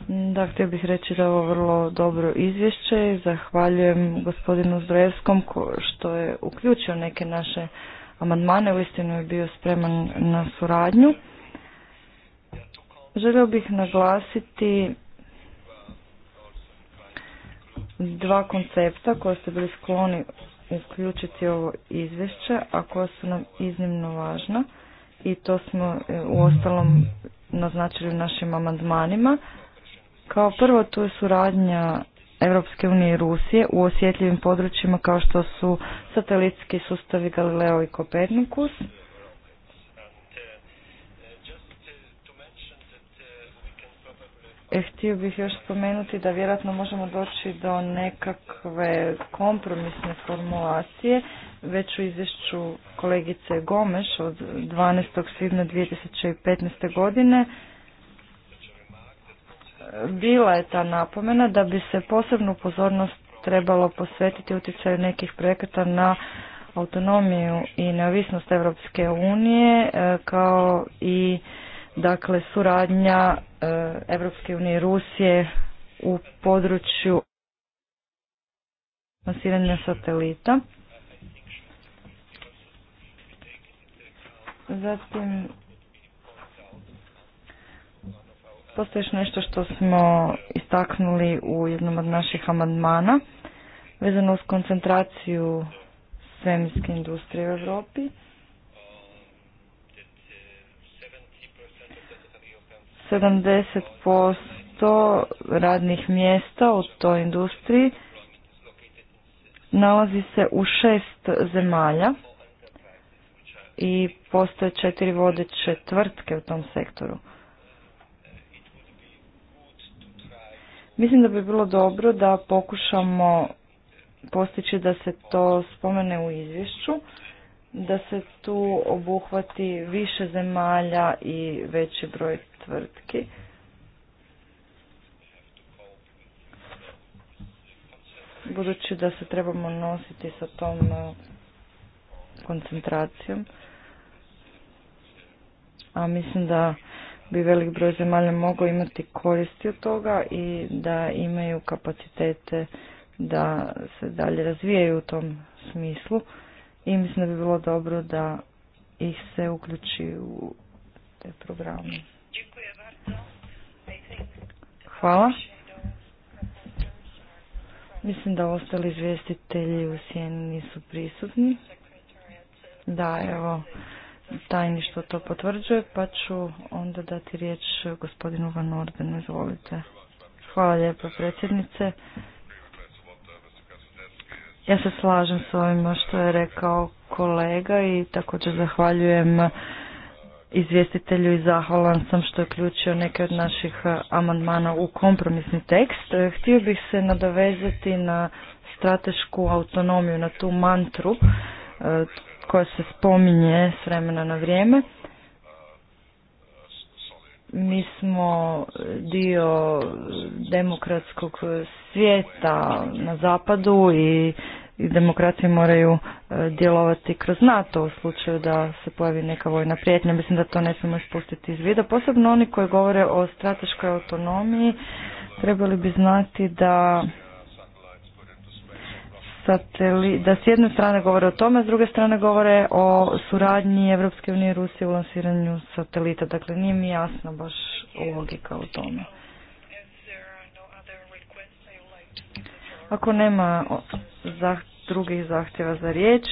Da, htio bih reći da je ovo vrlo dobro izvješće zahvaljujem gospodinu Zdrojevskom što je uključio neke naše amandmane, uistinu je bio spreman na suradnju. Želio bih naglasiti dva koncepta koje ste bili skloni uključiti ovo izvješće, a koja su nam iznimno važna i to smo e, u ostalom naznačili u našim amandmanima. Kao prvo tu je suradnja Europske unije i Rusije u osjetljivim područjima kao što su satelitski sustavi Galileo i Kopernikus. E, htio bih još spomenuti da vjerojatno možemo doći do nekakve kompromisne formulacije već u izvješću kolegice Gomeš od 12. svibnja 2015. godine bila je ta napomena da bi se posebnu pozornost trebalo posvetiti utjecaju nekih projekata na autonomiju i neovisnost Europske unije e, kao i Dakle, suradnja Europske unije i Rusije u području masiranja satelita. Zatim, postoje još nešto što smo istaknuli u jednom od naših amandmana vezano uz koncentraciju svemirske industrije u Europi. 70% radnih mjesta u toj industriji nalazi se u šest zemalja i postoje četiri vodeće tvrtke u tom sektoru. Mislim da bi bilo dobro da pokušamo postići da se to spomene u izvješću, da se tu obuhvati više zemalja i veći broj tvrtki. Budući da se trebamo nositi sa tom e, koncentracijom, a mislim da bi velik broj zemalja mogao imati koristi od toga i da imaju kapacitete da se dalje razvijaju u tom smislu i mislim da bi bilo dobro da ih se uključi u te programe. Hvala. Mislim da ostali izvjestitelji u sjeni nisu prisutni. Da, evo, tajništvo to potvrđuje, pa ću onda dati riječ gospodinu Van Ordenu, izvolite. Hvala lijepo predsjednice. Ja se slažem s ovima što je rekao kolega i također zahvaljujem izvjestitelju i zahvalan sam što je ključio neke od naših e, amandmana u kompromisni tekst. E, htio bih se nadovezati na stratešku autonomiju, na tu mantru e, koja se spominje s vremena na vrijeme. Mi smo dio demokratskog svijeta na zapadu i i demokracije moraju e, djelovati kroz NATO u slučaju da se pojavi neka vojna prijetnja. Mislim da to ne smijemo ispustiti iz vida. Posebno oni koji govore o strateškoj autonomiji trebali bi znati da da s jedne strane govore o tome, s druge strane govore o suradnji Evropske unije i Rusije u lansiranju satelita. Dakle, nije mi jasna baš logika u tome. Ako nema drugih zahtjeva za riječ.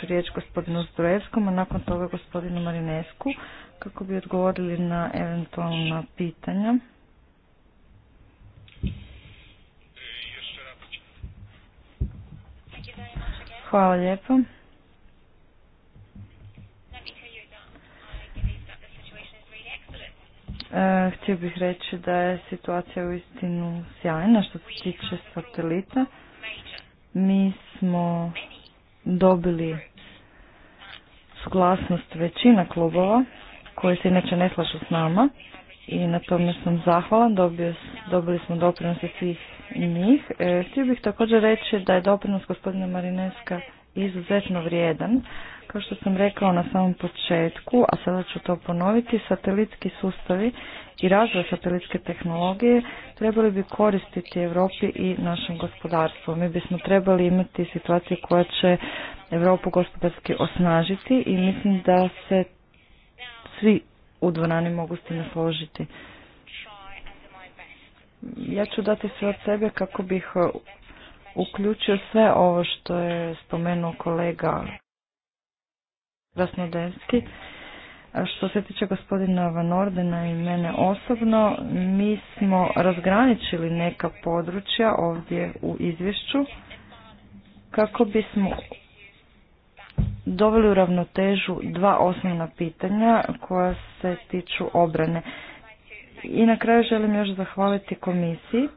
ću riječ gospodinu Zdrojevskom, a nakon toga gospodinu Marinesku, kako bi odgovorili na eventualna pitanja. Hvala lijepo. E, htio bih reći da je situacija u istinu sjajna što se tiče satelita. Mi smo dobili suglasnost većina klubova koji se inače ne slažu s nama i na tome sam zahvalan, Dobio, dobili smo doprinose svih njih. E, htio bih također reći da je doprinos gospodina Marineska izuzetno vrijedan. Kao što sam rekao na samom početku, a sada ću to ponoviti, satelitski sustavi i razvoj satelitske tehnologije trebali bi koristiti Europi i našem gospodarstvu. Mi bismo trebali imati situaciju koja će Europu gospodarski osnažiti i mislim da se svi u dvorani mogu s time složiti. Ja ću dati sve od sebe kako bih uh, uključio sve ovo što je spomenuo kolega Krasnodevski. Što se tiče gospodina Van i mene osobno, mi smo razgraničili neka područja ovdje u izvješću kako bismo doveli u ravnotežu dva osnovna pitanja koja se tiču obrane. I na kraju želim još zahvaliti komisiji.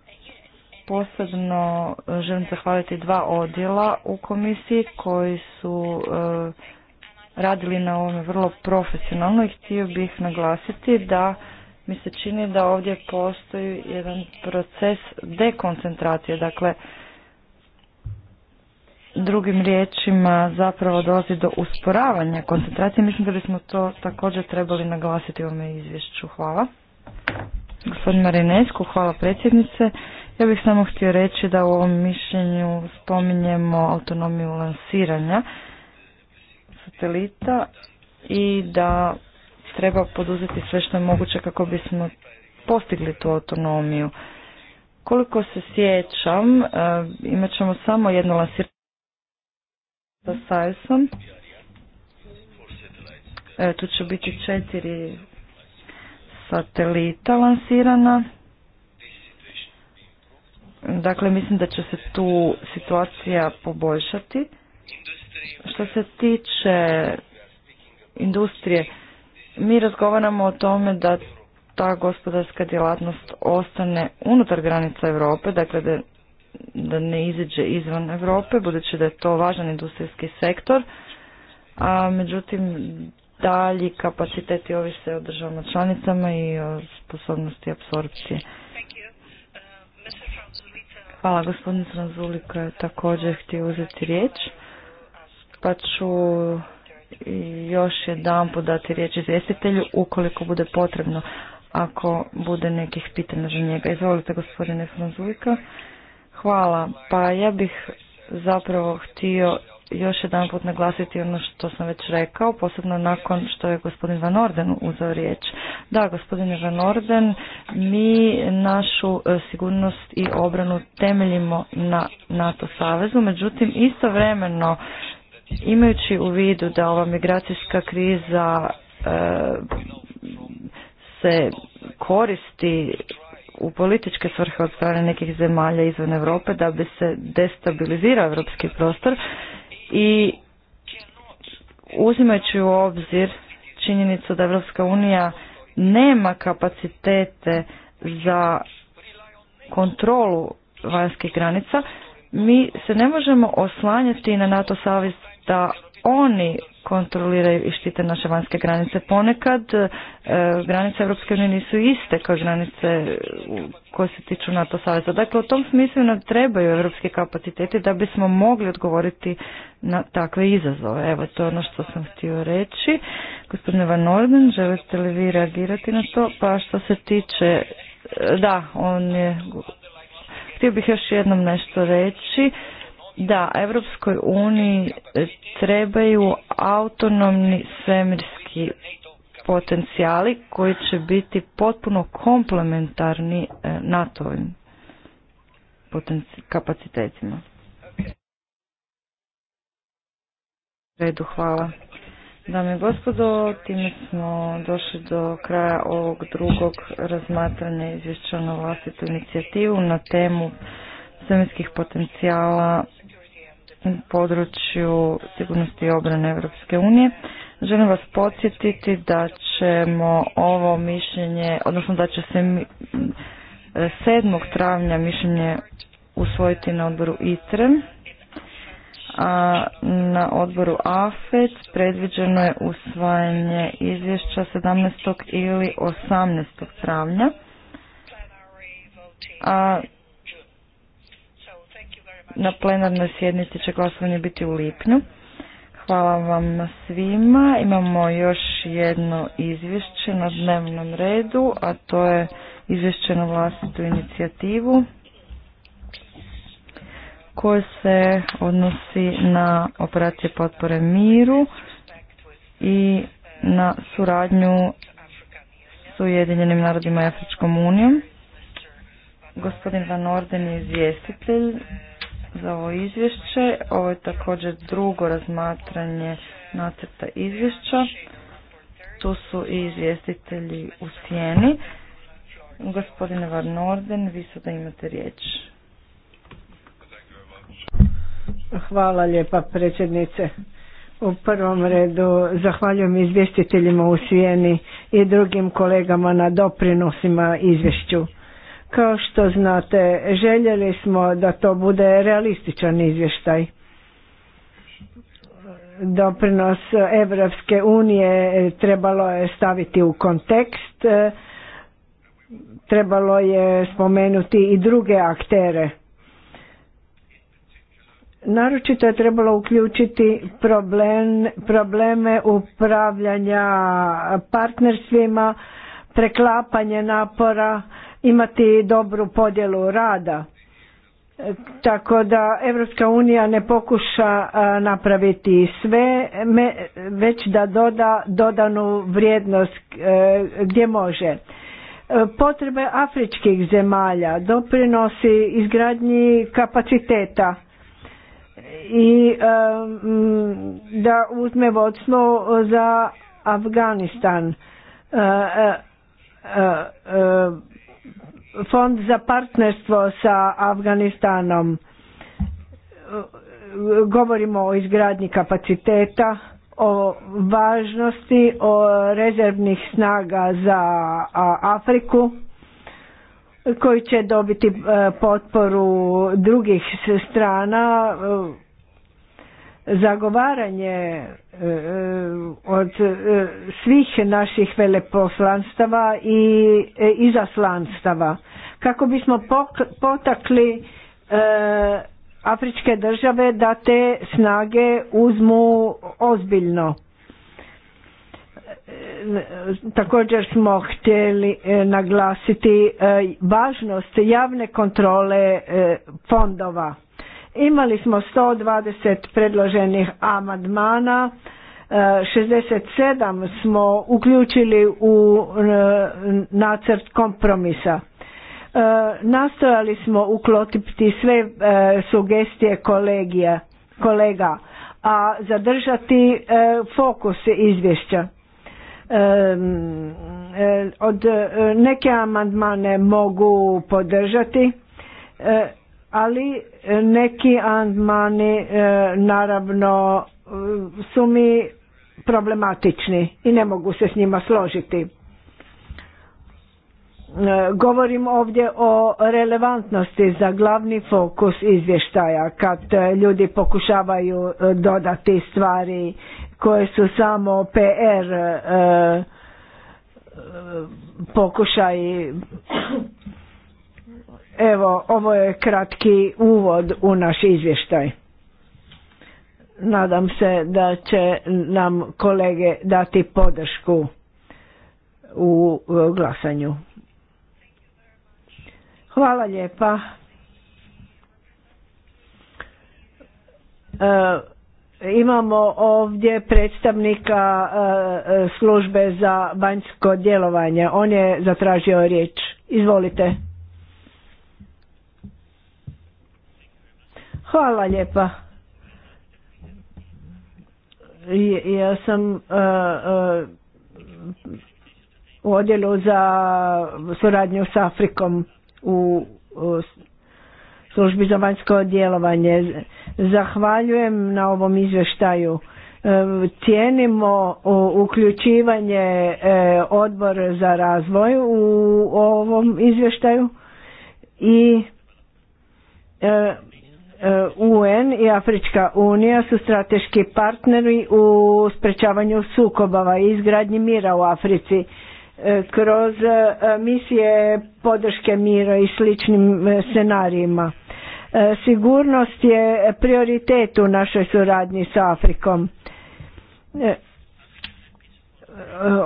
Posebno e, želim zahvaliti dva odjela u komisiji koji su e, radili na ovome vrlo profesionalno i htio bih naglasiti da mi se čini da ovdje postoji jedan proces dekoncentracije. Dakle, drugim riječima zapravo dolazi do usporavanja koncentracije. Mislim da bismo to također trebali naglasiti u ovome izvješću. Hvala. Gospodin Marinesku, hvala predsjednice. Ja bih samo htio reći da u ovom mišljenju spominjemo autonomiju lansiranja satelita i da treba poduzeti sve što je moguće kako bismo postigli tu autonomiju. Koliko se sjećam, e, imat ćemo samo jednu lansiranje sa Sajusom. E, tu će biti četiri satelita lansirana. Dakle, mislim da će se tu situacija poboljšati. Što se tiče industrije, mi razgovaramo o tome da ta gospodarska djelatnost ostane unutar granica Europe, dakle da, da ne iziđe izvan Europe, budući da je to važan industrijski sektor, a međutim dalji kapaciteti ovise o državama članicama i o sposobnosti apsorpcije. Hvala, gospodin Franzulika je također htio uzeti riječ pa ću još jedan podati dati riječ izvjestitelju ukoliko bude potrebno ako bude nekih pitanja za njega. Izvolite gospodine Franzulika. Hvala. Pa ja bih zapravo htio još jedan put naglasiti ono što sam već rekao, posebno nakon što je gospodin Van Orden uzao riječ. Da, gospodine Van Orden, mi našu e, sigurnost i obranu temeljimo na NATO savezu, međutim istovremeno Imajući u vidu da ova migracijska kriza e, se koristi u političke svrhe od strane nekih zemalja izvan Europe da bi se destabilizirao europski prostor i uzimajući u obzir činjenicu da Evropska unija nema kapacitete za kontrolu vanjskih granica, mi se ne možemo oslanjati na NATO savez da oni kontroliraju i štite naše vanjske granice. Ponekad e, granice Europske unije nisu iste kao granice koje se tiču NATO saveza. Dakle, u tom smislu nam trebaju europski kapaciteti da bismo mogli odgovoriti na takve izazove. Evo, to je ono što sam htio reći. Gospodine Van Orden, želite li vi reagirati na to? Pa što se tiče, e, da, on je... Htio bih još jednom nešto reći. Da, Europskoj uniji trebaju autonomni svemirski potencijali koji će biti potpuno komplementarni e, NATO-ovim kapacitetima. Redu, hvala. Dame i gospodo, time smo došli do kraja ovog drugog razmatranja izvješća na vlastitu inicijativu na temu svemirskih potencijala području sigurnosti i obrane Europske unije. Želim vas podsjetiti da ćemo ovo mišljenje, odnosno da će se 7. travnja mišljenje usvojiti na odboru ITRE, a na odboru AFET predviđeno je usvajanje izvješća 17. ili 18. travnja. A na plenarnoj sjednici će glasovanje biti u lipnju. Hvala vam svima. Imamo još jedno izvješće na dnevnom redu, a to je izvješće na vlastitu inicijativu koje se odnosi na operacije potpore miru i na suradnju s Ujedinjenim narodima i Afričkom unijom. Gospodin Van Orden je izvjestitelj za ovo izvješće. Ovo je također drugo razmatranje nacrta izvješća. Tu su i izvjestitelji u sjeni. Gospodine Varnorden, vi sada imate riječ. Hvala lijepa predsjednice. U prvom redu zahvaljujem izvjestiteljima u Sijeni i drugim kolegama na doprinosima izvješću. Kao što znate, željeli smo da to bude realističan izvještaj. Doprinos Evropske unije trebalo je staviti u kontekst, trebalo je spomenuti i druge aktere. Naročito je trebalo uključiti problem, probleme upravljanja partnerstvima, preklapanje napora imati dobru podjelu rada e, tako da Evropska unija ne pokuša e, napraviti sve, već da doda dodanu vrijednost e, gdje može. Potrebe afričkih zemalja doprinosi izgradnji kapaciteta i da uzme vodstvo za Afganistan fond za partnerstvo sa Afganistanom. Govorimo o izgradnji kapaciteta, o važnosti o rezervnih snaga za Afriku koji će dobiti e, potporu drugih strana zagovaranje e, e, od e, svih naših veleposlanstava i izaslanstava kako bismo potakli afričke države da te snage uzmu ozbiljno također smo htjeli naglasiti važnost javne kontrole fondova Imali smo 120 predloženih amandmana, 67 e, smo uključili u e, nacrt kompromisa. E, nastojali smo uklopiti sve sugestije kolegija, kolega, a zadržati fokus izvješća. Od neke amandmane mogu podržati ali e, neki amandmani e, naravno e, su mi problematični i ne mogu se s njima složiti. Govorim ovdje o relevantnosti za glavni fokus izvještaja kad ljudi pokušavaju dodati stvari koje su samo PR pokušaj Evo, ovo je kratki uvod u naš izvještaj. Nadam se da će nam kolege dati podršku u glasanju. Hvala lijepa. E, imamo ovdje predstavnika e, e, službe za vanjsko djelovanje. On je zatražio riječ. Izvolite. Hvala lijepa. Ja sam e, e, u odjelu za suradnju s Afrikom u službi za vanjsko djelovanje. Zahvaljujem na ovom izvještaju. E, cijenimo uključivanje odbor za razvoj u ovom izvještaju i E, UN i Afrička unija su strateški partneri u sprečavanju sukobava i izgradnji mira u Africi e, kroz e, misije podrške mira i sličnim scenarijima. Sigurnost je prioritet u našoj suradnji sa Afrikom.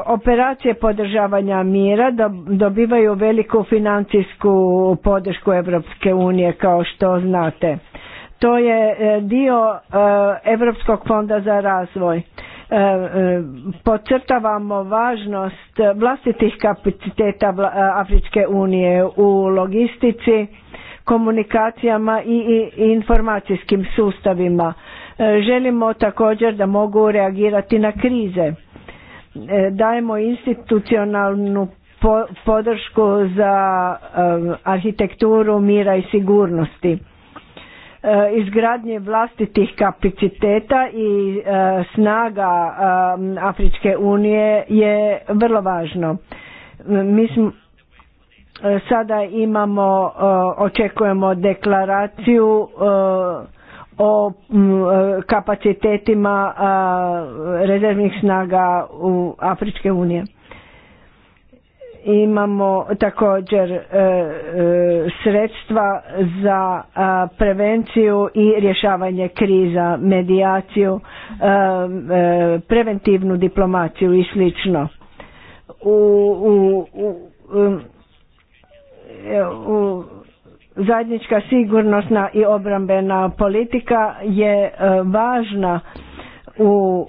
Operacije podržavanja mira dobivaju veliku financijsku podršku Europske unije kao što znate to je e, dio Europskog fonda za razvoj. E, e, podcrtavamo važnost vlastitih kapaciteta Afričke unije u logistici, komunikacijama i informacijskim sustavima. Želimo također da mogu reagirati na krize. Dajemo institucionalnu podršku za arhitekturu mira i sigurnosti Eh, izgradnje vlastitih kapaciteta i eh, snaga eh, Afričke unije je vrlo važno. Mi sada imamo, očekujemo deklaraciju o kapacitetima rezervnih snaga u Afričke unije imamo također e, e, sredstva za prevenciju i rješavanje kriza, medijaciju, e, preventivnu diplomaciju i slično. Um, u, zajednička sigurnosna i obrambena politika je važna u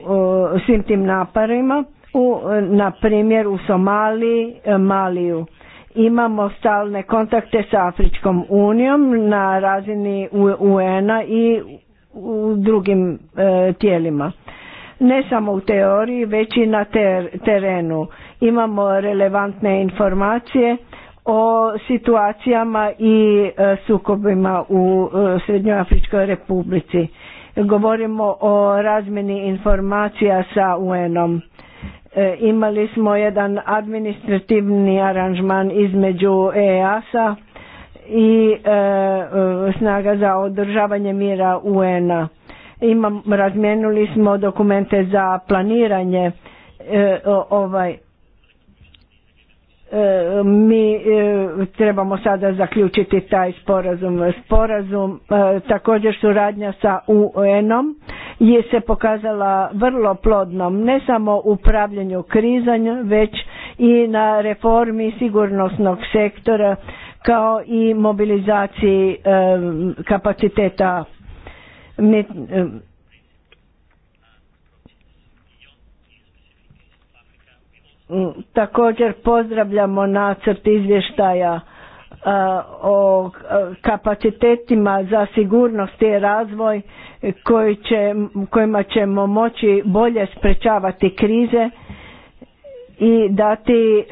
svim tim naparima u, na primjer u Somaliji, e, Maliju. Imamo stalne kontakte sa Afričkom unijom na razini UN-a i u drugim e, tijelima. Ne samo u teoriji, već i na terenu. Imamo relevantne informacije o situacijama i e, sukobima u e, Srednjoafričkoj republici. Govorimo o razmjeni informacija sa UN-om E, imali smo jedan administrativni aranžman između EAS-a i e, snaga za održavanje mira UN-a. Imam, razmijenili smo dokumente za planiranje e, ovaj mi trebamo sada zaključiti taj sporazum sporazum također suradnja sa UN-om je se pokazala vrlo plodnom ne samo u upravljanju krizanja već i na reformi sigurnosnog sektora kao i mobilizaciji kapaciteta također pozdravljamo nacrt izvještaja o kapacitetima za sigurnost i razvoj koji će, kojima ćemo moći bolje sprečavati krize i dati e,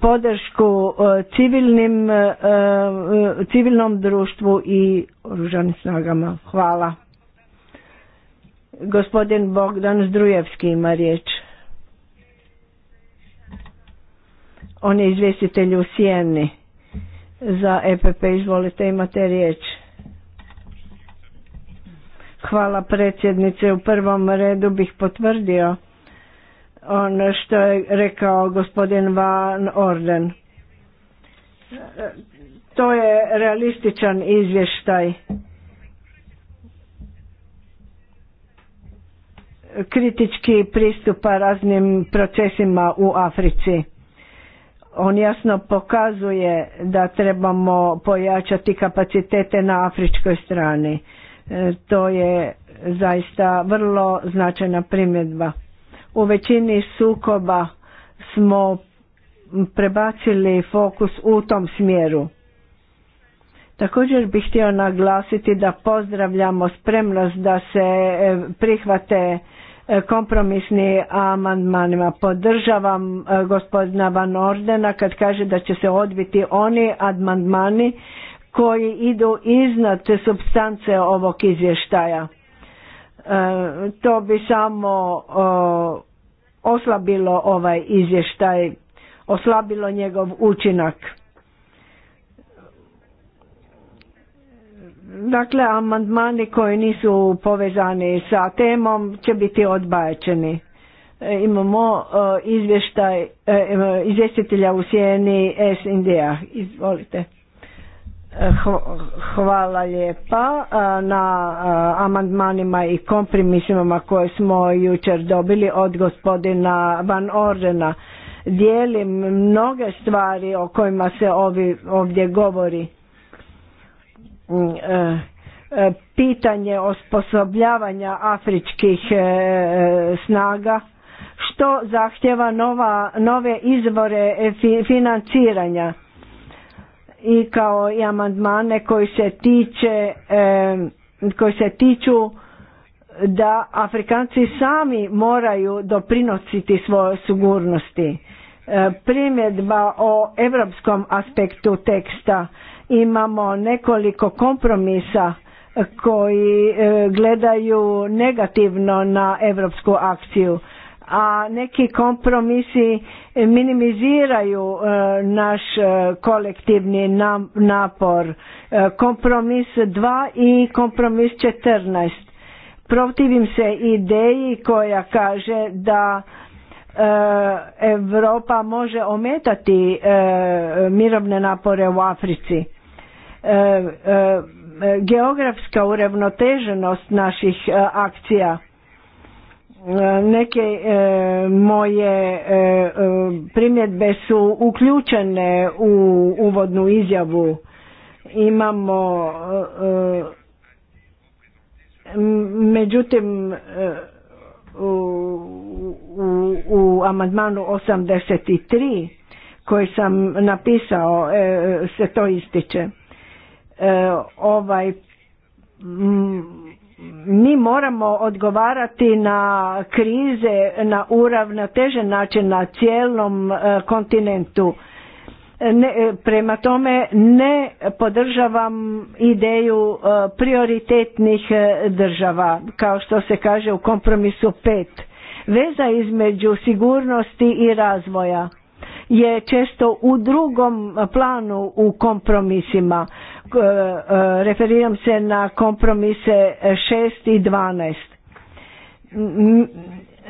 podršku e, civilnim, e, civilnom društvu i oružanim snagama. Hvala. Gospodin Bogdan Zdrujevski ima riječ. On je izvjestitelj u Sijeni za EPP. Izvolite, imate riječ. Hvala predsjednice. U prvom redu bih potvrdio ono što je rekao gospodin Van Orden. To je realističan izvještaj. kritički pristupa raznim procesima u Africi on jasno pokazuje da trebamo pojačati kapacitete na afričkoj strani. E, to je zaista vrlo značajna primjedba. U većini sukoba smo prebacili fokus u tom smjeru. Također bih htio naglasiti da pozdravljamo spremnost da se e, prihvate E, kompromisni amandmanima. Podržavam e, gospodina Van Ordena kad kaže da će se odbiti oni amandmani koji idu iznad substance ovog izvještaja. E, to bi samo oslabilo ovaj izvještaj, oslabilo njegov učinak Dakle, amandmani koji nisu povezani sa temom će biti odbačeni. E, imamo e, izvještaj, e, izvjestitelja u sjeni S. Izvolite. Hvala lijepa na amandmanima i komprimisima koje smo jučer dobili od gospodina Van Ordena. Dijelim mnoge stvari o kojima se ovdje govori E, e, pitanje osposobljavanja afričkih e, snaga što zahtjeva nova, nove izvore financiranja i kao i amandmane koji se tiče koji se tiču da Afrikanci sami moraju doprinositi svojoj sigurnosti. Primjedba o europskom aspektu teksta Imamo nekoliko kompromisa koji e, gledaju negativno na europsku akciju, a neki kompromisi minimiziraju e, naš e, kolektivni napor. Kompromis 2 i kompromis 14. Protivim se ideji koja kaže da Europa može ometati mirovne napore u Africi geografska uravnoteženost naših e, akcija e, neke e, moje primjedbe su uključene u uvodnu izjavu imamo međutim u, u, u amandmanu 83 koji sam napisao se to ističe E, ovaj mm, mi moramo odgovarati na krize na uravnotežen način na cijelom e, kontinentu. E, prema tome ne podržavam ideju prioritetnih država kao što se kaže u kompromisu pet. Veza između sigurnosti i razvoja je često u drugom planu u kompromisima E, referiram se na kompromise 6 i 12.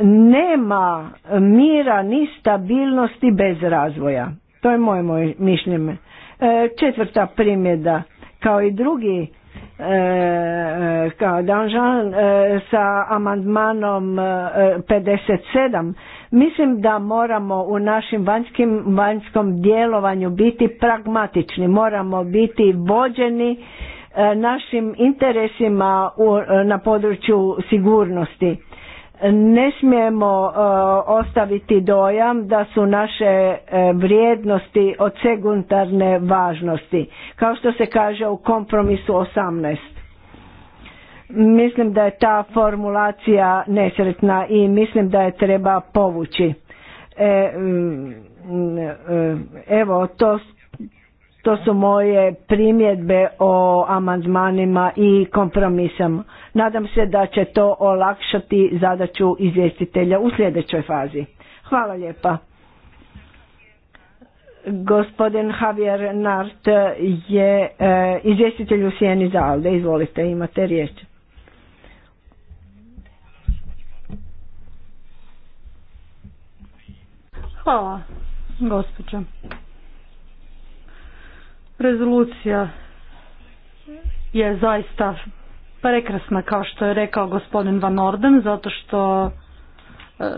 Nema mira ni stabilnosti bez razvoja. To je moje, moje mišljenje. E, četvrta primjeda, kao i drugi e, kao Danžan sa amandmanom 57 Mislim da moramo u našem vanjskim, vanjskom djelovanju biti pragmatični, moramo biti vođeni e, našim interesima u, e, na području sigurnosti. Ne smijemo e, ostaviti dojam da su naše vrijednosti od sekundarne važnosti, kao što se kaže u kompromisu 18. Mislim da je ta formulacija nesretna i mislim da je treba povući. E, mm, e, evo, to, to su moje primjedbe o amandmanima i kompromisama. Nadam se da će to olakšati zadaću izvjestitelja u sljedećoj fazi. Hvala lijepa. Gospodin Javier Nart je e, izvjestitelj u Sijeni Zalde. Izvolite, imate riječ. Hvala, gospođo. Rezolucija je zaista prekrasna kao što je rekao gospodin Van Orden zato što e,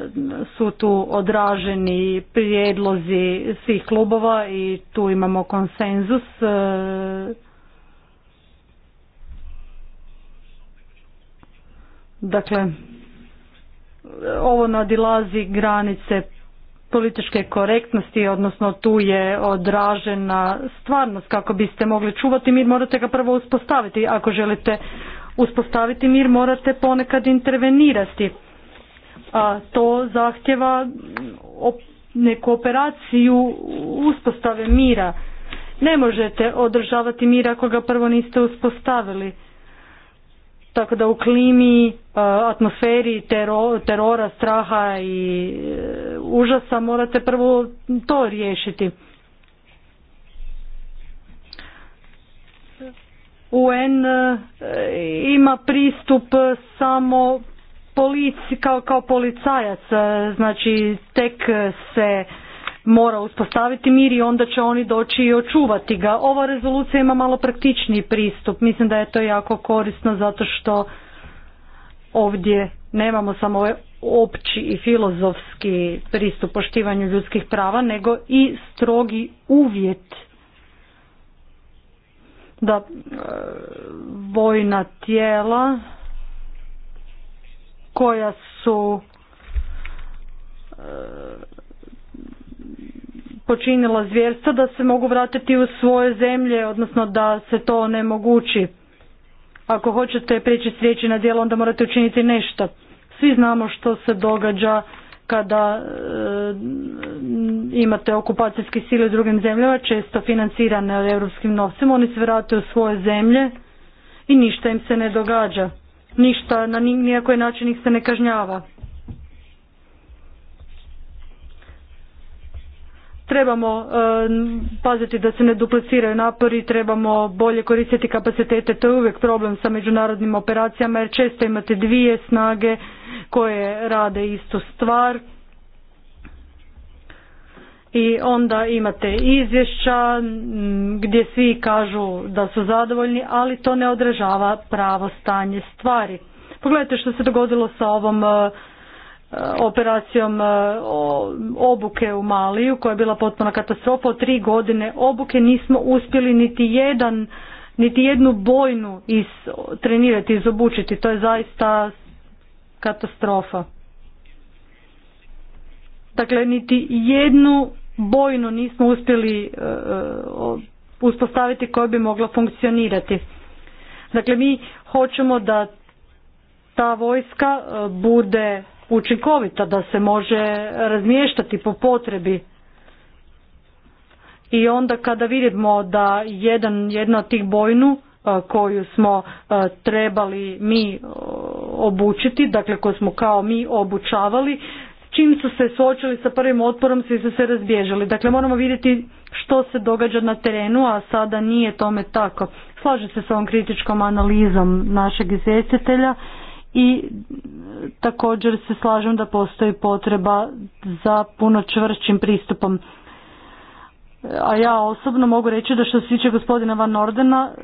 su tu odraženi prijedlozi svih klubova i tu imamo konsenzus e, dakle ovo nadilazi granice političke korektnosti, odnosno tu je odražena stvarnost. Kako biste mogli čuvati mir, morate ga prvo uspostaviti. Ako želite uspostaviti mir, morate ponekad intervenirati. A to zahtjeva neku operaciju uspostave mira. Ne možete održavati mir ako ga prvo niste uspostavili tako da u klimi, e, atmosferi terora, straha i e, užasa morate prvo to riješiti. UN e, ima pristup samo polici, kao, kao policajac, znači tek se mora uspostaviti mir i onda će oni doći i očuvati ga. Ova rezolucija ima malo praktičniji pristup. Mislim da je to jako korisno zato što ovdje nemamo samo ovaj opći i filozofski pristup poštivanju ljudskih prava, nego i strogi uvjet da e, vojna tijela koja su e, počinila zvjerstva da se mogu vratiti u svoje zemlje, odnosno da se to nemogući. Ako hoćete prijeći s riječi na djelo, onda morate učiniti nešto. Svi znamo što se događa kada e, imate okupacijski sile u drugim zemljama, često financirane europskim novcem, oni se vrate u svoje zemlje i ništa im se ne događa. Ništa, na nijakoj način ih se ne kažnjava. trebamo e, paziti da se ne dupliciraju napori, trebamo bolje koristiti kapacitete, to je uvijek problem sa međunarodnim operacijama jer često imate dvije snage koje rade istu stvar i onda imate izvješća gdje svi kažu da su zadovoljni, ali to ne odražava pravo stanje stvari. Pogledajte što se dogodilo sa ovom e, Eh, operacijom eh, obuke u Maliju koja je bila potpuna katastrofa. Od tri godine obuke nismo uspjeli niti jedan niti jednu bojnu iz, trenirati, izobučiti. To je zaista katastrofa. Dakle, niti jednu bojnu nismo uspjeli eh, uspostaviti koja bi mogla funkcionirati. Dakle, mi hoćemo da ta vojska bude učinkovita, da se može razmještati po potrebi. I onda kada vidimo da jedan, jedna od tih bojnu e, koju smo e, trebali mi e, obučiti, dakle koju smo kao mi obučavali, čim su se suočili sa prvim otporom, svi su se razbježali. Dakle, moramo vidjeti što se događa na terenu, a sada nije tome tako. Slažem se s ovom kritičkom analizom našeg izvjestitelja i također se slažem da postoji potreba za puno čvršćim pristupom. E, a ja osobno mogu reći da što se tiče gospodina Van Nordena, e,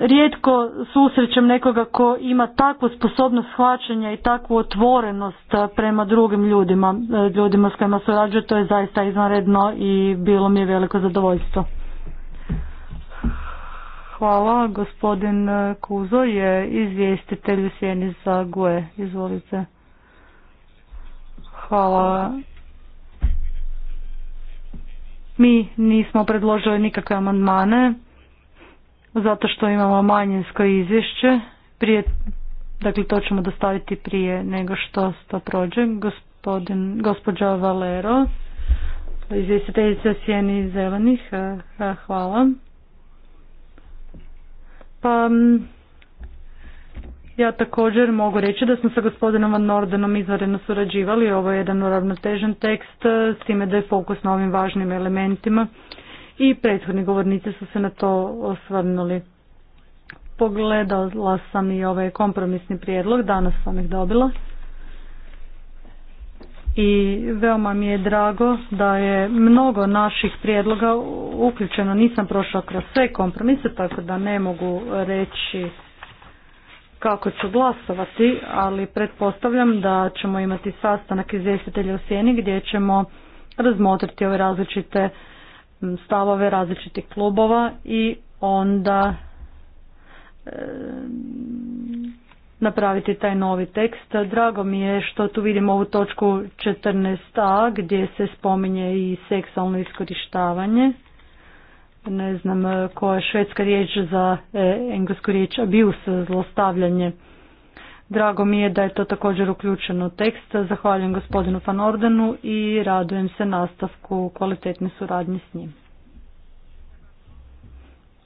rijetko susrećem nekoga ko ima takvu sposobnost shvaćanja i takvu otvorenost e, prema drugim ljudima, ljudima s kojima surađuje, to je zaista izvanredno i bilo mi je veliko zadovoljstvo. Hvala. Gospodin e, Kuzo je izvjestitelj u sjeni za GUE. Izvolite. Hvala. Mi nismo predložili nikakve amandmane zato što imamo manjinsko izvješće. Prije, dakle, to ćemo dostaviti prije nego što to prođe. Gospodin, gospođa Valero, izvjestiteljica Sjeni Zelenih, e, e, hvala. Pa, mm, ja također mogu reći da smo sa gospodinom Van Nordenom izvanredno surađivali. Ovo je jedan uravnotežen tekst e, s time da je fokus na ovim važnim elementima i prethodni govornici su se na to osvrnuli. Pogledala sam i ovaj kompromisni prijedlog, danas sam ih dobila i veoma mi je drago da je mnogo naših prijedloga uključeno. Nisam prošla kroz sve kompromise, tako da ne mogu reći kako ću glasovati, ali pretpostavljam da ćemo imati sastanak izvjestitelja u Sjeni gdje ćemo razmotriti ove različite stavove različitih klubova i onda e, napraviti taj novi tekst. Drago mi je što tu vidimo ovu točku 14a gdje se spominje i seksualno iskorištavanje. Ne znam e, koja je švedska riječ za e, englesku riječ abuse, zlostavljanje. Drago mi je da je to također uključeno u tekst. Zahvaljujem gospodinu Van Ordenu i radujem se nastavku kvalitetne suradnje s njim.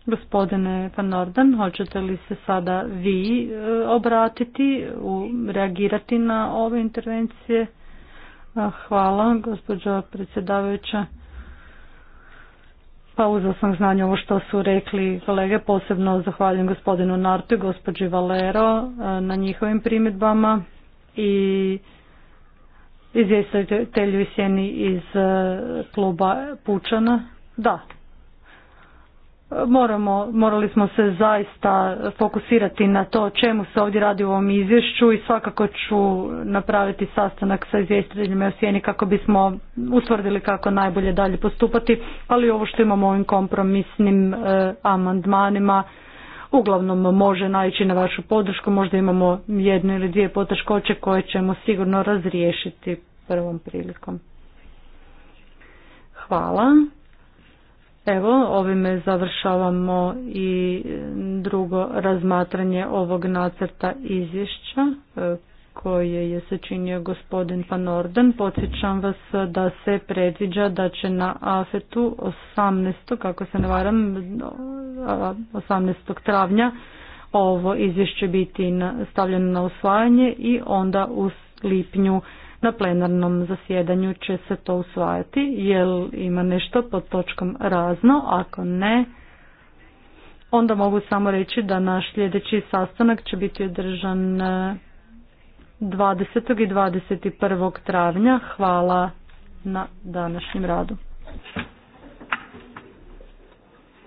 Gospodine Van Orden, hoćete li se sada vi e, obratiti, reagirati na ove intervencije? Hvala, gospođo predsjedavajuća. Pa uzao sam znanje ovo što su rekli kolege, posebno zahvaljujem gospodinu Nartu i gospođi Valero e, na njihovim primjedbama i izvjestitelju i sjeni iz e, kluba Pučana. Da, moramo, morali smo se zaista fokusirati na to čemu se ovdje radi u ovom izvješću i svakako ću napraviti sastanak sa izvjestiteljima u sjeni kako bismo utvrdili kako najbolje dalje postupati, ali ovo što imamo ovim kompromisnim e, amandmanima uglavnom može naići na vašu podršku, možda imamo jednu ili dvije poteškoće koje ćemo sigurno razriješiti prvom prilikom. Hvala. Evo, ovime završavamo i drugo razmatranje ovog nacrta izvješća e, koje je sačinio gospodin Van Orden. Podsjećam vas da se predviđa da će na AFET-u 18. kako se ne varam, 18. travnja ovo izvješće biti stavljeno na usvajanje i onda u lipnju na plenarnom zasjedanju će se to usvajati. Jel ima nešto pod točkom razno? Ako ne, onda mogu samo reći da naš sljedeći sastanak će biti održan 20. E, i 21. travnja. Hvala na današnjem radu.